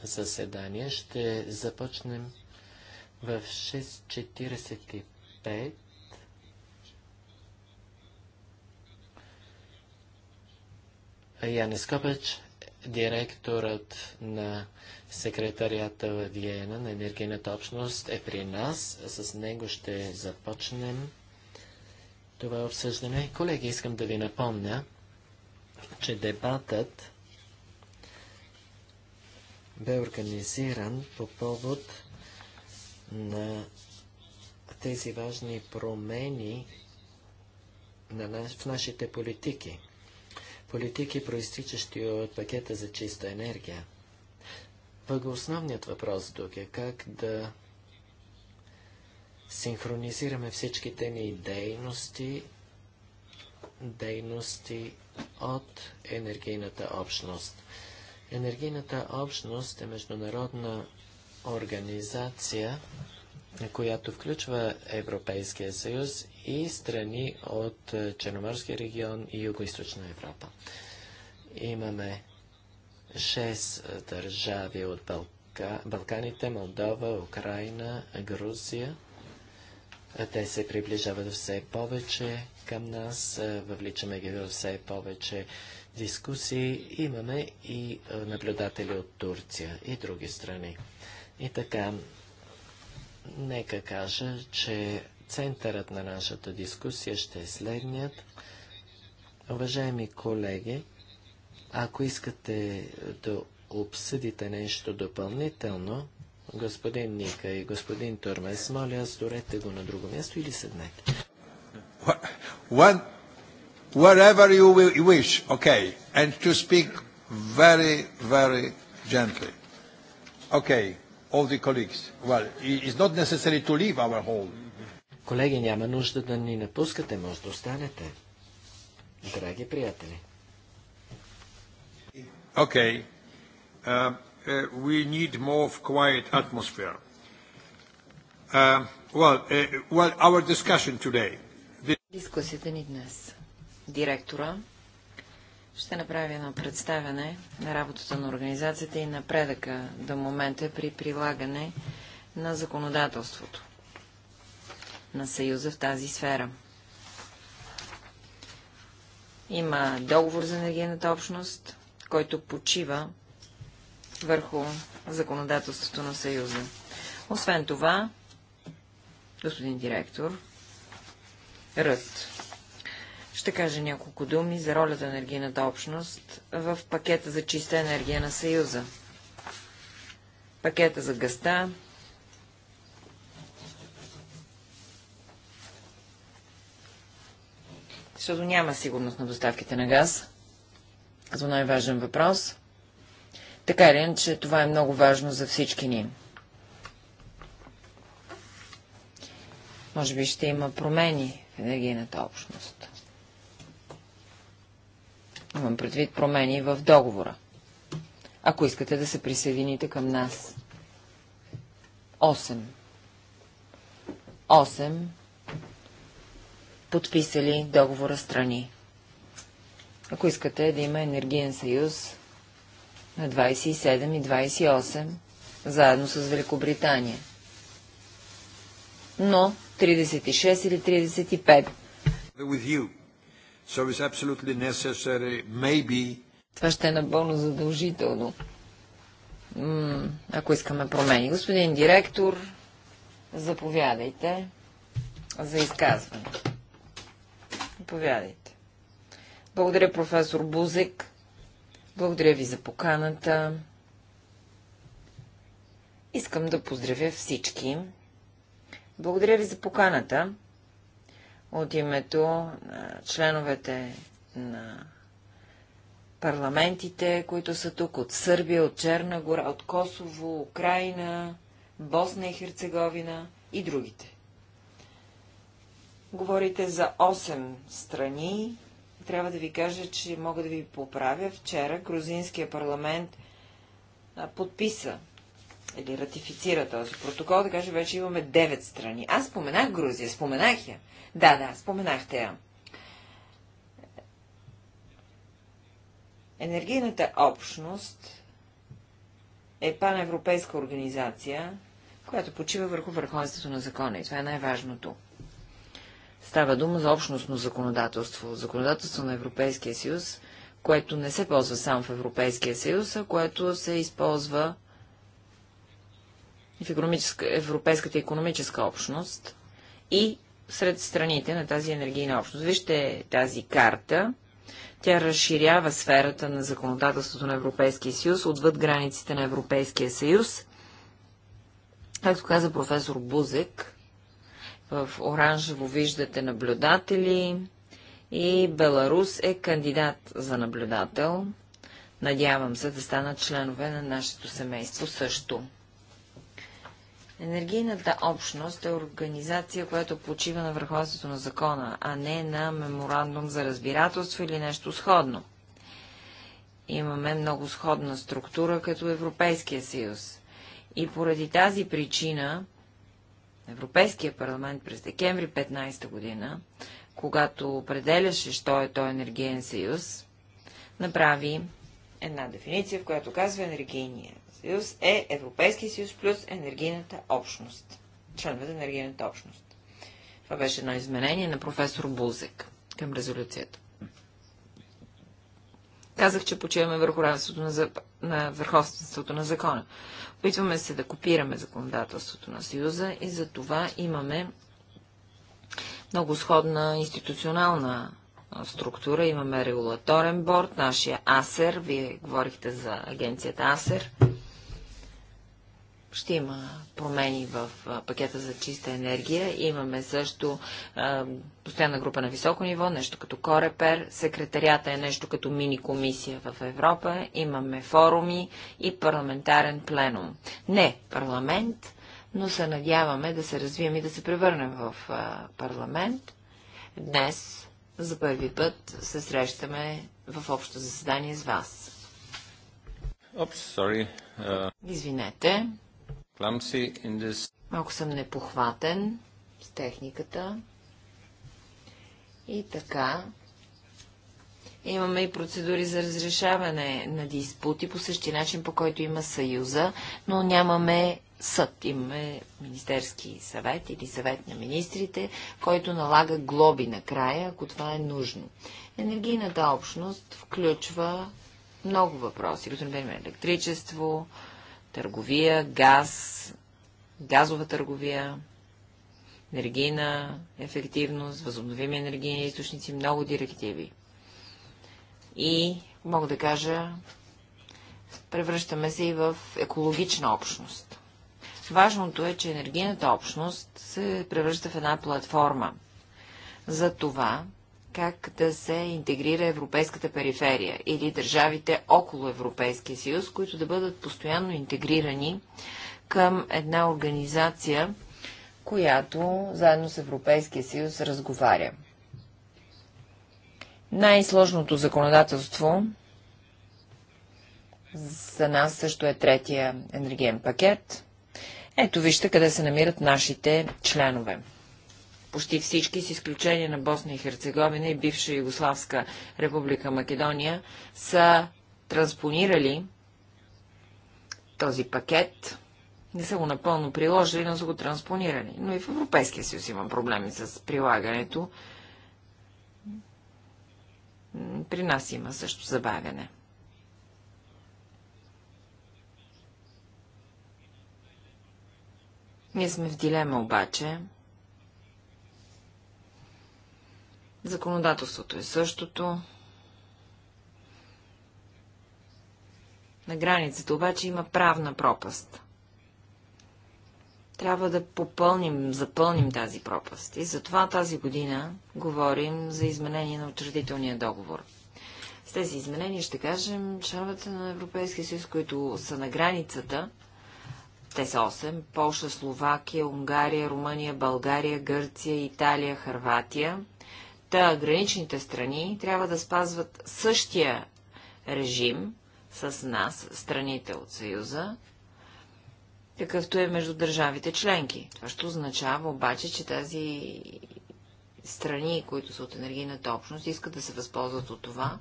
заседание. Ще започнем в 6.45 Яни Скопач, директорът на секретарията в Виена на енергийната общност е при нас. С него ще започнем това обсъждане. Колеги, искам да ви напомня, че дебатът бе организиран по повод на тези важни промени на наш, в нашите политики. Политики, проистичащи от пакета за чиста енергия. Пък основният въпрос тук е как да синхронизираме всичките ни дейности, дейности от енергийната общност. Енергийната общност е международна организация, която включва Европейския съюз и страни от е, Черноморския регион и Юго-Источна Европа. Имаме шест е, държави от Балка... Балканите, Молдова, Украина, Грузия. Е, те се приближават все повече към нас, въвличаме ги все повече дискусии. Имаме и наблюдатели от Турция и други страни. И така, нека кажа, че центърът на нашата дискусия ще е следният. Уважаеми колеги, ако искате да обсъдите нещо допълнително, господин Ника и господин Турмес, моля, сторете го на друго място или седнете. wherever you wish, okay, and to speak very, very gently. Okay all the colleagues. Well, it's not necessary to leave our hall. Колеги, няма нужда да ни напускате, може да останете. Драги приятели. Okay. Uh, uh, we need more of quiet atmosphere. Uh, well, uh, well, our discussion today. This... Дискусията ни днес. Директора ще направя едно представяне на работата на организацията и напредъка до момента при прилагане на законодателството на Съюза в тази сфера. Има договор за енергийната общност, който почива върху законодателството на Съюза. Освен това, господин директор, Ръд ще кажа няколко думи за ролята на енергийната общност в пакета за чиста енергия на Съюза. Пакета за гъста, защото няма сигурност на доставките на газ, За най-важен е въпрос. Така или че това е много важно за всички ни. Може би ще има промени в енергийната общност. Имам предвид промени в договора. Ако искате да се присъедините към нас. 8. 8 подписали договора страни. Ако искате да има енергиен съюз на 27 и 28, заедно с Великобритания. Но 36 или 35. So it's absolutely necessary, maybe... Това ще е напълно задължително, ако искаме промени. Господин директор, заповядайте за изказване. Заповядайте. Благодаря, професор Бузик. Благодаря ви за поканата. Искам да поздравя всички. Благодаря ви за поканата от името на членовете на парламентите, които са тук от Сърбия, от Черна гора, от Косово, Украина, Босна и Херцеговина и другите. Говорите за 8 страни. Трябва да ви кажа, че мога да ви поправя. Вчера грузинския парламент подписа или ратифицира този протокол, така че вече имаме 9 страни. Аз споменах Грузия, споменах я. Да, да, споменахте я. Енергийната общност е паневропейска организация, която почива върху върховенството на закона и това е най-важното. Става дума за общностно законодателство, законодателство на Европейския съюз, което не се ползва само в Европейския съюз, а което се използва в економическа, Европейската економическа общност и сред страните на тази енергийна общност. Вижте тази карта. Тя разширява сферата на законодателството на Европейския съюз отвъд границите на Европейския съюз. Както каза професор Бузек, в оранжево виждате наблюдатели и Беларус е кандидат за наблюдател. Надявам се да станат членове на нашето семейство също. Енергийната общност е организация, която почива на върховенството на закона, а не на меморандум за разбирателство или нещо сходно. Имаме много сходна структура като Европейския съюз. И поради тази причина Европейския парламент през декември 15 година, когато определяше, що е той енергиен съюз, направи една дефиниция, в която казва енергийния съюз е Европейския съюз плюс енергийната общност. Членовете на енергийната общност. Това беше едно изменение на професор Бузек към резолюцията. Казах, че почиваме върху равенството на, за... на върховството на закона. Опитваме се да копираме законодателството на Съюза и за това имаме много сходна институционална структура. Имаме регулаторен борт, нашия АСЕР. Вие говорихте за агенцията АСЕР ще има промени в пакета за чиста енергия. Имаме също постоянна група на високо ниво, нещо като Корепер. Секретарията е нещо като мини-комисия в Европа. Имаме форуми и парламентарен пленум. Не парламент, но се надяваме да се развием и да се превърнем в парламент. Днес за първи път се срещаме в общо заседание с вас. Oops, sorry. Uh... Извинете. Малко съм непохватен с техниката. И така. Имаме и процедури за разрешаване на диспути по същия начин, по който има съюза, но нямаме съд. Имаме Министерски съвет или съвет на министрите, който налага глоби накрая, ако това е нужно. Енергийната общност включва много въпроси, като например електричество, търговия, газ, газова търговия, енергийна ефективност, възобновими енергийни източници, много директиви. И мога да кажа, превръщаме се и в екологична общност. Важното е, че енергийната общност се превръща в една платформа за това как да се интегрира европейската периферия или държавите около Европейския съюз, които да бъдат постоянно интегрирани към една организация, която заедно с Европейския съюз разговаря. Най-сложното законодателство за нас също е третия енергиен пакет. Ето вижте къде се намират нашите членове почти всички, с изключение на Босна и Херцеговина и бивша Югославска република Македония, са транспонирали този пакет. Не са го напълно приложили, но са го транспонирали. Но и в Европейския съюз има проблеми с прилагането. При нас има също забавяне. Ние сме в дилема обаче, Законодателството е същото. На границата обаче има правна пропаст. Трябва да попълним, запълним тази пропаст. И затова тази година говорим за изменение на учредителния договор. С тези изменения ще кажем, членовете на Европейския съюз, които са на границата, те са 8, Полша, Словакия, Унгария, Румъния, България, Гърция, Италия, Харватия, Та граничните страни трябва да спазват същия режим с нас, страните от Съюза, какъвто е между държавите членки. Това ще означава обаче, че тази страни, които са от енергийната общност, искат да се възползват от това,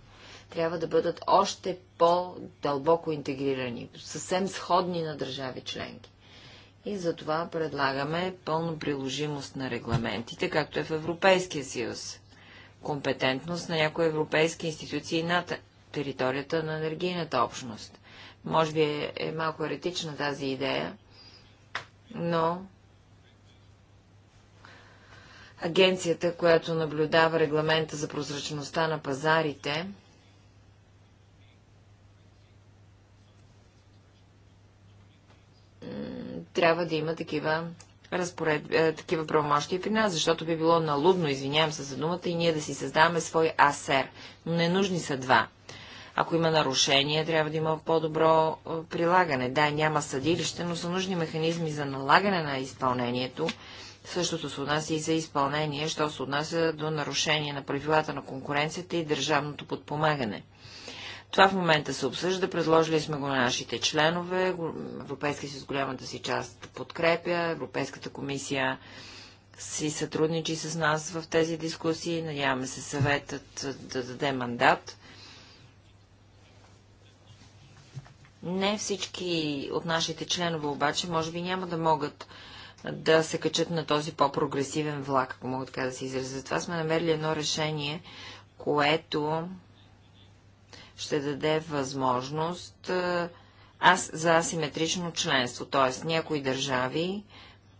трябва да бъдат още по-дълбоко интегрирани, съвсем сходни на държави членки. И затова предлагаме пълно приложимост на регламентите, както е в Европейския съюз компетентност на някои европейски институции над територията на енергийната общност. Може би е, е малко еретична тази идея, но агенцията, която наблюдава регламента за прозрачността на пазарите, трябва да има такива разпоред, е, такива правомощия при нас, защото би било налудно, извинявам се за думата, и ние да си създаваме свой АСЕР. Но не нужни са два. Ако има нарушение, трябва да има по-добро е, прилагане. Да, няма съдилище, но са нужни механизми за налагане на изпълнението. Същото се отнася и за изпълнение, що се отнася до нарушение на правилата на конкуренцията и държавното подпомагане. Това в момента се обсъжда, предложили сме го на нашите членове, Европейския съюз голямата си част подкрепя, Европейската комисия си сътрудничи с нас в тези дискусии, надяваме се съветът да даде мандат. Не всички от нашите членове обаче може би няма да могат да се качат на този по-прогресивен влак, ако мога така да се изразя. Затова сме намерили едно решение, което ще даде възможност аз, за асиметрично членство, т.е. някои държави,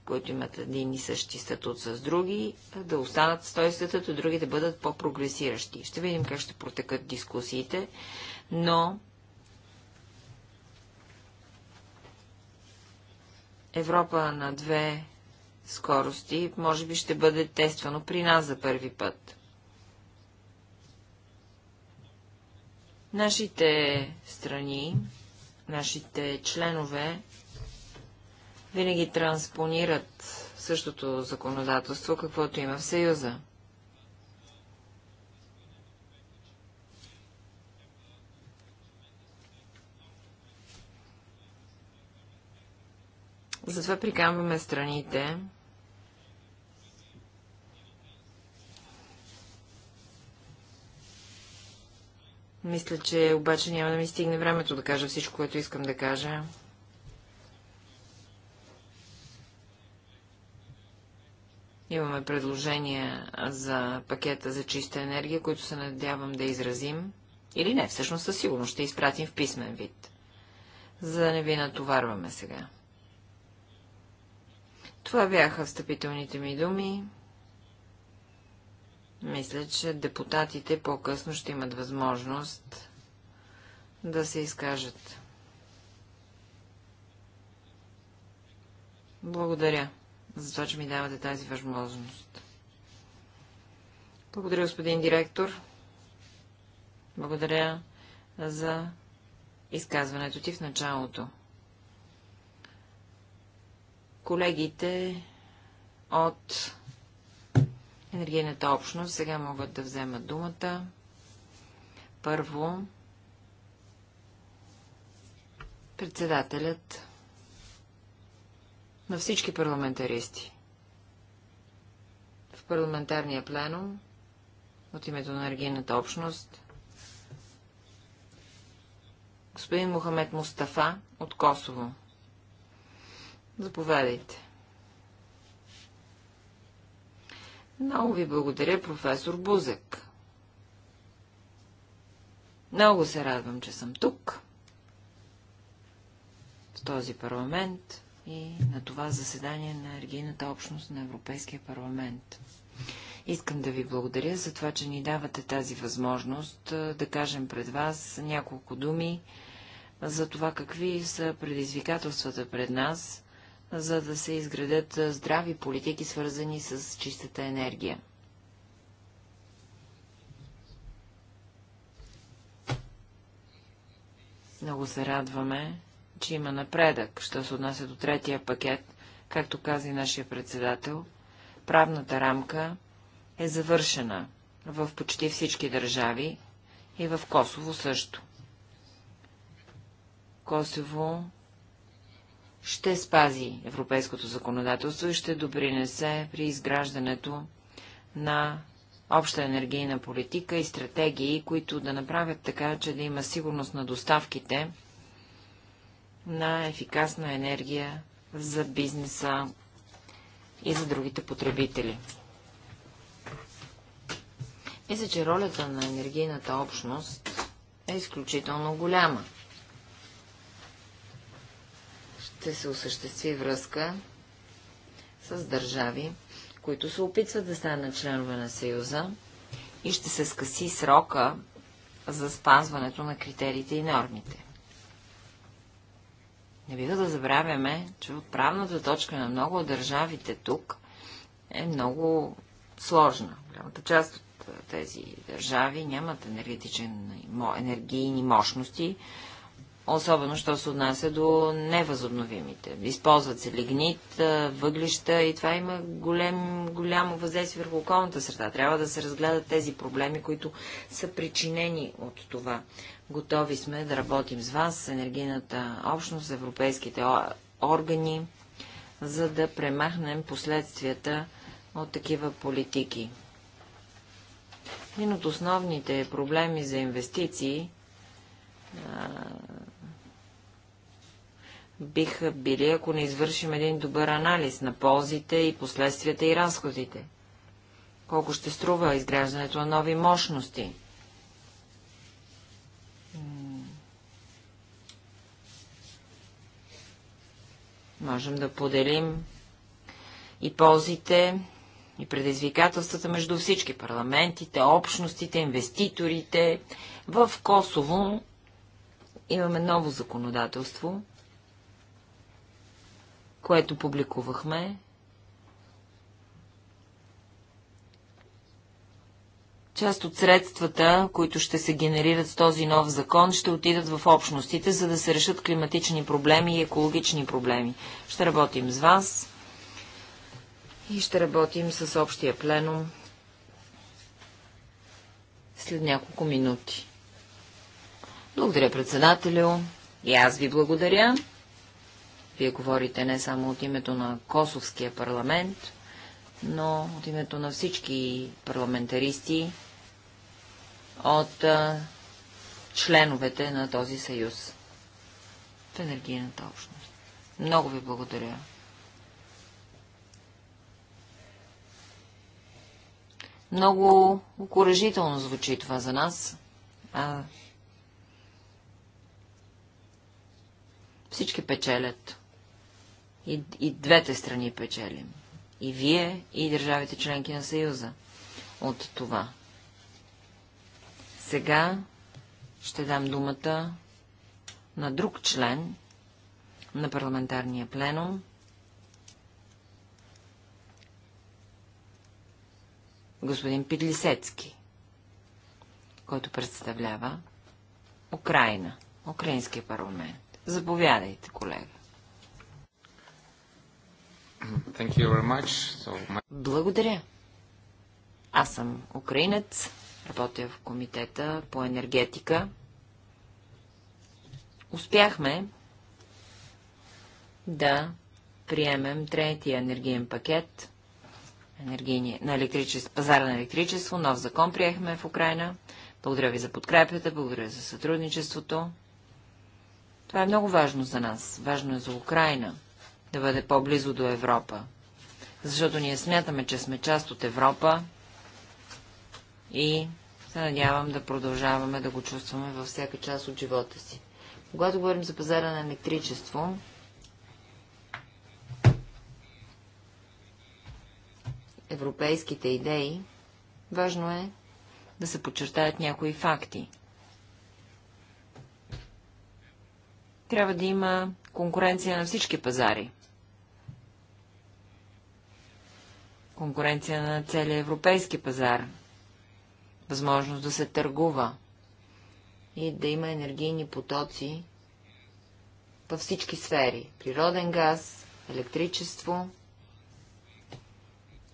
които имат един и същи статут с други, да останат с този статут, а други да бъдат по-прогресиращи. Ще видим как ще протекат дискусиите, но Европа на две скорости може би ще бъде тествано при нас за първи път. Нашите страни, нашите членове винаги транспонират същото законодателство, каквото има в Съюза. Затова приканваме страните Мисля, че обаче няма да ми стигне времето да кажа всичко, което искам да кажа. Имаме предложения за пакета за чиста енергия, които се надявам да изразим. Или не, всъщност със сигурност ще изпратим в писмен вид, за да не ви натоварваме сега. Това бяха встъпителните ми думи. Мисля, че депутатите по-късно ще имат възможност да се изкажат. Благодаря за това, че ми давате тази възможност. Благодаря, господин директор. Благодаря за изказването ти в началото. Колегите от енергийната общност сега могат да вземат думата. Първо, председателят на всички парламентаристи в парламентарния пленум от името на енергийната общност господин Мохамед Мустафа от Косово. Заповядайте. Много ви благодаря, професор Бузек. Много се радвам, че съм тук, в този парламент и на това заседание на енергийната общност на Европейския парламент. Искам да ви благодаря за това, че ни давате тази възможност да кажем пред вас няколко думи за това какви са предизвикателствата пред нас за да се изградят здрави политики, свързани с чистата енергия. Много се радваме, че има напредък, що се отнася до третия пакет, както каза и нашия председател. Правната рамка е завършена в почти всички държави и в Косово също. Косово ще спази европейското законодателство и ще допринесе при изграждането на обща енергийна политика и стратегии, които да направят така, че да има сигурност на доставките на ефикасна енергия за бизнеса и за другите потребители. Мисля, че ролята на енергийната общност е изключително голяма ще се осъществи връзка с държави, които се опитват да станат членове на Съюза и ще се скъси срока за спазването на критериите и нормите. Не бива да забравяме, че отправната точка на много от държавите тук е много сложна. Голямата част от тези държави нямат енергетичен, енергийни мощности, особено, що се отнася до невъзобновимите. Използват се лигнит, въглища и това има голем, голямо въздействие върху околната среда. Трябва да се разгледат тези проблеми, които са причинени от това. Готови сме да работим с вас, с енергийната общност, с европейските органи, за да премахнем последствията от такива политики. Един от основните проблеми за инвестиции биха били, ако не извършим един добър анализ на ползите и последствията и разходите? Колко ще струва изграждането на нови мощности? Можем да поделим и ползите, и предизвикателствата между всички парламентите, общностите, инвеститорите. В Косово имаме ново законодателство, което публикувахме, Част от средствата, които ще се генерират с този нов закон, ще отидат в общностите, за да се решат климатични проблеми и екологични проблеми. Ще работим с вас и ще работим с общия пленум след няколко минути. Благодаря, председателю. И аз ви благодаря. Вие говорите не само от името на Косовския парламент, но от името на всички парламентаристи от а, членовете на този съюз в енергийната общност. Много ви благодаря. Много окоръжително звучи това за нас. А... Всички печелят. И, и двете страни печелим. И вие, и държавите членки на Съюза от това. Сега ще дам думата на друг член на парламентарния пленум. господин Пидлисецки, който представлява Украина, Украинския парламент. Заповядайте, колега. So... Благодаря. Аз съм украинец, работя в комитета по енергетика. Успяхме да приемем третия енергиен пакет на пазара на електричество. Нов закон приехме в Украина. Благодаря ви за подкрепята, благодаря за сътрудничеството. Това е много важно за нас. Важно е за Украина да бъде по-близо до Европа. Защото ние смятаме, че сме част от Европа и се надявам да продължаваме да го чувстваме във всяка част от живота си. Когато говорим за пазара на електричество, европейските идеи, важно е да се подчертаят някои факти. Трябва да има конкуренция на всички пазари. конкуренция на целия европейски пазар, възможност да се търгува и да има енергийни потоци във всички сфери – природен газ, електричество,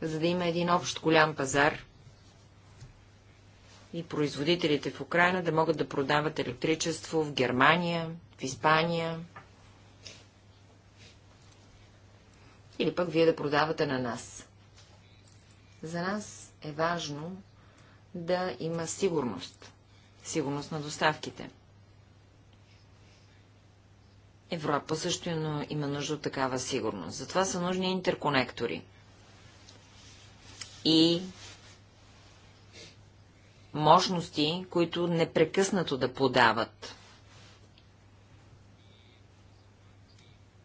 за да има един общ голям пазар и производителите в Украина да могат да продават електричество в Германия, в Испания, или пък вие да продавате на нас. За нас е важно да има сигурност. Сигурност на доставките. Европа също има нужда от такава сигурност. Затова са нужни интерконектори. И мощности, които непрекъснато да подават.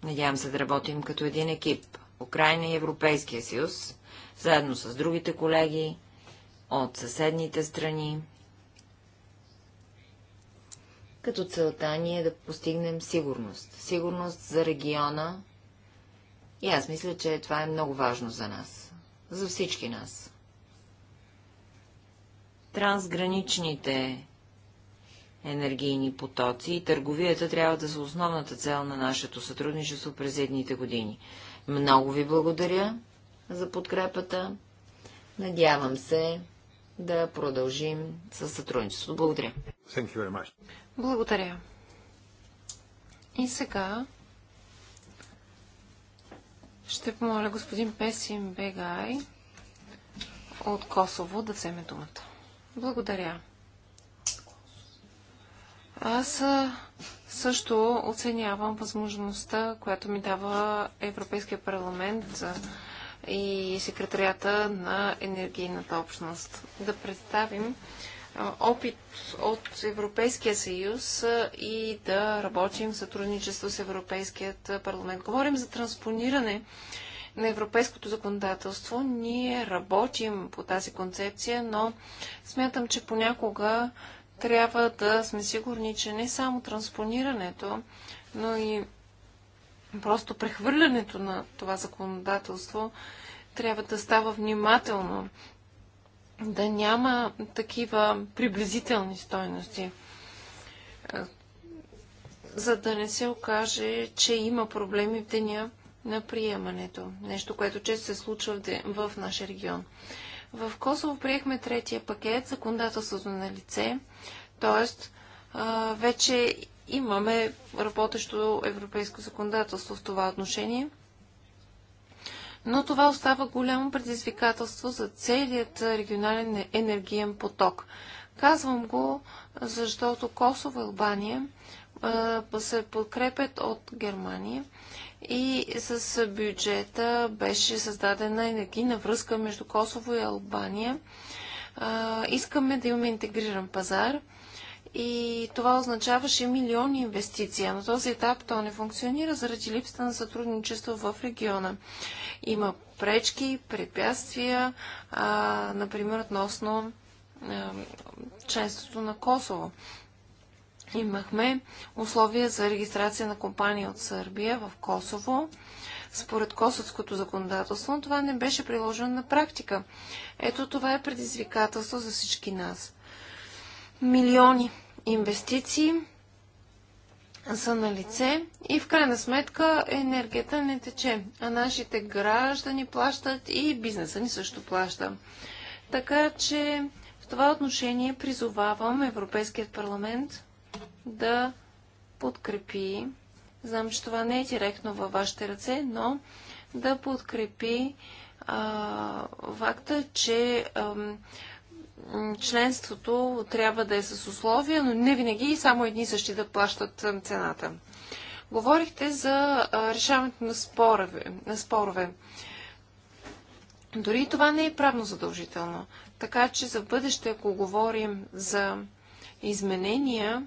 Надявам се да работим като един екип. Украина и Европейския съюз заедно с другите колеги от съседните страни. Като целта ни е да постигнем сигурност. Сигурност за региона. И аз мисля, че това е много важно за нас. За всички нас. Трансграничните енергийни потоци и търговията трябва да са основната цел на нашето сътрудничество през едните години. Много ви благодаря за подкрепата. Надявам се да продължим със сътрудничеството. Благодаря. Благодаря. И сега ще помоля господин Песим Бегай от Косово да вземе думата. Благодаря. Аз също оценявам възможността, която ми дава Европейския парламент и секретарията на енергийната общност. Да представим опит от Европейския съюз и да работим в сътрудничество с Европейският парламент. Говорим за транспониране на европейското законодателство. Ние работим по тази концепция, но смятам, че понякога трябва да сме сигурни, че не само транспонирането, но и Просто прехвърлянето на това законодателство трябва да става внимателно, да няма такива приблизителни стойности, е, за да не се окаже, че има проблеми в деня на приемането. Нещо, което често се случва в нашия регион. В Косово приехме третия пакет, законодателството на лице, т.е. вече имаме работещо европейско законодателство в това отношение. Но това остава голямо предизвикателство за целият регионален енергиен поток. Казвам го, защото Косово и Албания се подкрепят от Германия и с бюджета беше създадена енергийна връзка между Косово и Албания. Искаме да имаме интегриран пазар и това означаваше милиони инвестиции. На този етап то не функционира заради липсата на сътрудничество в региона. Има пречки, препятствия, а, например, относно а, членството на Косово. Имахме условия за регистрация на компании от Сърбия в Косово. Според косовското законодателство но това не беше приложено на практика. Ето това е предизвикателство за всички нас милиони инвестиции са на лице и в крайна сметка енергията не тече, а нашите граждани плащат и бизнеса ни също плаща. Така че в това отношение призовавам Европейският парламент да подкрепи, знам, че това не е директно във вашите ръце, но да подкрепи а, факта, че ам, членството трябва да е с условия, но не винаги само едни същи да плащат цената. Говорихте за решаването на спорове. На спорове. Дори това не е правно задължително. Така че за бъдеще, ако говорим за изменения,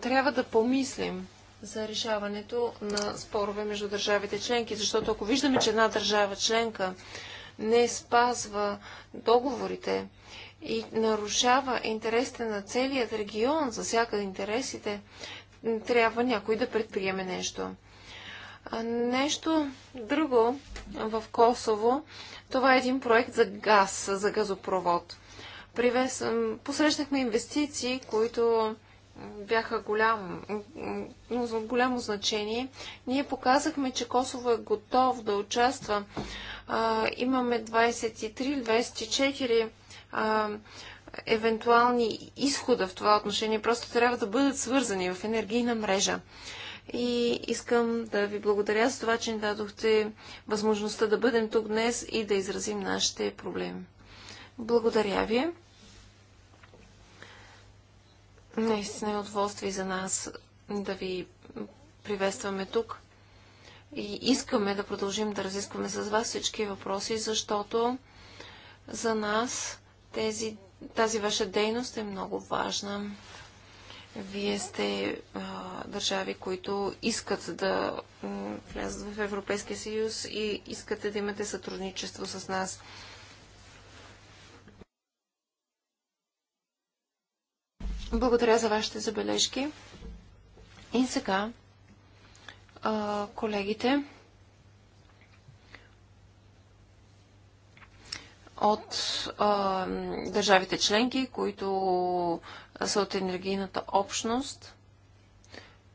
трябва да помислим за решаването на спорове между държавите членки, защото ако виждаме, че една държава членка не спазва договорите и нарушава интересите на целият регион, засяга интересите, трябва някой да предприеме нещо. Нещо друго в Косово, това е един проект за газ, за газопровод. Привез, посрещнахме инвестиции, които бяха голям, голямо значение. Ние показахме, че Косово е готов да участва имаме 23-24 евентуални изхода в това отношение. Просто трябва да бъдат свързани в енергийна мрежа. И искам да ви благодаря за това, че ни дадохте възможността да бъдем тук днес и да изразим нашите проблеми. Благодаря ви. Наистина е удоволствие за нас да ви приветстваме тук. И искаме да продължим да разискваме с вас всички въпроси, защото за нас тези, тази ваша дейност е много важна. Вие сте а, държави, които искат да влязат в Европейския съюз и искате да имате сътрудничество с нас. Благодаря за вашите забележки. И сега а, колегите от а, държавите членки, които са от енергийната общност.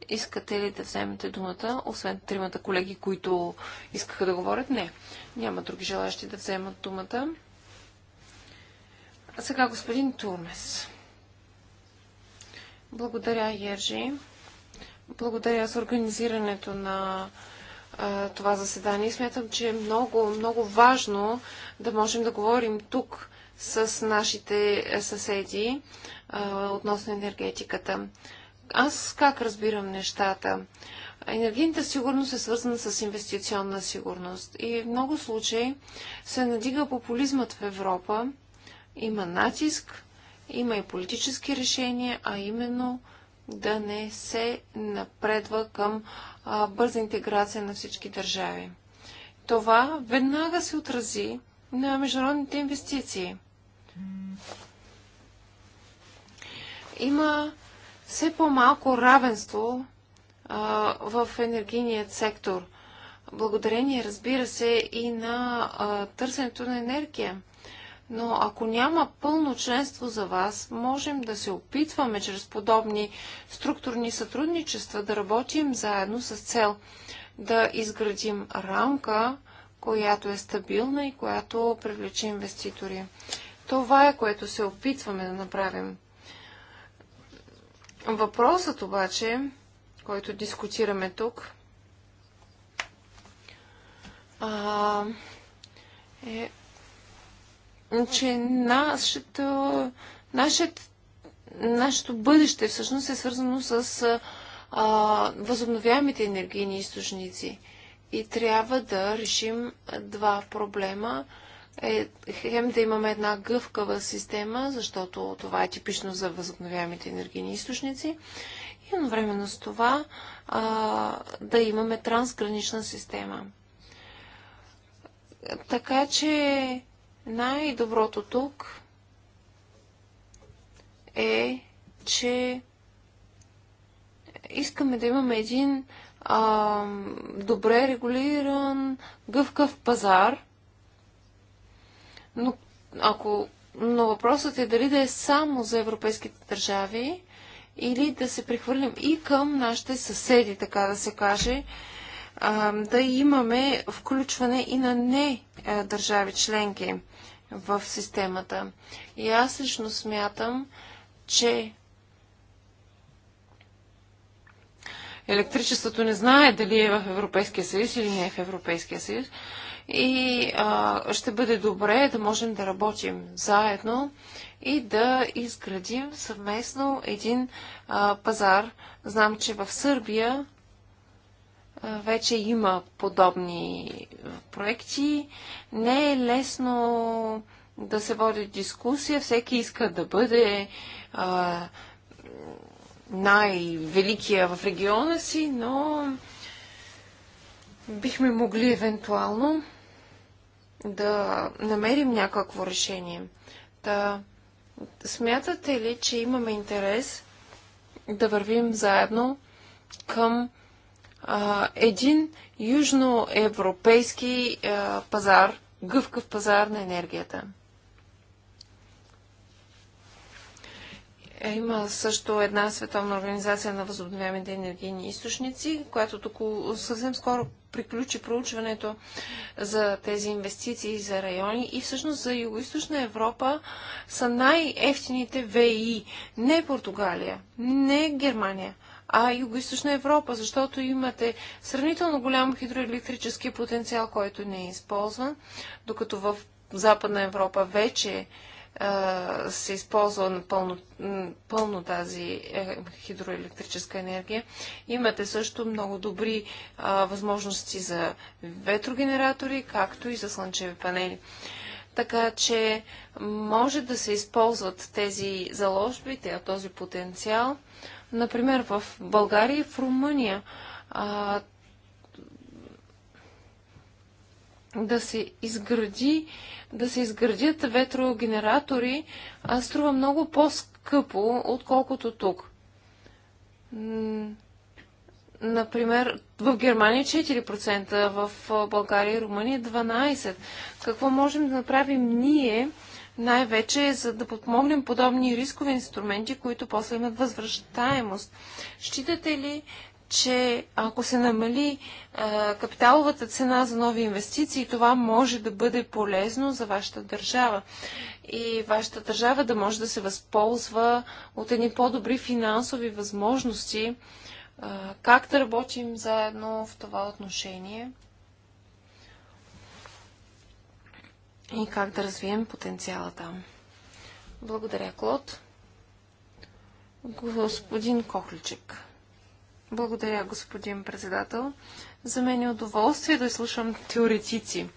Искате ли да вземете думата, освен тримата колеги, които искаха да говорят? Не. Няма други желащи да вземат думата. А сега господин Турмес. Благодаря, Ержи благодаря за организирането на а, това заседание. Смятам, че е много, много важно да можем да говорим тук с нашите съседи а, относно енергетиката. Аз как разбирам нещата? Енергийната сигурност е свързана с инвестиционна сигурност. И в много случаи се надига популизмът в Европа. Има натиск, има и политически решения, а именно да не се напредва към а, бърза интеграция на всички държави. Това веднага се отрази на международните инвестиции. Има все по-малко равенство в енергийният сектор. Благодарение, разбира се, и на а, търсенето на енергия. Но ако няма пълно членство за вас, можем да се опитваме чрез подобни структурни сътрудничества да работим заедно с цел да изградим рамка, която е стабилна и която привлече инвеститори. Това е което се опитваме да направим. Въпросът обаче, който дискутираме тук, е че нашето, нашето, нашето бъдеще всъщност е свързано с а, възобновяемите енергийни източници. И трябва да решим два проблема. Е, хем да имаме една гъвкава система, защото това е типично за възобновяемите енергийни източници. И едновременно с това а, да имаме трансгранична система. Така че най-доброто тук е, че искаме да имаме един а, добре регулиран, гъвкав пазар. Но, ако, но въпросът е дали да е само за европейските държави или да се прехвърлим и към нашите съседи, така да се каже, а, да имаме включване и на не а, държави членки в системата. И аз лично смятам, че електричеството не знае дали е в Европейския съюз или не е в Европейския съюз. И а, ще бъде добре да можем да работим заедно и да изградим съвместно един а, пазар. Знам, че в Сърбия вече има подобни проекти. Не е лесно да се води дискусия. Всеки иска да бъде най-великия в региона си, но бихме могли евентуално да намерим някакво решение. да смятате ли, че имаме интерес да вървим заедно към а, един южноевропейски а, пазар, гъвкав пазар на енергията. Е, има също една световна организация на възобновяемите енергийни източници, която тук съвсем скоро приключи проучването за тези инвестиции за райони и всъщност за Юго-Источна Европа са най-ефтините ВИ. Не Португалия, не Германия, а Юго-Источна Европа, защото имате сравнително голям хидроелектрически потенциал, който не е използван, докато в Западна Европа вече се използва напълно, пълно тази е, хидроелектрическа енергия. Имате също много добри а, възможности за ветрогенератори, както и за слънчеви панели така че може да се използват тези заложби, този потенциал Например, в България и в Румъния а, да се изгради да се изградят ветрогенератори а струва много по-скъпо, отколкото тук. Например, в Германия 4%, в България и Румъния 12%. Какво можем да направим ние, най-вече за да подпомогнем подобни рискови инструменти, които после имат възвръщаемост. Считате ли, че ако се намали а, е, капиталовата цена за нови инвестиции, това може да бъде полезно за вашата държава. И вашата държава да може да се възползва от едни по-добри финансови възможности. А, е, как да работим заедно в това отношение? и как да развием потенциала там. Благодаря, Клод. Господин Кохличек. Благодаря, господин председател. За мен е удоволствие да изслушам теоретици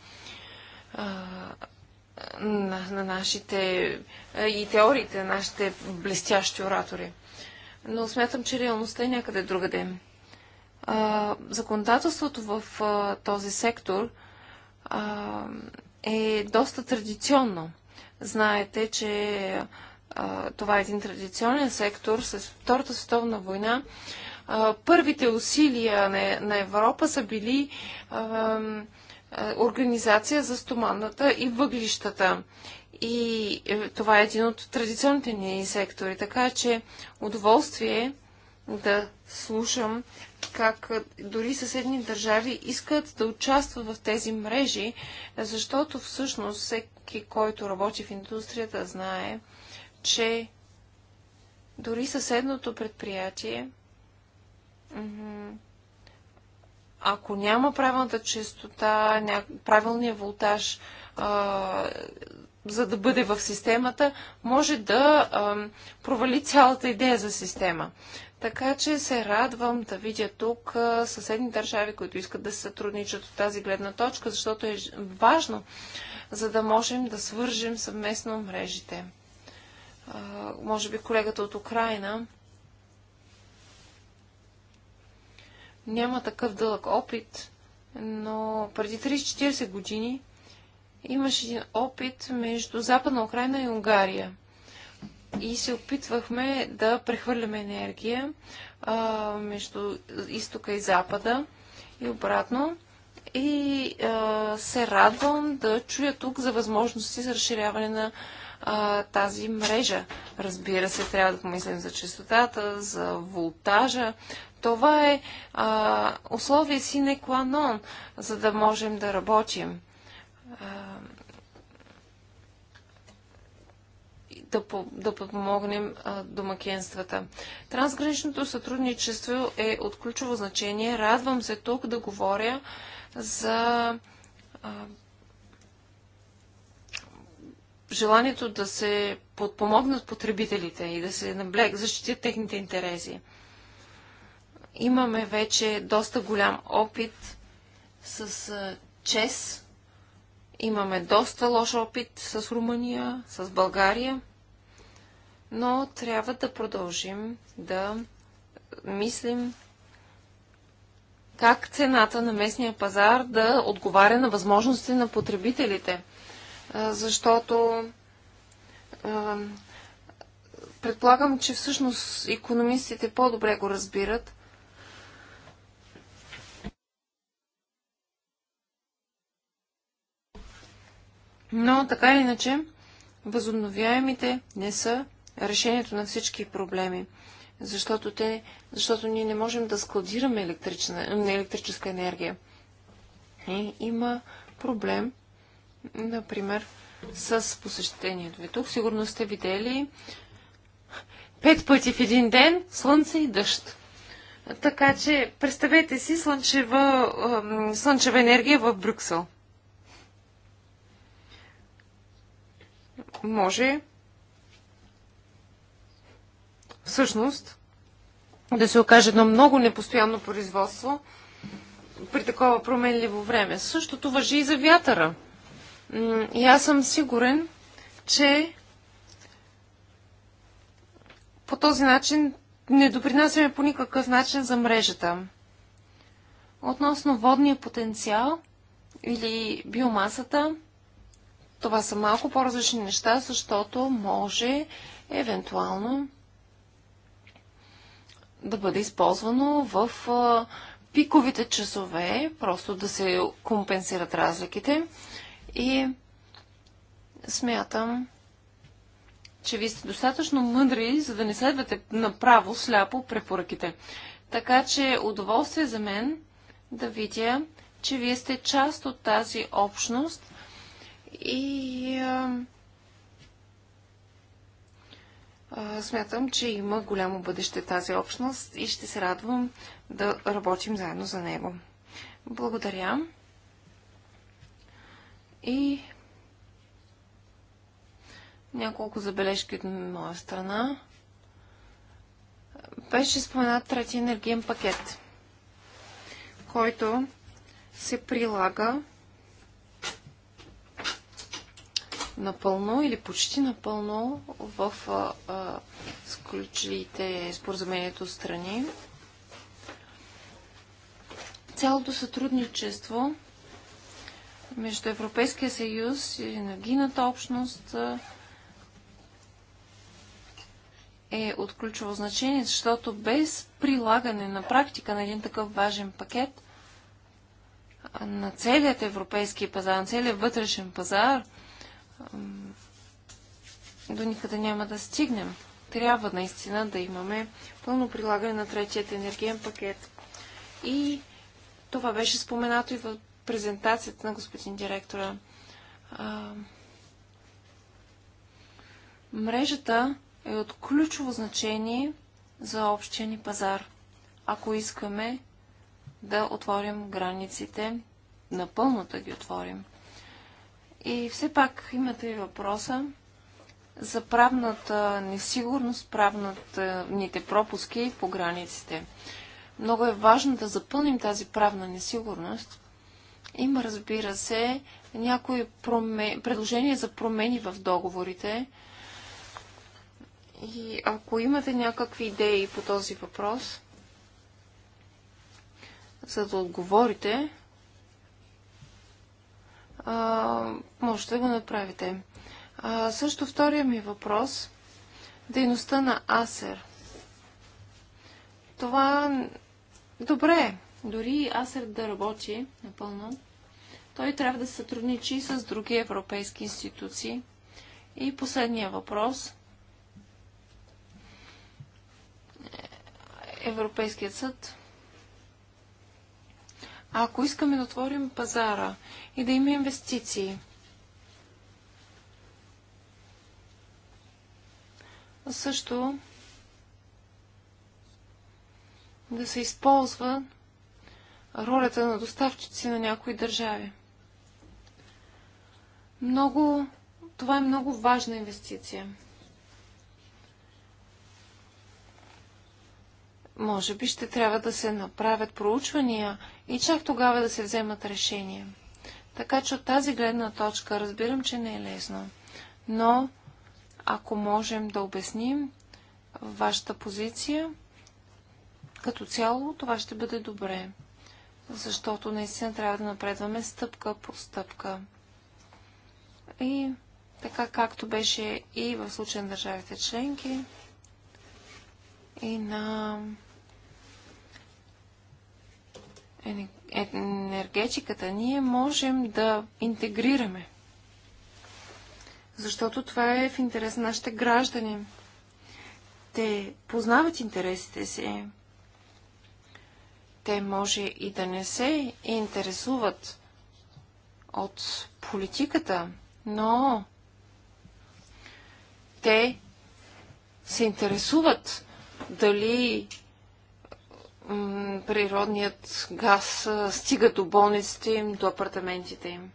а, на, на нашите а, и теориите на нашите блестящи оратори. Но смятам, че реалността е някъде другаде. А, законодателството в а, този сектор а, е доста традиционно. Знаете, че а, това е един традиционен сектор с Втората световна война. А, първите усилия на, на Европа са били а, организация за стоманната и въглищата. И е, това е един от традиционните ни сектори. Така че удоволствие е да слушам как дори съседни държави искат да участват в тези мрежи, защото всъщност всеки, който работи в индустрията, знае, че дори съседното предприятие, ако няма правилната честота, правилния волтаж, за да бъде в системата, може да провали цялата идея за система. Така че се радвам да видя тук съседни държави, които искат да се сътрудничат от тази гледна точка, защото е важно, за да можем да свържем съвместно мрежите. А, може би колегата от Украина няма такъв дълъг опит, но преди 30-40 години имаше един опит между Западна Украина и Унгария и се опитвахме да прехвърляме енергия а, между изтока и запада и обратно. И а, се радвам да чуя тук за възможности за разширяване на а, тази мрежа. Разбира се, трябва да помислим за частотата, за волтажа. Това е а, условие sine qua non, за да можем да работим. А, да, да подпомогнем домакинствата. Трансграничното сътрудничество е от ключово значение. Радвам се тук да говоря за а, желанието да се подпомогнат потребителите и да се наблег, защитят техните интереси. Имаме вече доста голям опит с а, ЧЕС. Имаме доста лош опит с Румъния, с България но трябва да продължим да мислим как цената на местния пазар да отговаря на възможности на потребителите. Защото предполагам, че всъщност економистите по-добре го разбират. Но така или иначе, възобновяемите не са решението на всички проблеми. Защото, те, защото ние не можем да складираме електрична, електрическа енергия. И има проблем, например, с посещението ви тук. Сигурно сте видели пет пъти в един ден слънце и дъжд. Така че представете си слънчева, слънчева енергия в Брюксел. Може всъщност да се окаже едно много непостоянно производство при такова променливо време. Същото въжи и за вятъра. И аз съм сигурен, че по този начин не допринасяме по никакъв начин за мрежата. Относно водния потенциал или биомасата, това са малко по-различни неща, защото може евентуално да бъде използвано в пиковите часове, просто да се компенсират разликите. И смятам, че ви сте достатъчно мъдри, за да не следвате направо сляпо препоръките. Така че удоволствие за мен да видя, че вие сте част от тази общност и смятам, че има голямо бъдеще тази общност и ще се радвам да работим заедно за него. Благодаря. И няколко забележки от моя страна. Беше споменат третия енергиен пакет, който се прилага напълно или почти напълно в а, а, сключилите споразумението страни. Цялото сътрудничество между Европейския съюз и енергийната общност е от ключово значение, защото без прилагане на практика на един такъв важен пакет на целият европейски пазар, на целият вътрешен пазар, до никъде няма да стигнем. Трябва наистина да имаме пълно прилагане на третият енергиен пакет. И това беше споменато и в презентацията на господин директора. А, мрежата е от ключово значение за общия ни пазар. Ако искаме да отворим границите, напълно да ги отворим – и все пак имате и въпроса за правната несигурност, правните пропуски по границите. Много е важно да запълним тази правна несигурност. Има, разбира се, някои промени, предложения за промени в договорите. И ако имате някакви идеи по този въпрос, за да отговорите, а, можете да го направите. А, също втория ми въпрос. Дейността на Асер. Това добре. Дори Асер да работи напълно, той трябва да сътрудничи с други европейски институции. И последния въпрос. Европейският съд ако искаме да отворим пазара и да има инвестиции, също да се използва ролята на доставчици на някои държави. Много, това е много важна инвестиция. Може би ще трябва да се направят проучвания и чак тогава да се вземат решения. Така че от тази гледна точка разбирам, че не е лесно. Но ако можем да обясним вашата позиция, като цяло това ще бъде добре. Защото наистина трябва да напредваме стъпка по стъпка. И така както беше и в случая на държавите членки, и на енергетиката ние можем да интегрираме. Защото това е в интерес на нашите граждани. Те познават интересите си. Те може и да не се интересуват от политиката, но те се интересуват дали природният газ стига до болниците им, до апартаментите им.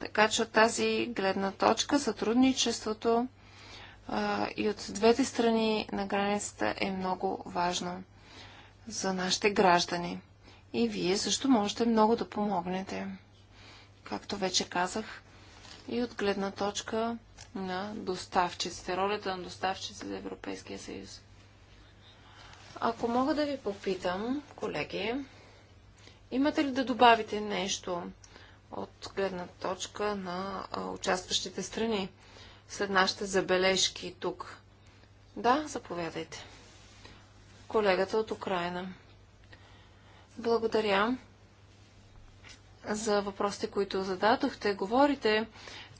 Така че от тази гледна точка сътрудничеството а, и от двете страни на границата е много важно за нашите граждани. И вие също можете много да помогнете. Както вече казах, и от гледна точка на доставчиците, ролята на доставчиците за Европейския съюз. Ако мога да ви попитам, колеги, имате ли да добавите нещо от гледна точка на участващите страни след нашите забележки тук? Да, заповядайте. Колегата от Украина. Благодаря за въпросите, които зададохте. Говорите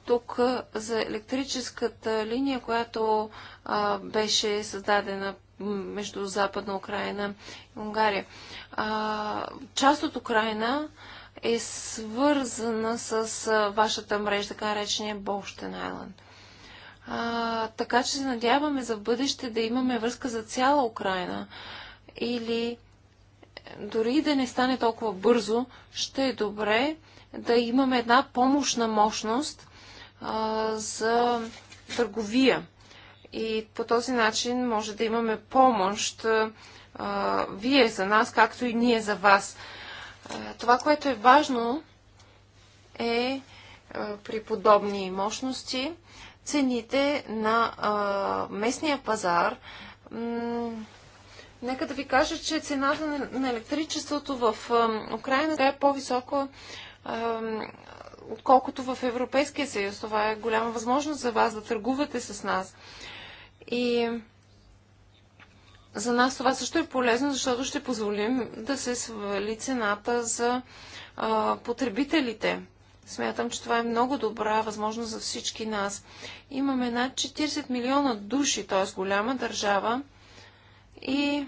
тук за електрическата линия, която а, беше създадена между Западна Украина и Унгария. А, част от Украина е свързана с а, вашата мрежа, така наречения Болщен Айланд. А, така че се надяваме за бъдеще да имаме връзка за цяла Украина. Или е, дори да не стане толкова бързо, ще е добре да имаме една помощна мощност а, за търговия и по този начин може да имаме помощ вие за нас, както и ние за вас. това, което е важно е при подобни мощности цените на местния пазар. Нека да ви кажа, че цената на, електричеството в Украина е по-висока отколкото в Европейския съюз. Това е голяма възможност за вас да търгувате с нас. И за нас това също е полезно, защото ще позволим да се свали цената за а, потребителите. Смятам, че това е много добра възможност за всички нас. Имаме над 40 милиона души, т.е. голяма държава и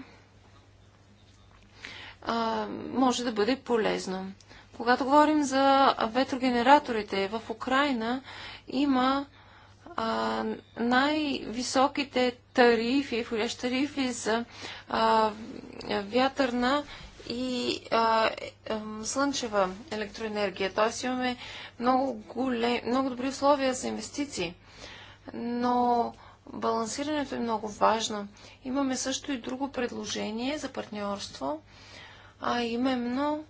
а, може да бъде полезно. Когато говорим за ветрогенераторите в Украина, има най-високите тарифи, входящи тарифи за а, вятърна и а, е, слънчева електроенергия. Т.е. имаме много, голем, много добри условия за инвестиции. Но балансирането е много важно. Имаме също и друго предложение за партньорство, а именно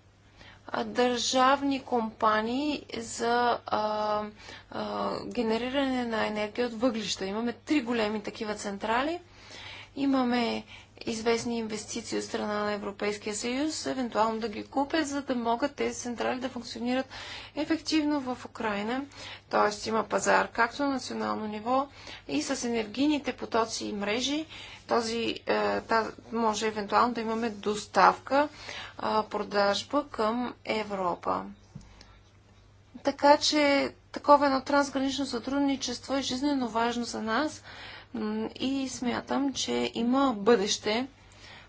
държавни компании за а, а, генериране на енергия от въглища. Имаме три големи такива централи. Имаме известни инвестиции от страна на Европейския съюз, евентуално да ги купят, за да могат тези централи да функционират ефективно в Украина. Тоест има пазар както на национално ниво и с енергийните потоци и мрежи този, е, таз, може евентуално да имаме доставка, е, продажба към Европа. Така че такова едно трансгранично сътрудничество е жизненно важно за нас и смятам, че има бъдеще.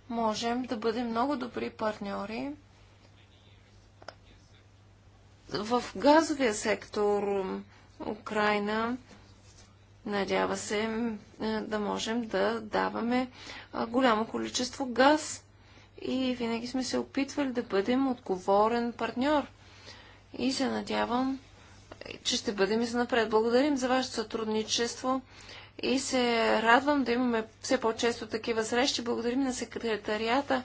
Можем да бъдем много добри партньори. В газовия сектор Украина Надява се е, да можем да даваме голямо количество газ и винаги сме се опитвали да бъдем отговорен партньор. И се надявам, е, че ще бъдем и за напред. Благодарим за вашето сътрудничество и се радвам да имаме все по-често такива срещи. Благодарим на секретарията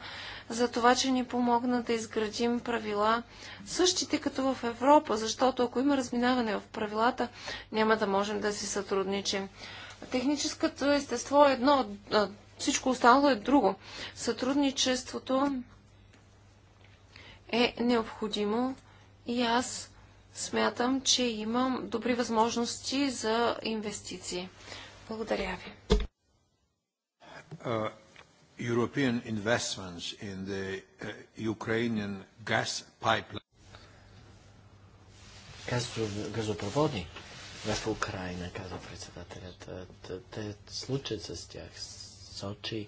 за това, че ни помогна да изградим правила същите като в Европа, защото ако има разминаване в правилата, няма да можем да си сътрудничим. Техническото естество е едно, всичко останало е друго. Сътрудничеството е необходимо и аз смятам, че имам добри възможности за инвестиции. Благодаря ви. European investments in the uh, Ukrainian gas pipeline. Газопроводи в Украина, каза председателят. Е, те случат с тях. Сочи,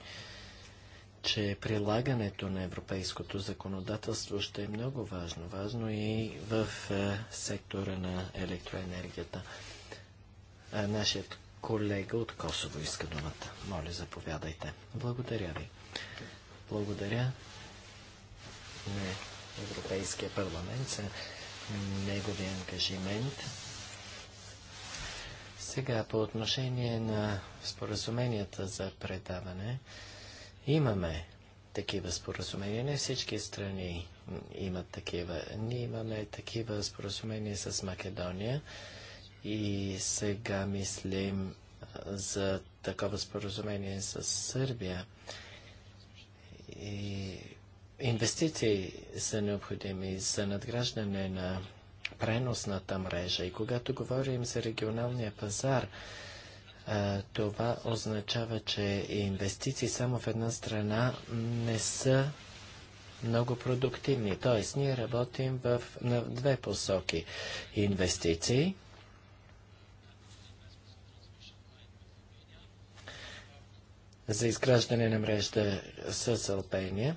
че прилагането на европейското законодателство ще е много важно. Важно е и в е, сектора на електроенергията. Нашият колега от Косово иска думата. Моля, заповядайте. Благодаря ви. Благодаря на Европейския парламент за неговия ангажимент. Сега, по отношение на споразуменията за предаване, имаме такива споразумения. Не всички страни имат такива. Ние имаме такива споразумения с Македония. И сега мислим за такова споразумение с Сърбия. И инвестиции са необходими за надграждане на преносната мрежа. И когато говорим за регионалния пазар, това означава, че инвестиции само в една страна не са много продуктивни. Тоест, ние работим в, на две посоки. Инвестиции за изграждане на мрежа с Албания.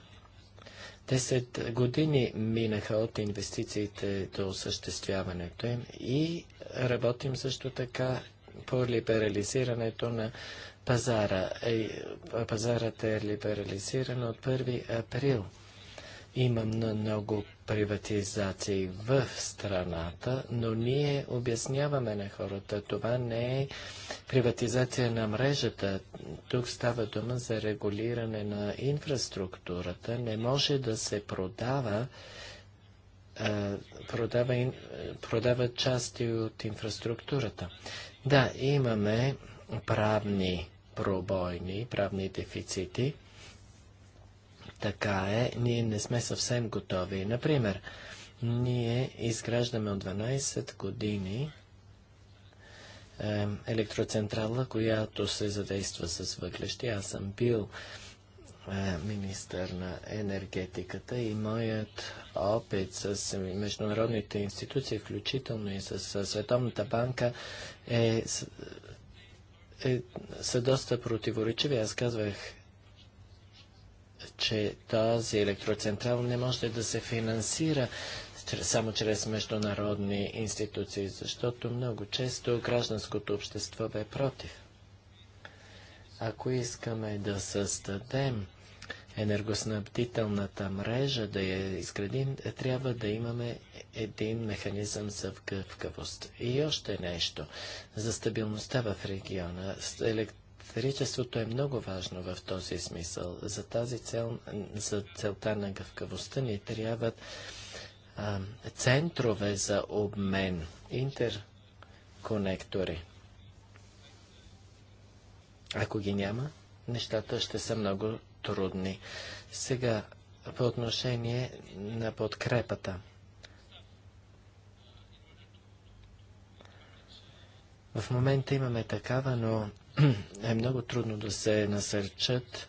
Десет години минаха от инвестициите до осъществяването им и работим също така по либерализирането на пазара. Е, пазарът е либерализиран от 1 април. Имам много приватизации в страната, но ние обясняваме на хората, това не е приватизация на мрежата. Тук става дума за регулиране на инфраструктурата. Не може да се продава продава, продава части от инфраструктурата. Да, имаме правни пробойни, правни дефицити. Така е, ние не сме съвсем готови. Например, ние изграждаме от 12 години електроцентрала, която се задейства с въглещи. Аз съм бил министър на енергетиката и моят опит с международните институции, включително и с, с Световната банка, е, е, са доста противоречиви. Аз казвах че този електроцентрал не може да се финансира само чрез международни институции, защото много често гражданското общество бе против. Ако искаме да създадем енергоснабдителната мрежа, да я изградим, трябва да имаме един механизъм за гъвкавост. И още нещо за стабилността в региона. Елект Старичеството е много важно в този смисъл. За тази цел, за целта на гъвкавостта ни трябват а, центрове за обмен, интерконектори. Ако ги няма, нещата ще са много трудни. Сега, по отношение на подкрепата. В момента имаме такава, но е много трудно да се насърчат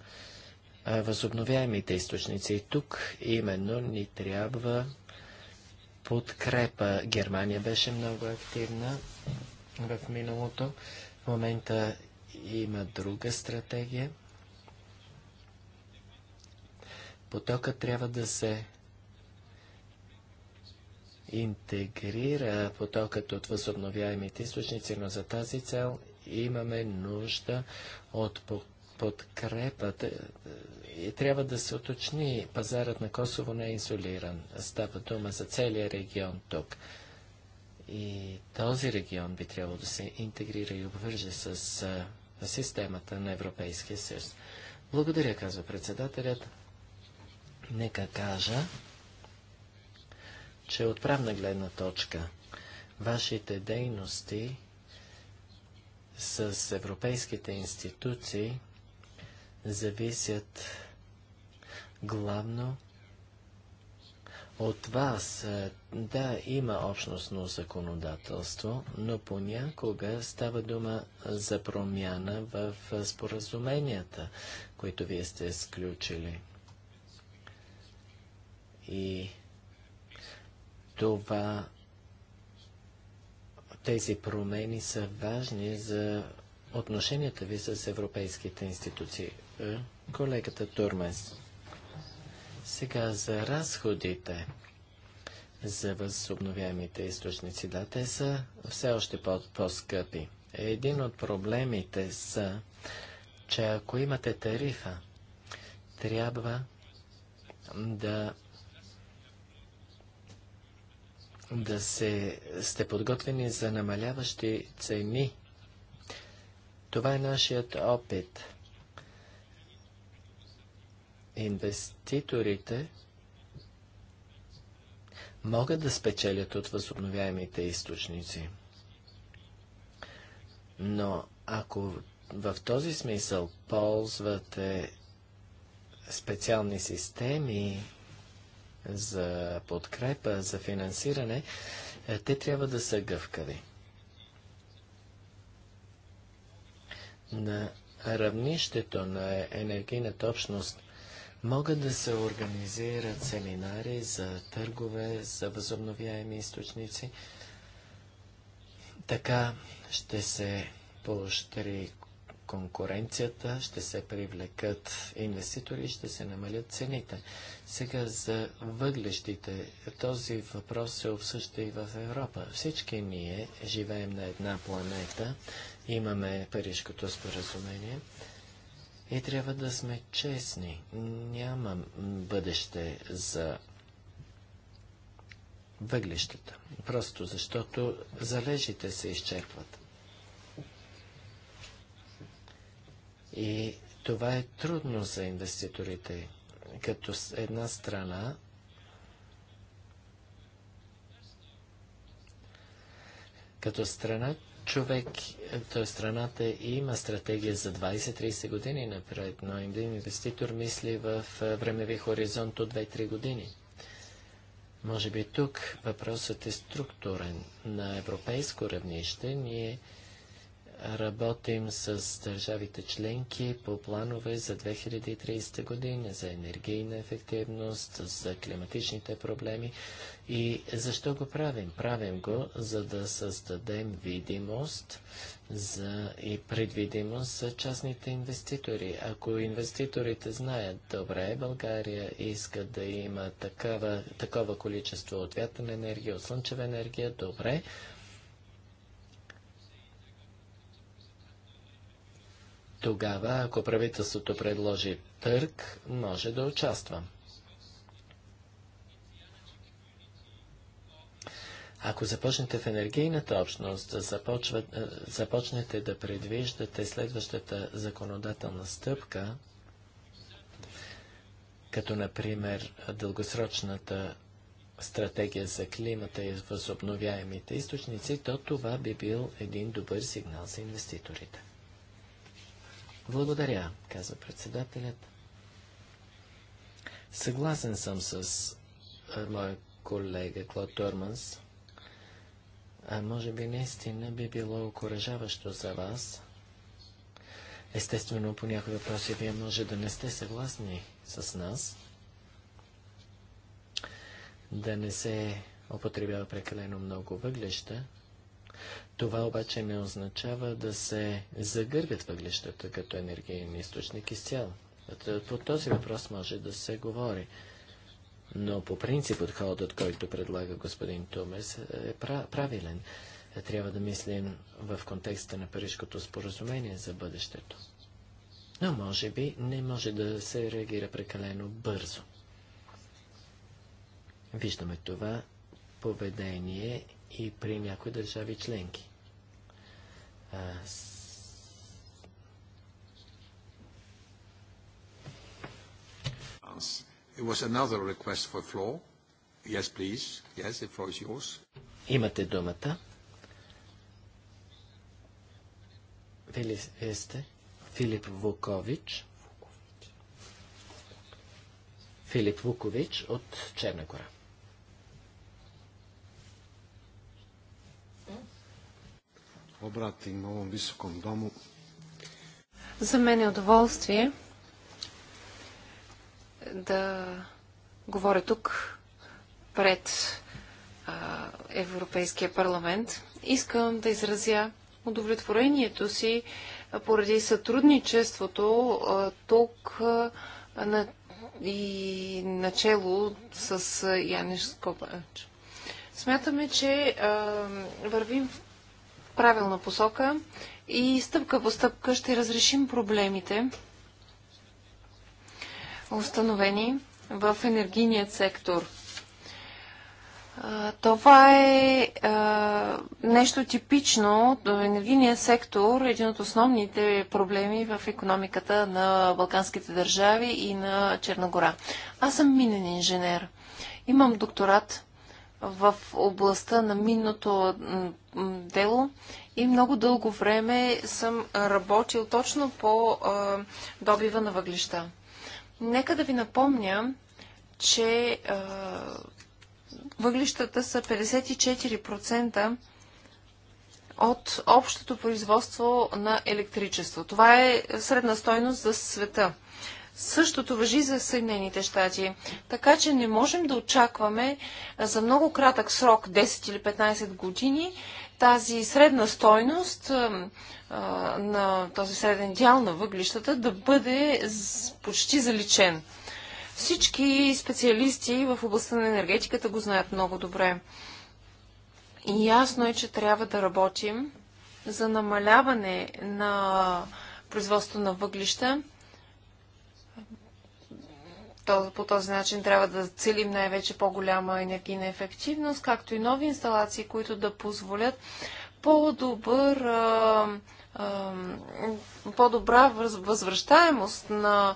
възобновяемите източници. И тук именно ни трябва подкрепа. Германия беше много активна в миналото. В момента има друга стратегия. Потока трябва да се интегрира потокът от възобновяемите източници, но за тази цел имаме нужда от подкрепата. И е, трябва да се уточни, пазарът на Косово не е изолиран. Става дума за целия регион тук. И този регион би трябвало да се интегрира и обвърже с системата на Европейския съюз. Благодаря, казва председателят. Нека кажа, че от правна гледна точка вашите дейности с европейските институции зависят главно от вас. Е, да, има общностно законодателство, но понякога става дума за промяна в споразуменията, които вие сте сключили. И това тези промени са важни за отношенията ви с европейските институции. Е, колегата Турмес. Сега за разходите за възобновяемите източници. Да, те са все още по-скъпи. По Един от проблемите са, че ако имате тарифа, трябва да да се, сте подготвени за намаляващи цени. Това е нашият опит. Инвеститорите могат да спечелят от възобновяемите източници. Но ако в този смисъл ползвате специални системи, за подкрепа, за финансиране, е, те трябва да са гъвкави. На равнището на енергийната общност могат да се организират семинари за търгове, за възобновяеми източници. Така ще се поощри конкуренцията, ще се привлекат инвеститори и ще се намалят цените. Сега за въглещите. Този въпрос се обсъжда и в Европа. Всички ние живеем на една планета, имаме Парижкото споразумение и трябва да сме честни. Няма бъдеще за въглещата. Просто защото залежите се изчерпват. И това е трудно за инвеститорите. Като една страна като страна човек, т.е. страната има стратегия за 20-30 години напред, но един инвеститор мисли в времеви хоризонт от 2-3 години. Може би тук въпросът е структурен. На европейско равнище ние Работим с държавите членки по планове за 2030 година, за енергийна ефективност, за климатичните проблеми. И защо го правим? Правим го, за да създадем видимост за и предвидимост за частните инвеститори. Ако инвеститорите знаят добре, България иска да има такава, такова количество от вятърна енергия, от слънчева енергия, добре, тогава, ако правителството предложи търг, може да участва. Ако започнете в енергийната общност, е, започнете да предвиждате следващата законодателна стъпка, като например дългосрочната стратегия за климата и възобновяемите източници, то това би бил един добър сигнал за инвеститорите. Благодаря, каза председателят. Съгласен съм с моя колега Клод Торманс. А може би наистина би било окоръжаващо за вас. Естествено, по някои въпроси вие може да не сте съгласни с нас. Да не се употребява прекалено много въглеща, това обаче не означава да се загърбят въглищата като енергиен източник изцяло. По този въпрос може да се говори. Но по принцип отходът, който предлага господин Тумес, е правилен. Е, трябва да мислим в контекста на Парижското споразумение за бъдещето. Но може би не може да се реагира прекалено бързо. Виждаме това поведение и при някои държави членки. А, с... It was another request for floor. Yes, please. Yes, the floor is yours. Имате думата. вие сте Филип Вукович. Филип Вукович от Черна гора. obratim ovom visokom domu. За мен е удоволствие да говоря тук пред Европейския парламент. Искам да изразя удовлетворението си поради сътрудничеството тук на, и начало с Янеш Скобач. Смятаме, че а, вървим в правилна посока и стъпка по стъпка ще разрешим проблемите, установени в енергийният сектор. Това е нещо типично. Енергийният сектор е един от основните проблеми в економиката на Балканските държави и на Черногора. Аз съм минен инженер. Имам докторат в областта на минното дело и много дълго време съм работил точно по добива на въглища. Нека да ви напомня, че въглищата са 54% от общото производство на електричество. Това е средна стойност за света. Същото въжи за Съединените щати. Така че не можем да очакваме за много кратък срок, 10 или 15 години, тази средна стойност на този среден дял на въглищата да бъде почти заличен. Всички специалисти в областта на енергетиката го знаят много добре. И ясно е, че трябва да работим за намаляване на производство на въглища по този начин трябва да целим най-вече по-голяма енергийна ефективност, както и нови инсталации, които да позволят по-добър по-добра възвръщаемост на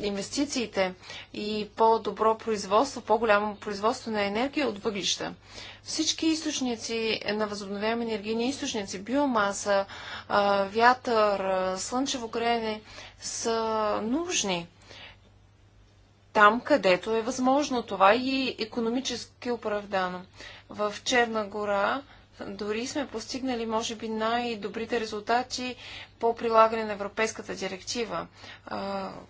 инвестициите и по-добро производство, по-голямо производство на енергия от въглища. Всички източници на възобновяеми енергийни източници, биомаса, вятър, слънчево греене, са нужни. Там, където е възможно това и економически е оправдано. В Черна гора дори сме постигнали, може би, най-добрите резултати по прилагане на Европейската директива,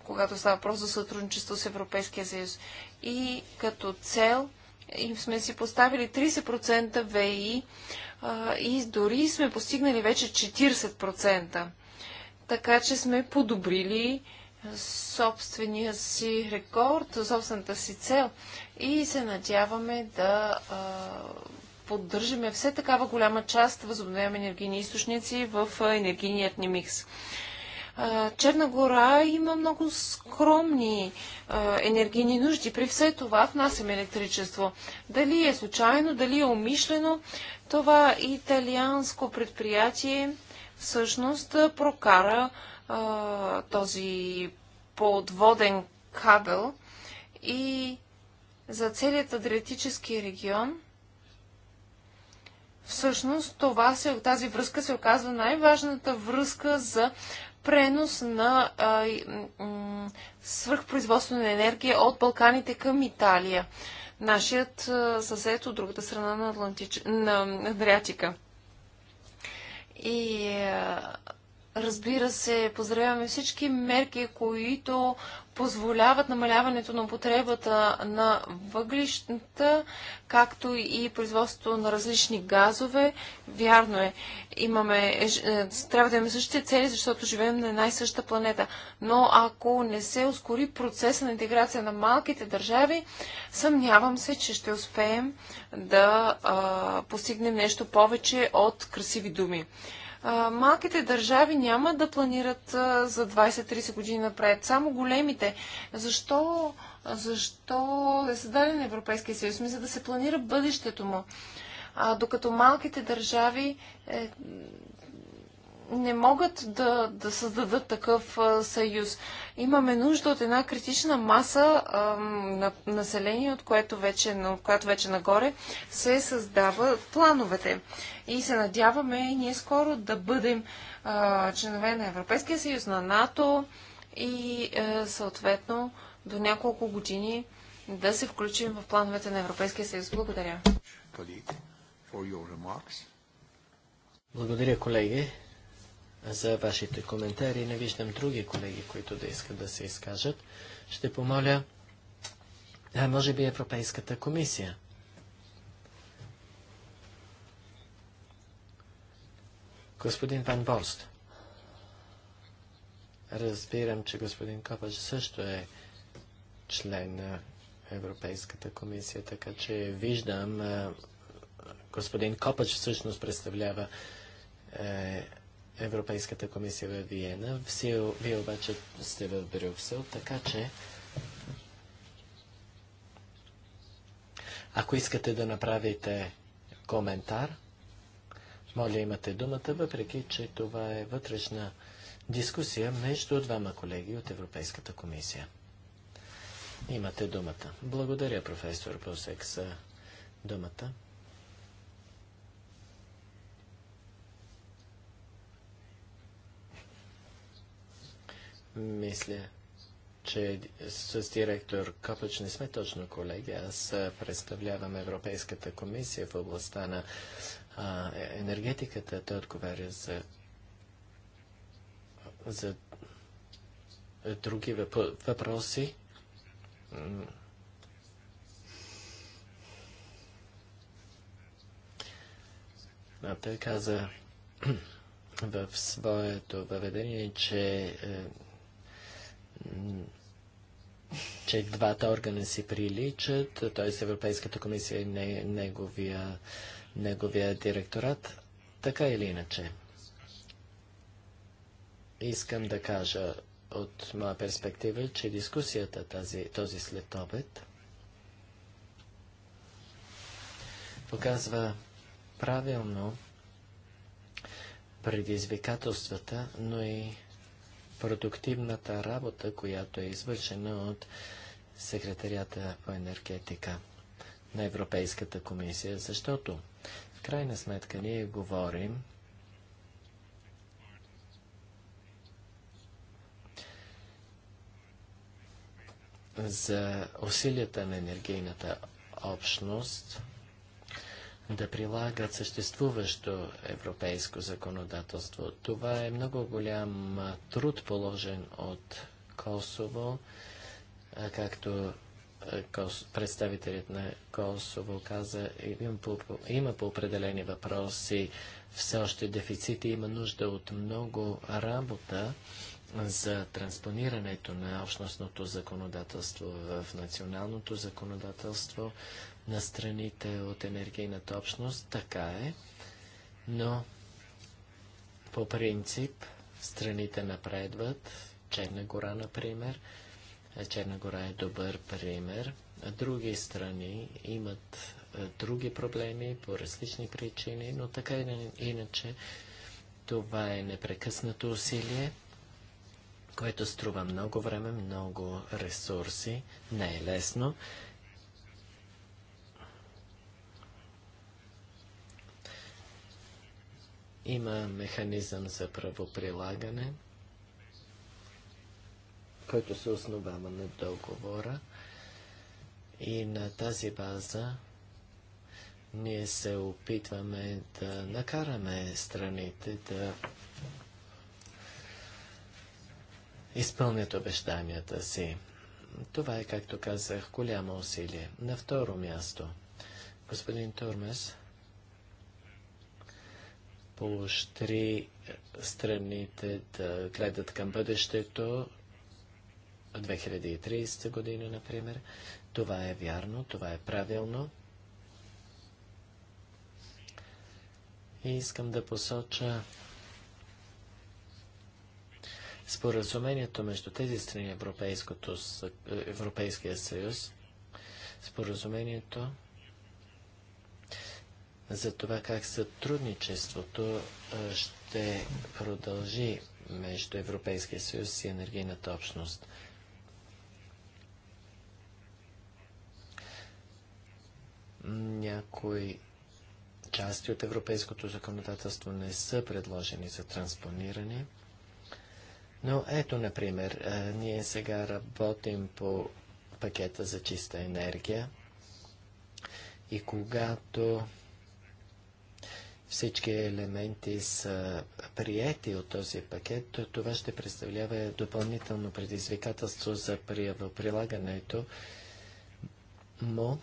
когато става въпрос за сътрудничество с Европейския съюз. И като цел им сме си поставили 30% ВИ и дори сме постигнали вече 40% така че сме подобрили е, собствения си рекорд, собствената си цел и се надяваме да а, поддържаме все такава голяма част възобновяем енергийни източници в енергийният ни микс. Черна гора има много скромни а, енергийни нужди. При все това внасяме електричество. Дали е случайно, дали е умишлено, това италианско предприятие всъщност прокара а, този подводен кабел и за целият Адриатически регион всъщност това се, тази връзка се оказва най-важната връзка за пренос на а, свръхпроизводство на енергия от Балканите към Италия нашият съсед от другата страна на, Атлантич... на Адриатика. И е, разбира се, поздравяваме всички мерки, които позволяват намаляването на употребата на въглищата, както и производството на различни газове. Вярно е, имаме, е, е, трябва да имаме същите цели, защото живеем на една и съща планета. Но ако не се ускори процеса на интеграция на малките държави, съмнявам се, че ще успеем да а, постигнем нещо повече от красиви думи малките държави няма да планират за 20-30 години напред, само големите. Защо, защо е създаден Европейския съюз? Мисля да се планира бъдещето му. А, докато малките държави е, не могат да, да създадат такъв а, съюз. Имаме нужда от една критична маса а, на население, от което вече, на, която вече нагоре се създават плановете. И се надяваме ние скоро да бъдем а, членове на Европейския съюз, на НАТО и а, е, съответно до няколко години да се включим в плановете на Европейския съюз. Благодаря. Благодаря, колеги за вашите коментари. Не виждам други колеги, които да искат да се изкажат. Ще помоля, а може би Европейската комисия. Господин Ван Борст. Разбирам, че господин Копач също е член на Европейската комисия, така че виждам, господин Копач всъщност представлява е, Европейската комисия в Виена. Вие обаче сте в Брюксел, така че ако искате да направите коментар, моля имате думата, въпреки че това е вътрешна дискусия между двама колеги от Европейската комисия. Имате думата. Благодаря, професор Босек, за думата. Мисля, че с директор Копач не сме точно колеги. Аз представлявам Европейската комисия в областта на а, е, енергетиката. Той отговаря за, за е, други въпроси. А той каза в своето въведение, че е, че двата органа си приличат, т.е. Европейската комисия и неговия, неговия директорат, така или иначе. Искам да кажа от моя перспектива, че дискусията тази, този следобед показва правилно предизвикателствата, но и продуктивната работа, която е извършена от секретарията по енергетика на Европейската комисия, защото в крайна сметка ние говорим за усилията на енергийната общност – да прилагат съществуващо европейско законодателство. Това е много голям труд положен от Косово, както представителят на Косово каза, има по, определени въпроси все още дефицити, има нужда от много работа за транспонирането на общностното законодателство в националното законодателство на страните от енергийната общност, така е, но по принцип страните напредват. Черна гора, например. Е, Черна гора е добър пример. Други страни имат е, други проблеми по различни причини, но така и иначе това е непрекъснато усилие, което струва много време, много ресурси. Не е лесно. Има механизъм за правоприлагане, който се основава на договора и на тази база ние се опитваме да накараме страните да изпълнят обещанията си. Това е, както казах, голямо усилие. На второ място, господин Турмес поощри страните да гледат към бъдещето 2030 година, например. Това е вярно, това е правилно. И искам да посоча споразумението между тези страни Европейското, Европейския съюз, споразумението за това как сътрудничеството ще продължи между Европейския съюз и енергийната общност. Някои части от европейското законодателство не са предложени за транспониране. Но ето, например, ние сега работим по пакета за чиста енергия и когато всички елементи са приети от този пакет, то това ще представлява допълнително предизвикателство за прилагането му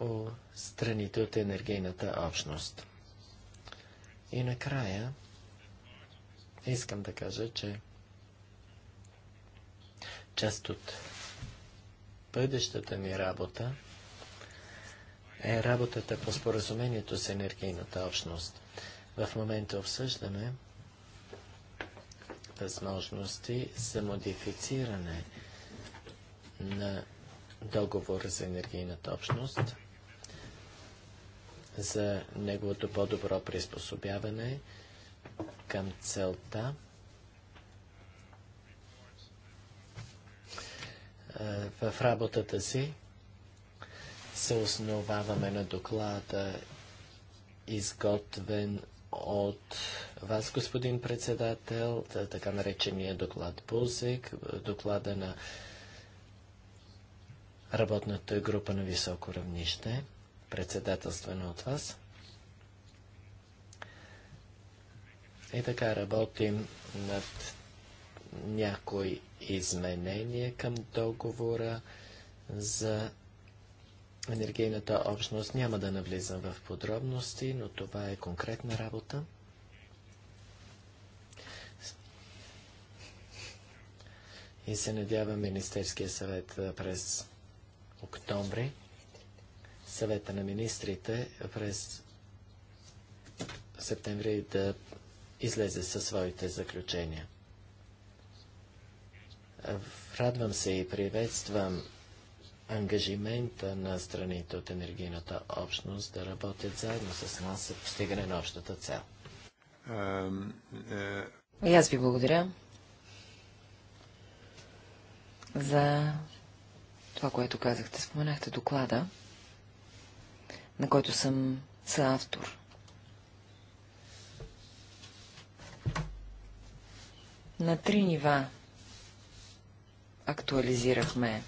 о страните от енергийната общност. И накрая искам да кажа, че част от бъдещата ми работа е работата по споразумението с енергийната общност. В момента обсъждаме възможности за модифициране на договора за енергийната общност, за неговото по-добро приспособяване към целта в работата си се основаваме на доклада, изготвен от вас, господин председател, така наречения доклад Бузик, доклада на работната група на високо равнище, председателствена от вас. И така работим над някои изменения към договора за енергийната общност. Няма да навлизам в подробности, но това е конкретна работа. И се надява Министерския съвет през октомври, съвета на министрите през септември да излезе със своите заключения. Радвам се и приветствам ангажимента на страните от енергийната общност да работят заедно с нас за постигане на общата цел. Е, И аз ви благодаря за това, което казахте. Споменахте доклада, на който съм съавтор. На три нива актуализирахме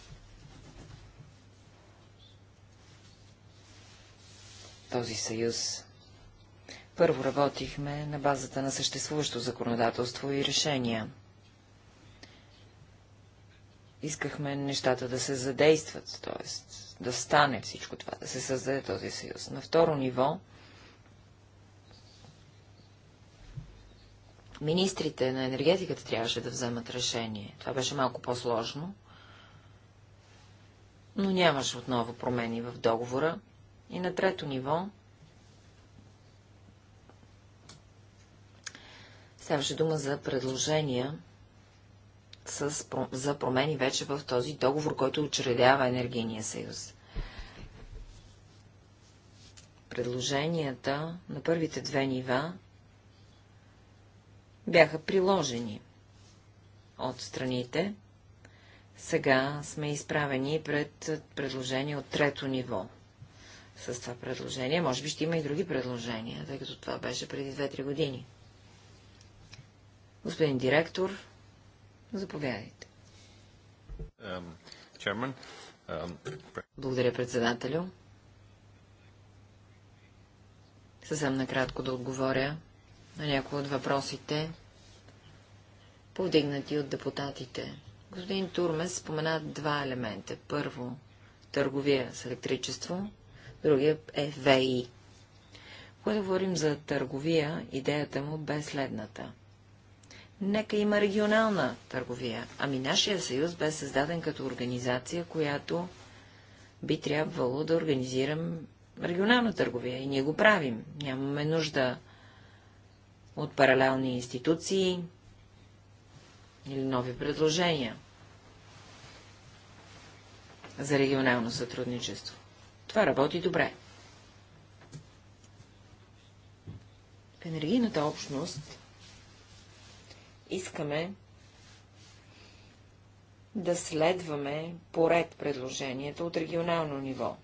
този съюз. Първо работихме на базата на съществуващо законодателство и решения. Искахме нещата да се задействат, т.е. да стане всичко това, да се създаде този съюз. На второ ниво министрите на енергетиката трябваше да вземат решение. Това беше малко по-сложно, но нямаше отново промени в договора, и на трето ниво ставаше дума за предложения с, за промени вече в този договор, който учредява Енергийния съюз. Предложенията на първите две нива бяха приложени от страните. Сега сме изправени пред предложение от трето ниво с това предложение. Може би ще има и други предложения, тъй като това беше преди 2-3 години. Господин директор, заповядайте. Um, um... Благодаря, председателю. Съвсем накратко да отговоря на някои от въпросите, повдигнати от депутатите. Господин Турмес спомена два елемента. Първо, търговия с електричество другия е ВИ. Когато говорим за търговия, идеята му бе следната. Нека има регионална търговия. Ами нашия съюз бе създаден като организация, която би трябвало да организирам регионална търговия и ние го правим. Нямаме нужда от паралелни институции или нови предложения за регионално сътрудничество. Това работи добре. В енергийната общност искаме да следваме поред предложенията от регионално ниво.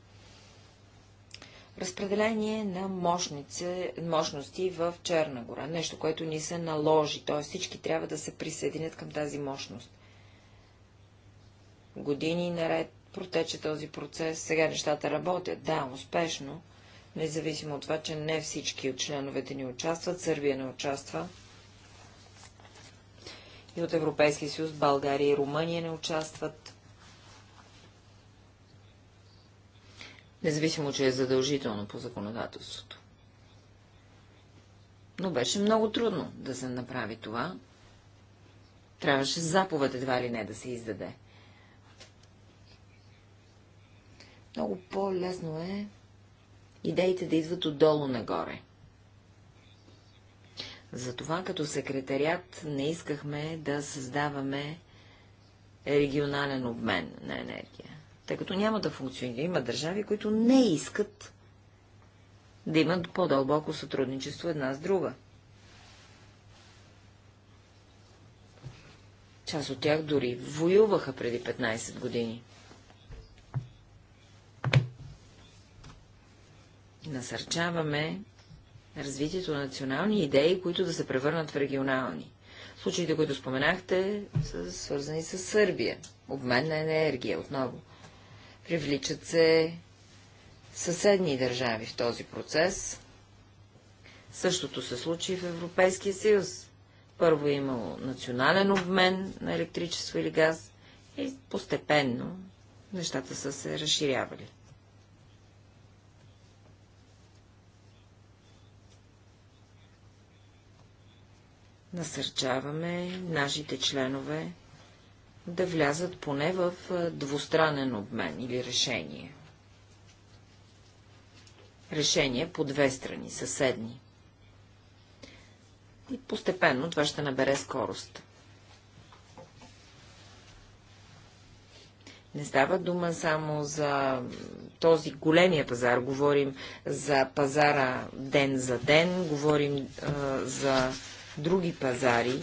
Разпределение на мощници, мощности в Черна гора, нещо, което ни се наложи, т.е. всички трябва да се присъединят към тази мощност. Години наред протече този процес. Сега нещата работят, да, успешно, независимо от това, че не всички от членовете ни участват, Сърбия не участва. И от Европейския съюз България и Румъния не участват. Независимо, че е задължително по законодателството. Но беше много трудно да се направи това. Трябваше заповед едва ли не да се издаде. Много по-лесно е идеите да идват отдолу нагоре. Затова като секретарят не искахме да създаваме регионален обмен на енергия, тъй като няма да функционира. Има държави, които не искат да имат по-дълбоко сътрудничество една с друга. Част от тях дори воюваха преди 15 години. насърчаваме развитието на национални идеи, които да се превърнат в регионални. Случаите, които споменахте, са свързани с Сърбия. Обмен на енергия отново. Привличат се съседни държави в този процес. Същото се случи в Европейския съюз. Първо е имало национален обмен на електричество или газ и постепенно нещата са се разширявали. насърчаваме нашите членове да влязат поне в двустранен обмен или решение. Решение по две страни, съседни. И постепенно това ще набере скорост. Не става дума само за този големия пазар, говорим за пазара ден за ден, говорим а, за други пазари,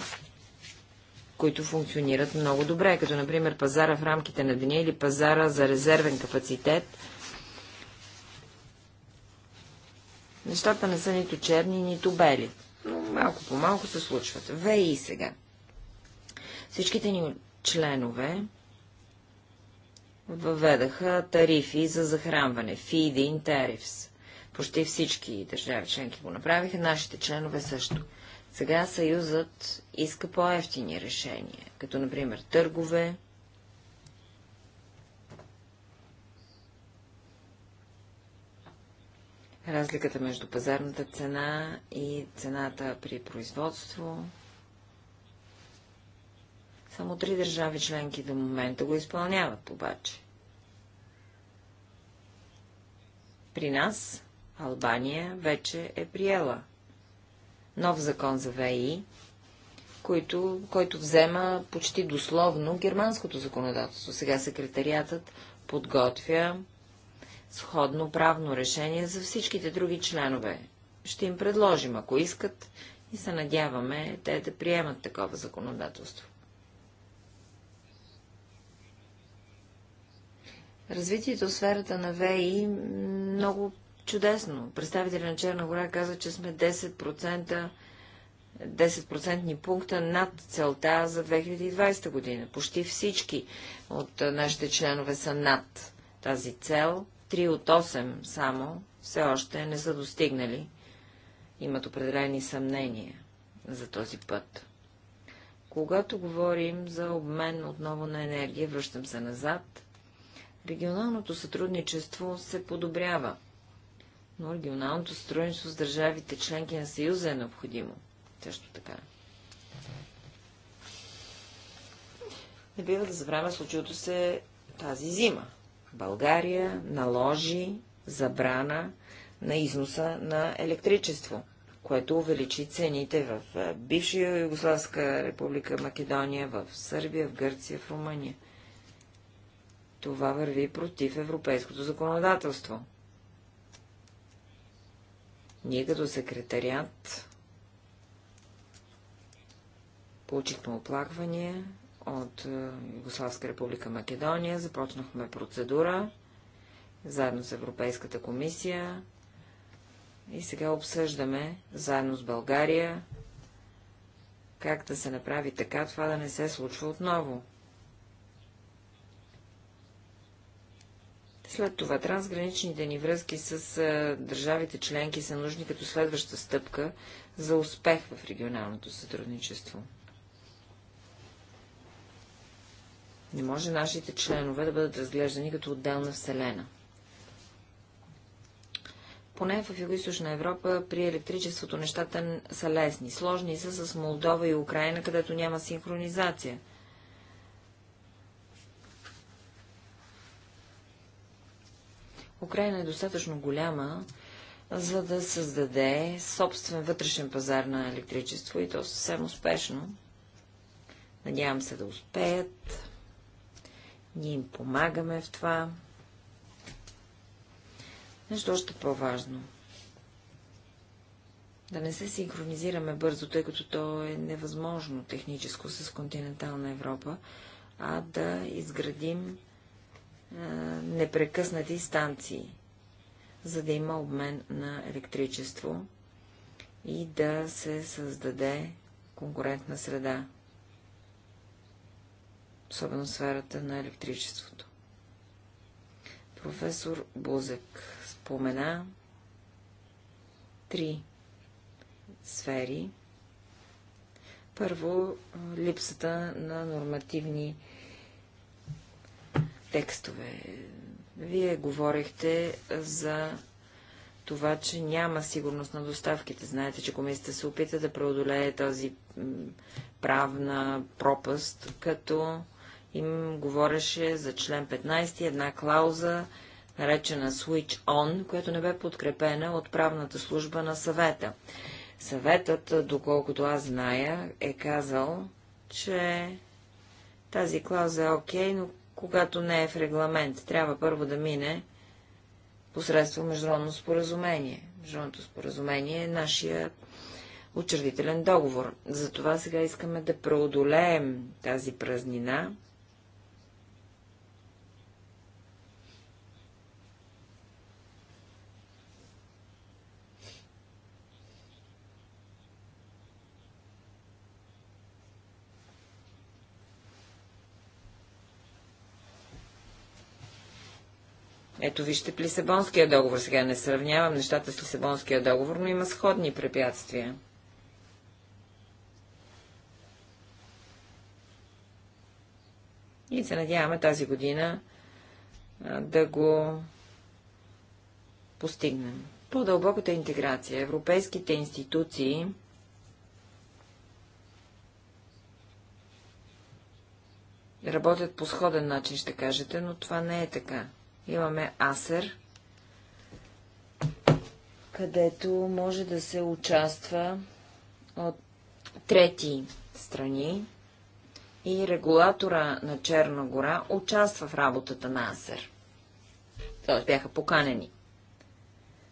които функционират много добре, като например пазара в рамките на деня или пазара за резервен капацитет. Нещата не са нито черни, нито бели, но малко по малко се случват. и сега. Всичките ни членове въведаха тарифи за захранване, feed-in tariffs. Почти всички държави членки го направиха, нашите членове също. Сега Съюзът иска по-ефтини решения, като например търгове, разликата между пазарната цена и цената при производство. Само три държави членки до момента го изпълняват обаче. При нас Албания вече е приела нов закон за ВИ, който, който взема почти дословно германското законодателство. Сега секретариатът подготвя сходно правно решение за всичките други членове. Ще им предложим, ако искат, и се надяваме те да приемат такова законодателство. Развитието в сферата на ВИ много Чудесно. Представители на Черна гора каза, че сме 10%, 10% пункта над целта за 2020 година. Почти всички от нашите членове са над тази цел. 3 от 8 само все още не са достигнали. Имат определени съмнения за този път. Когато говорим за обмен отново на енергия, връщам се назад, регионалното сътрудничество се подобрява но регионалното сътрудничество с държавите членки на Съюза е необходимо. Също така. Не бива да забравяме случилото се тази зима. България наложи забрана на износа на електричество, което увеличи цените в е, бивша Югославска република Македония, в Сърбия, в Гърция, в Румъния. Това върви против европейското законодателство. Ние като секретариат получихме оплакване от е, Югославска република Македония, започнахме процедура заедно с Европейската комисия и сега обсъждаме заедно с България как да се направи така това да не се случва отново. След това трансграничните ни връзки с държавите членки са нужни като следваща стъпка за успех в регионалното сътрудничество. Не може нашите членове да бъдат разглеждани като отделна вселена. Поне в Юго-Источна Европа при електричеството нещата са лесни. Сложни са с Молдова и Украина, където няма синхронизация – Украина е достатъчно голяма, за да създаде собствен вътрешен пазар на електричество и то съвсем успешно. Надявам се да успеят. Ние им помагаме в това. Нещо още по-важно. Да не се синхронизираме бързо, тъй като то е невъзможно техническо с континентална Европа, а да изградим непрекъснати станции, за да има обмен на електричество и да се създаде конкурентна среда, особено в сферата на електричеството. Професор Бузек спомена три сфери. Първо, липсата на нормативни текстове. Вие говорихте за това, че няма сигурност на доставките. Знаете, че комисията се опита да преодолее този правна пропаст, като им говореше за член 15 една клауза, наречена Switch On, която не бе подкрепена от правната служба на съвета. Съветът, доколкото аз зная, е казал, че тази клауза е окей, okay, но когато не е в регламент. Трябва първо да мине посредство международно споразумение. Международното споразумение е нашия учредителен договор. Затова сега искаме да преодолеем тази празнина Ето вижте Лисабонския договор. Сега не сравнявам нещата с Лисабонския договор, но има сходни препятствия. И се надяваме тази година да го постигнем. По-дълбоката интеграция. Европейските институции работят по сходен начин, ще кажете, но това не е така. Имаме Асер, където може да се участва от трети страни и регулатора на Черна гора участва в работата на Асер. Тоест бяха поканени.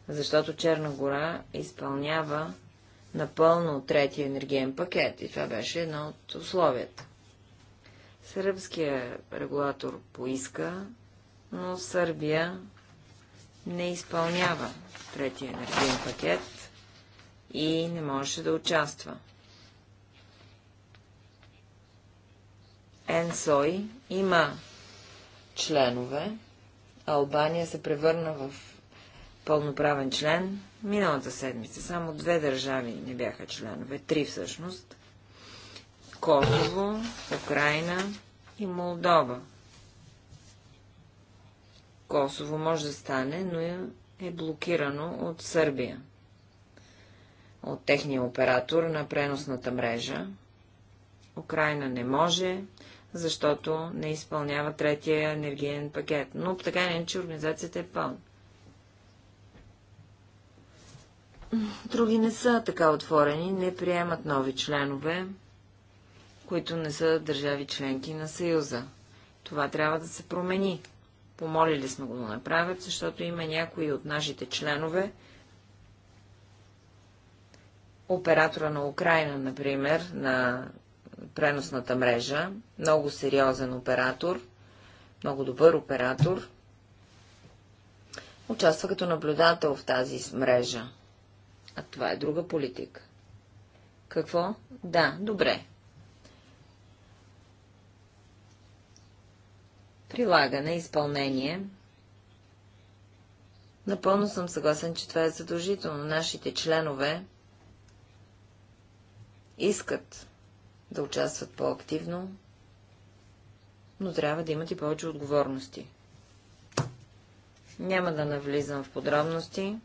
Защото Черна гора изпълнява напълно третия енергиен пакет и това беше едно от условията. Сръбския регулатор поиска но Сърбия не изпълнява третия енергиен пакет и не можеше да участва. ЕНСОЙ има членове. Албания се превърна в пълноправен член миналата седмица. Само две държави не бяха членове, три всъщност. Косово, Украина и Молдова. Косово може да стане, но е, е блокирано от Сърбия, от техния оператор на преносната мрежа. Украина не може, защото не изпълнява третия енергиен пакет, но така не, че организацията е пълна. Други не са така отворени, не приемат нови членове, които не са държави членки на Съюза. Това трябва да се промени. Помолили сме го да направят, защото има някои от нашите членове, оператора на Украина, например, на преносната мрежа, много сериозен оператор, много добър оператор, участва като наблюдател в тази мрежа. А това е друга политика. Какво? Да, добре. Прилагане, изпълнение. Напълно съм съгласен, че това е задължително. Нашите членове искат да участват по-активно, но трябва да имат и повече отговорности. Няма да навлизам в подробности.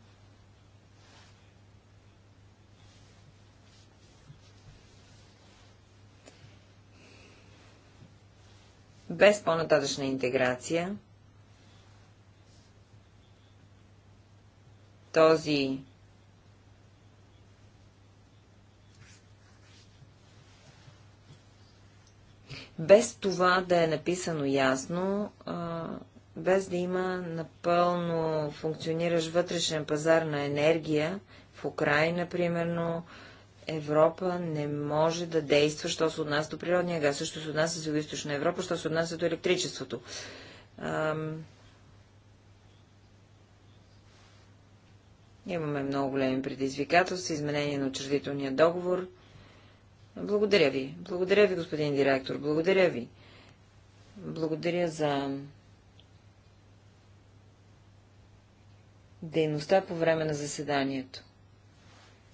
без по-нататъчна интеграция, този без това да е написано ясно, без да има напълно функциониращ вътрешен пазар на енергия в Украина, примерно, Европа не може да действа, що се отнася до природния газ, също се отнася до Източна Европа, що се отнася до електричеството. Имаме много големи предизвикателства, изменение на учредителния договор. Благодаря ви. Благодаря ви, господин директор. Благодаря ви. Благодаря за дейността по време на заседанието.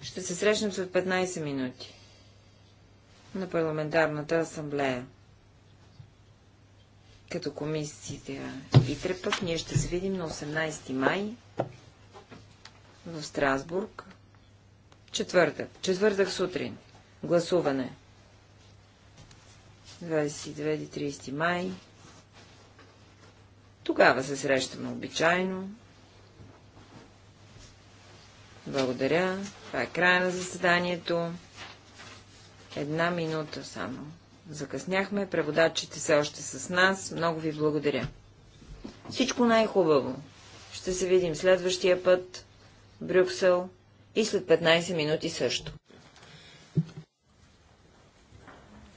Ще се срещнем след 15 минути на парламентарната асамблея. Като комисиите и трепък ние ще се видим на 18 май в Страсбург. Четвъртък. Четвъртък сутрин. Гласуване. 22-30 май. Тогава се срещаме обичайно. Благодаря. Това е края на заседанието. Една минута само. Закъсняхме, преводачите все още с нас. Много ви благодаря. Всичко най-хубаво. Ще се видим следващия път, Брюксел и след 15 минути също.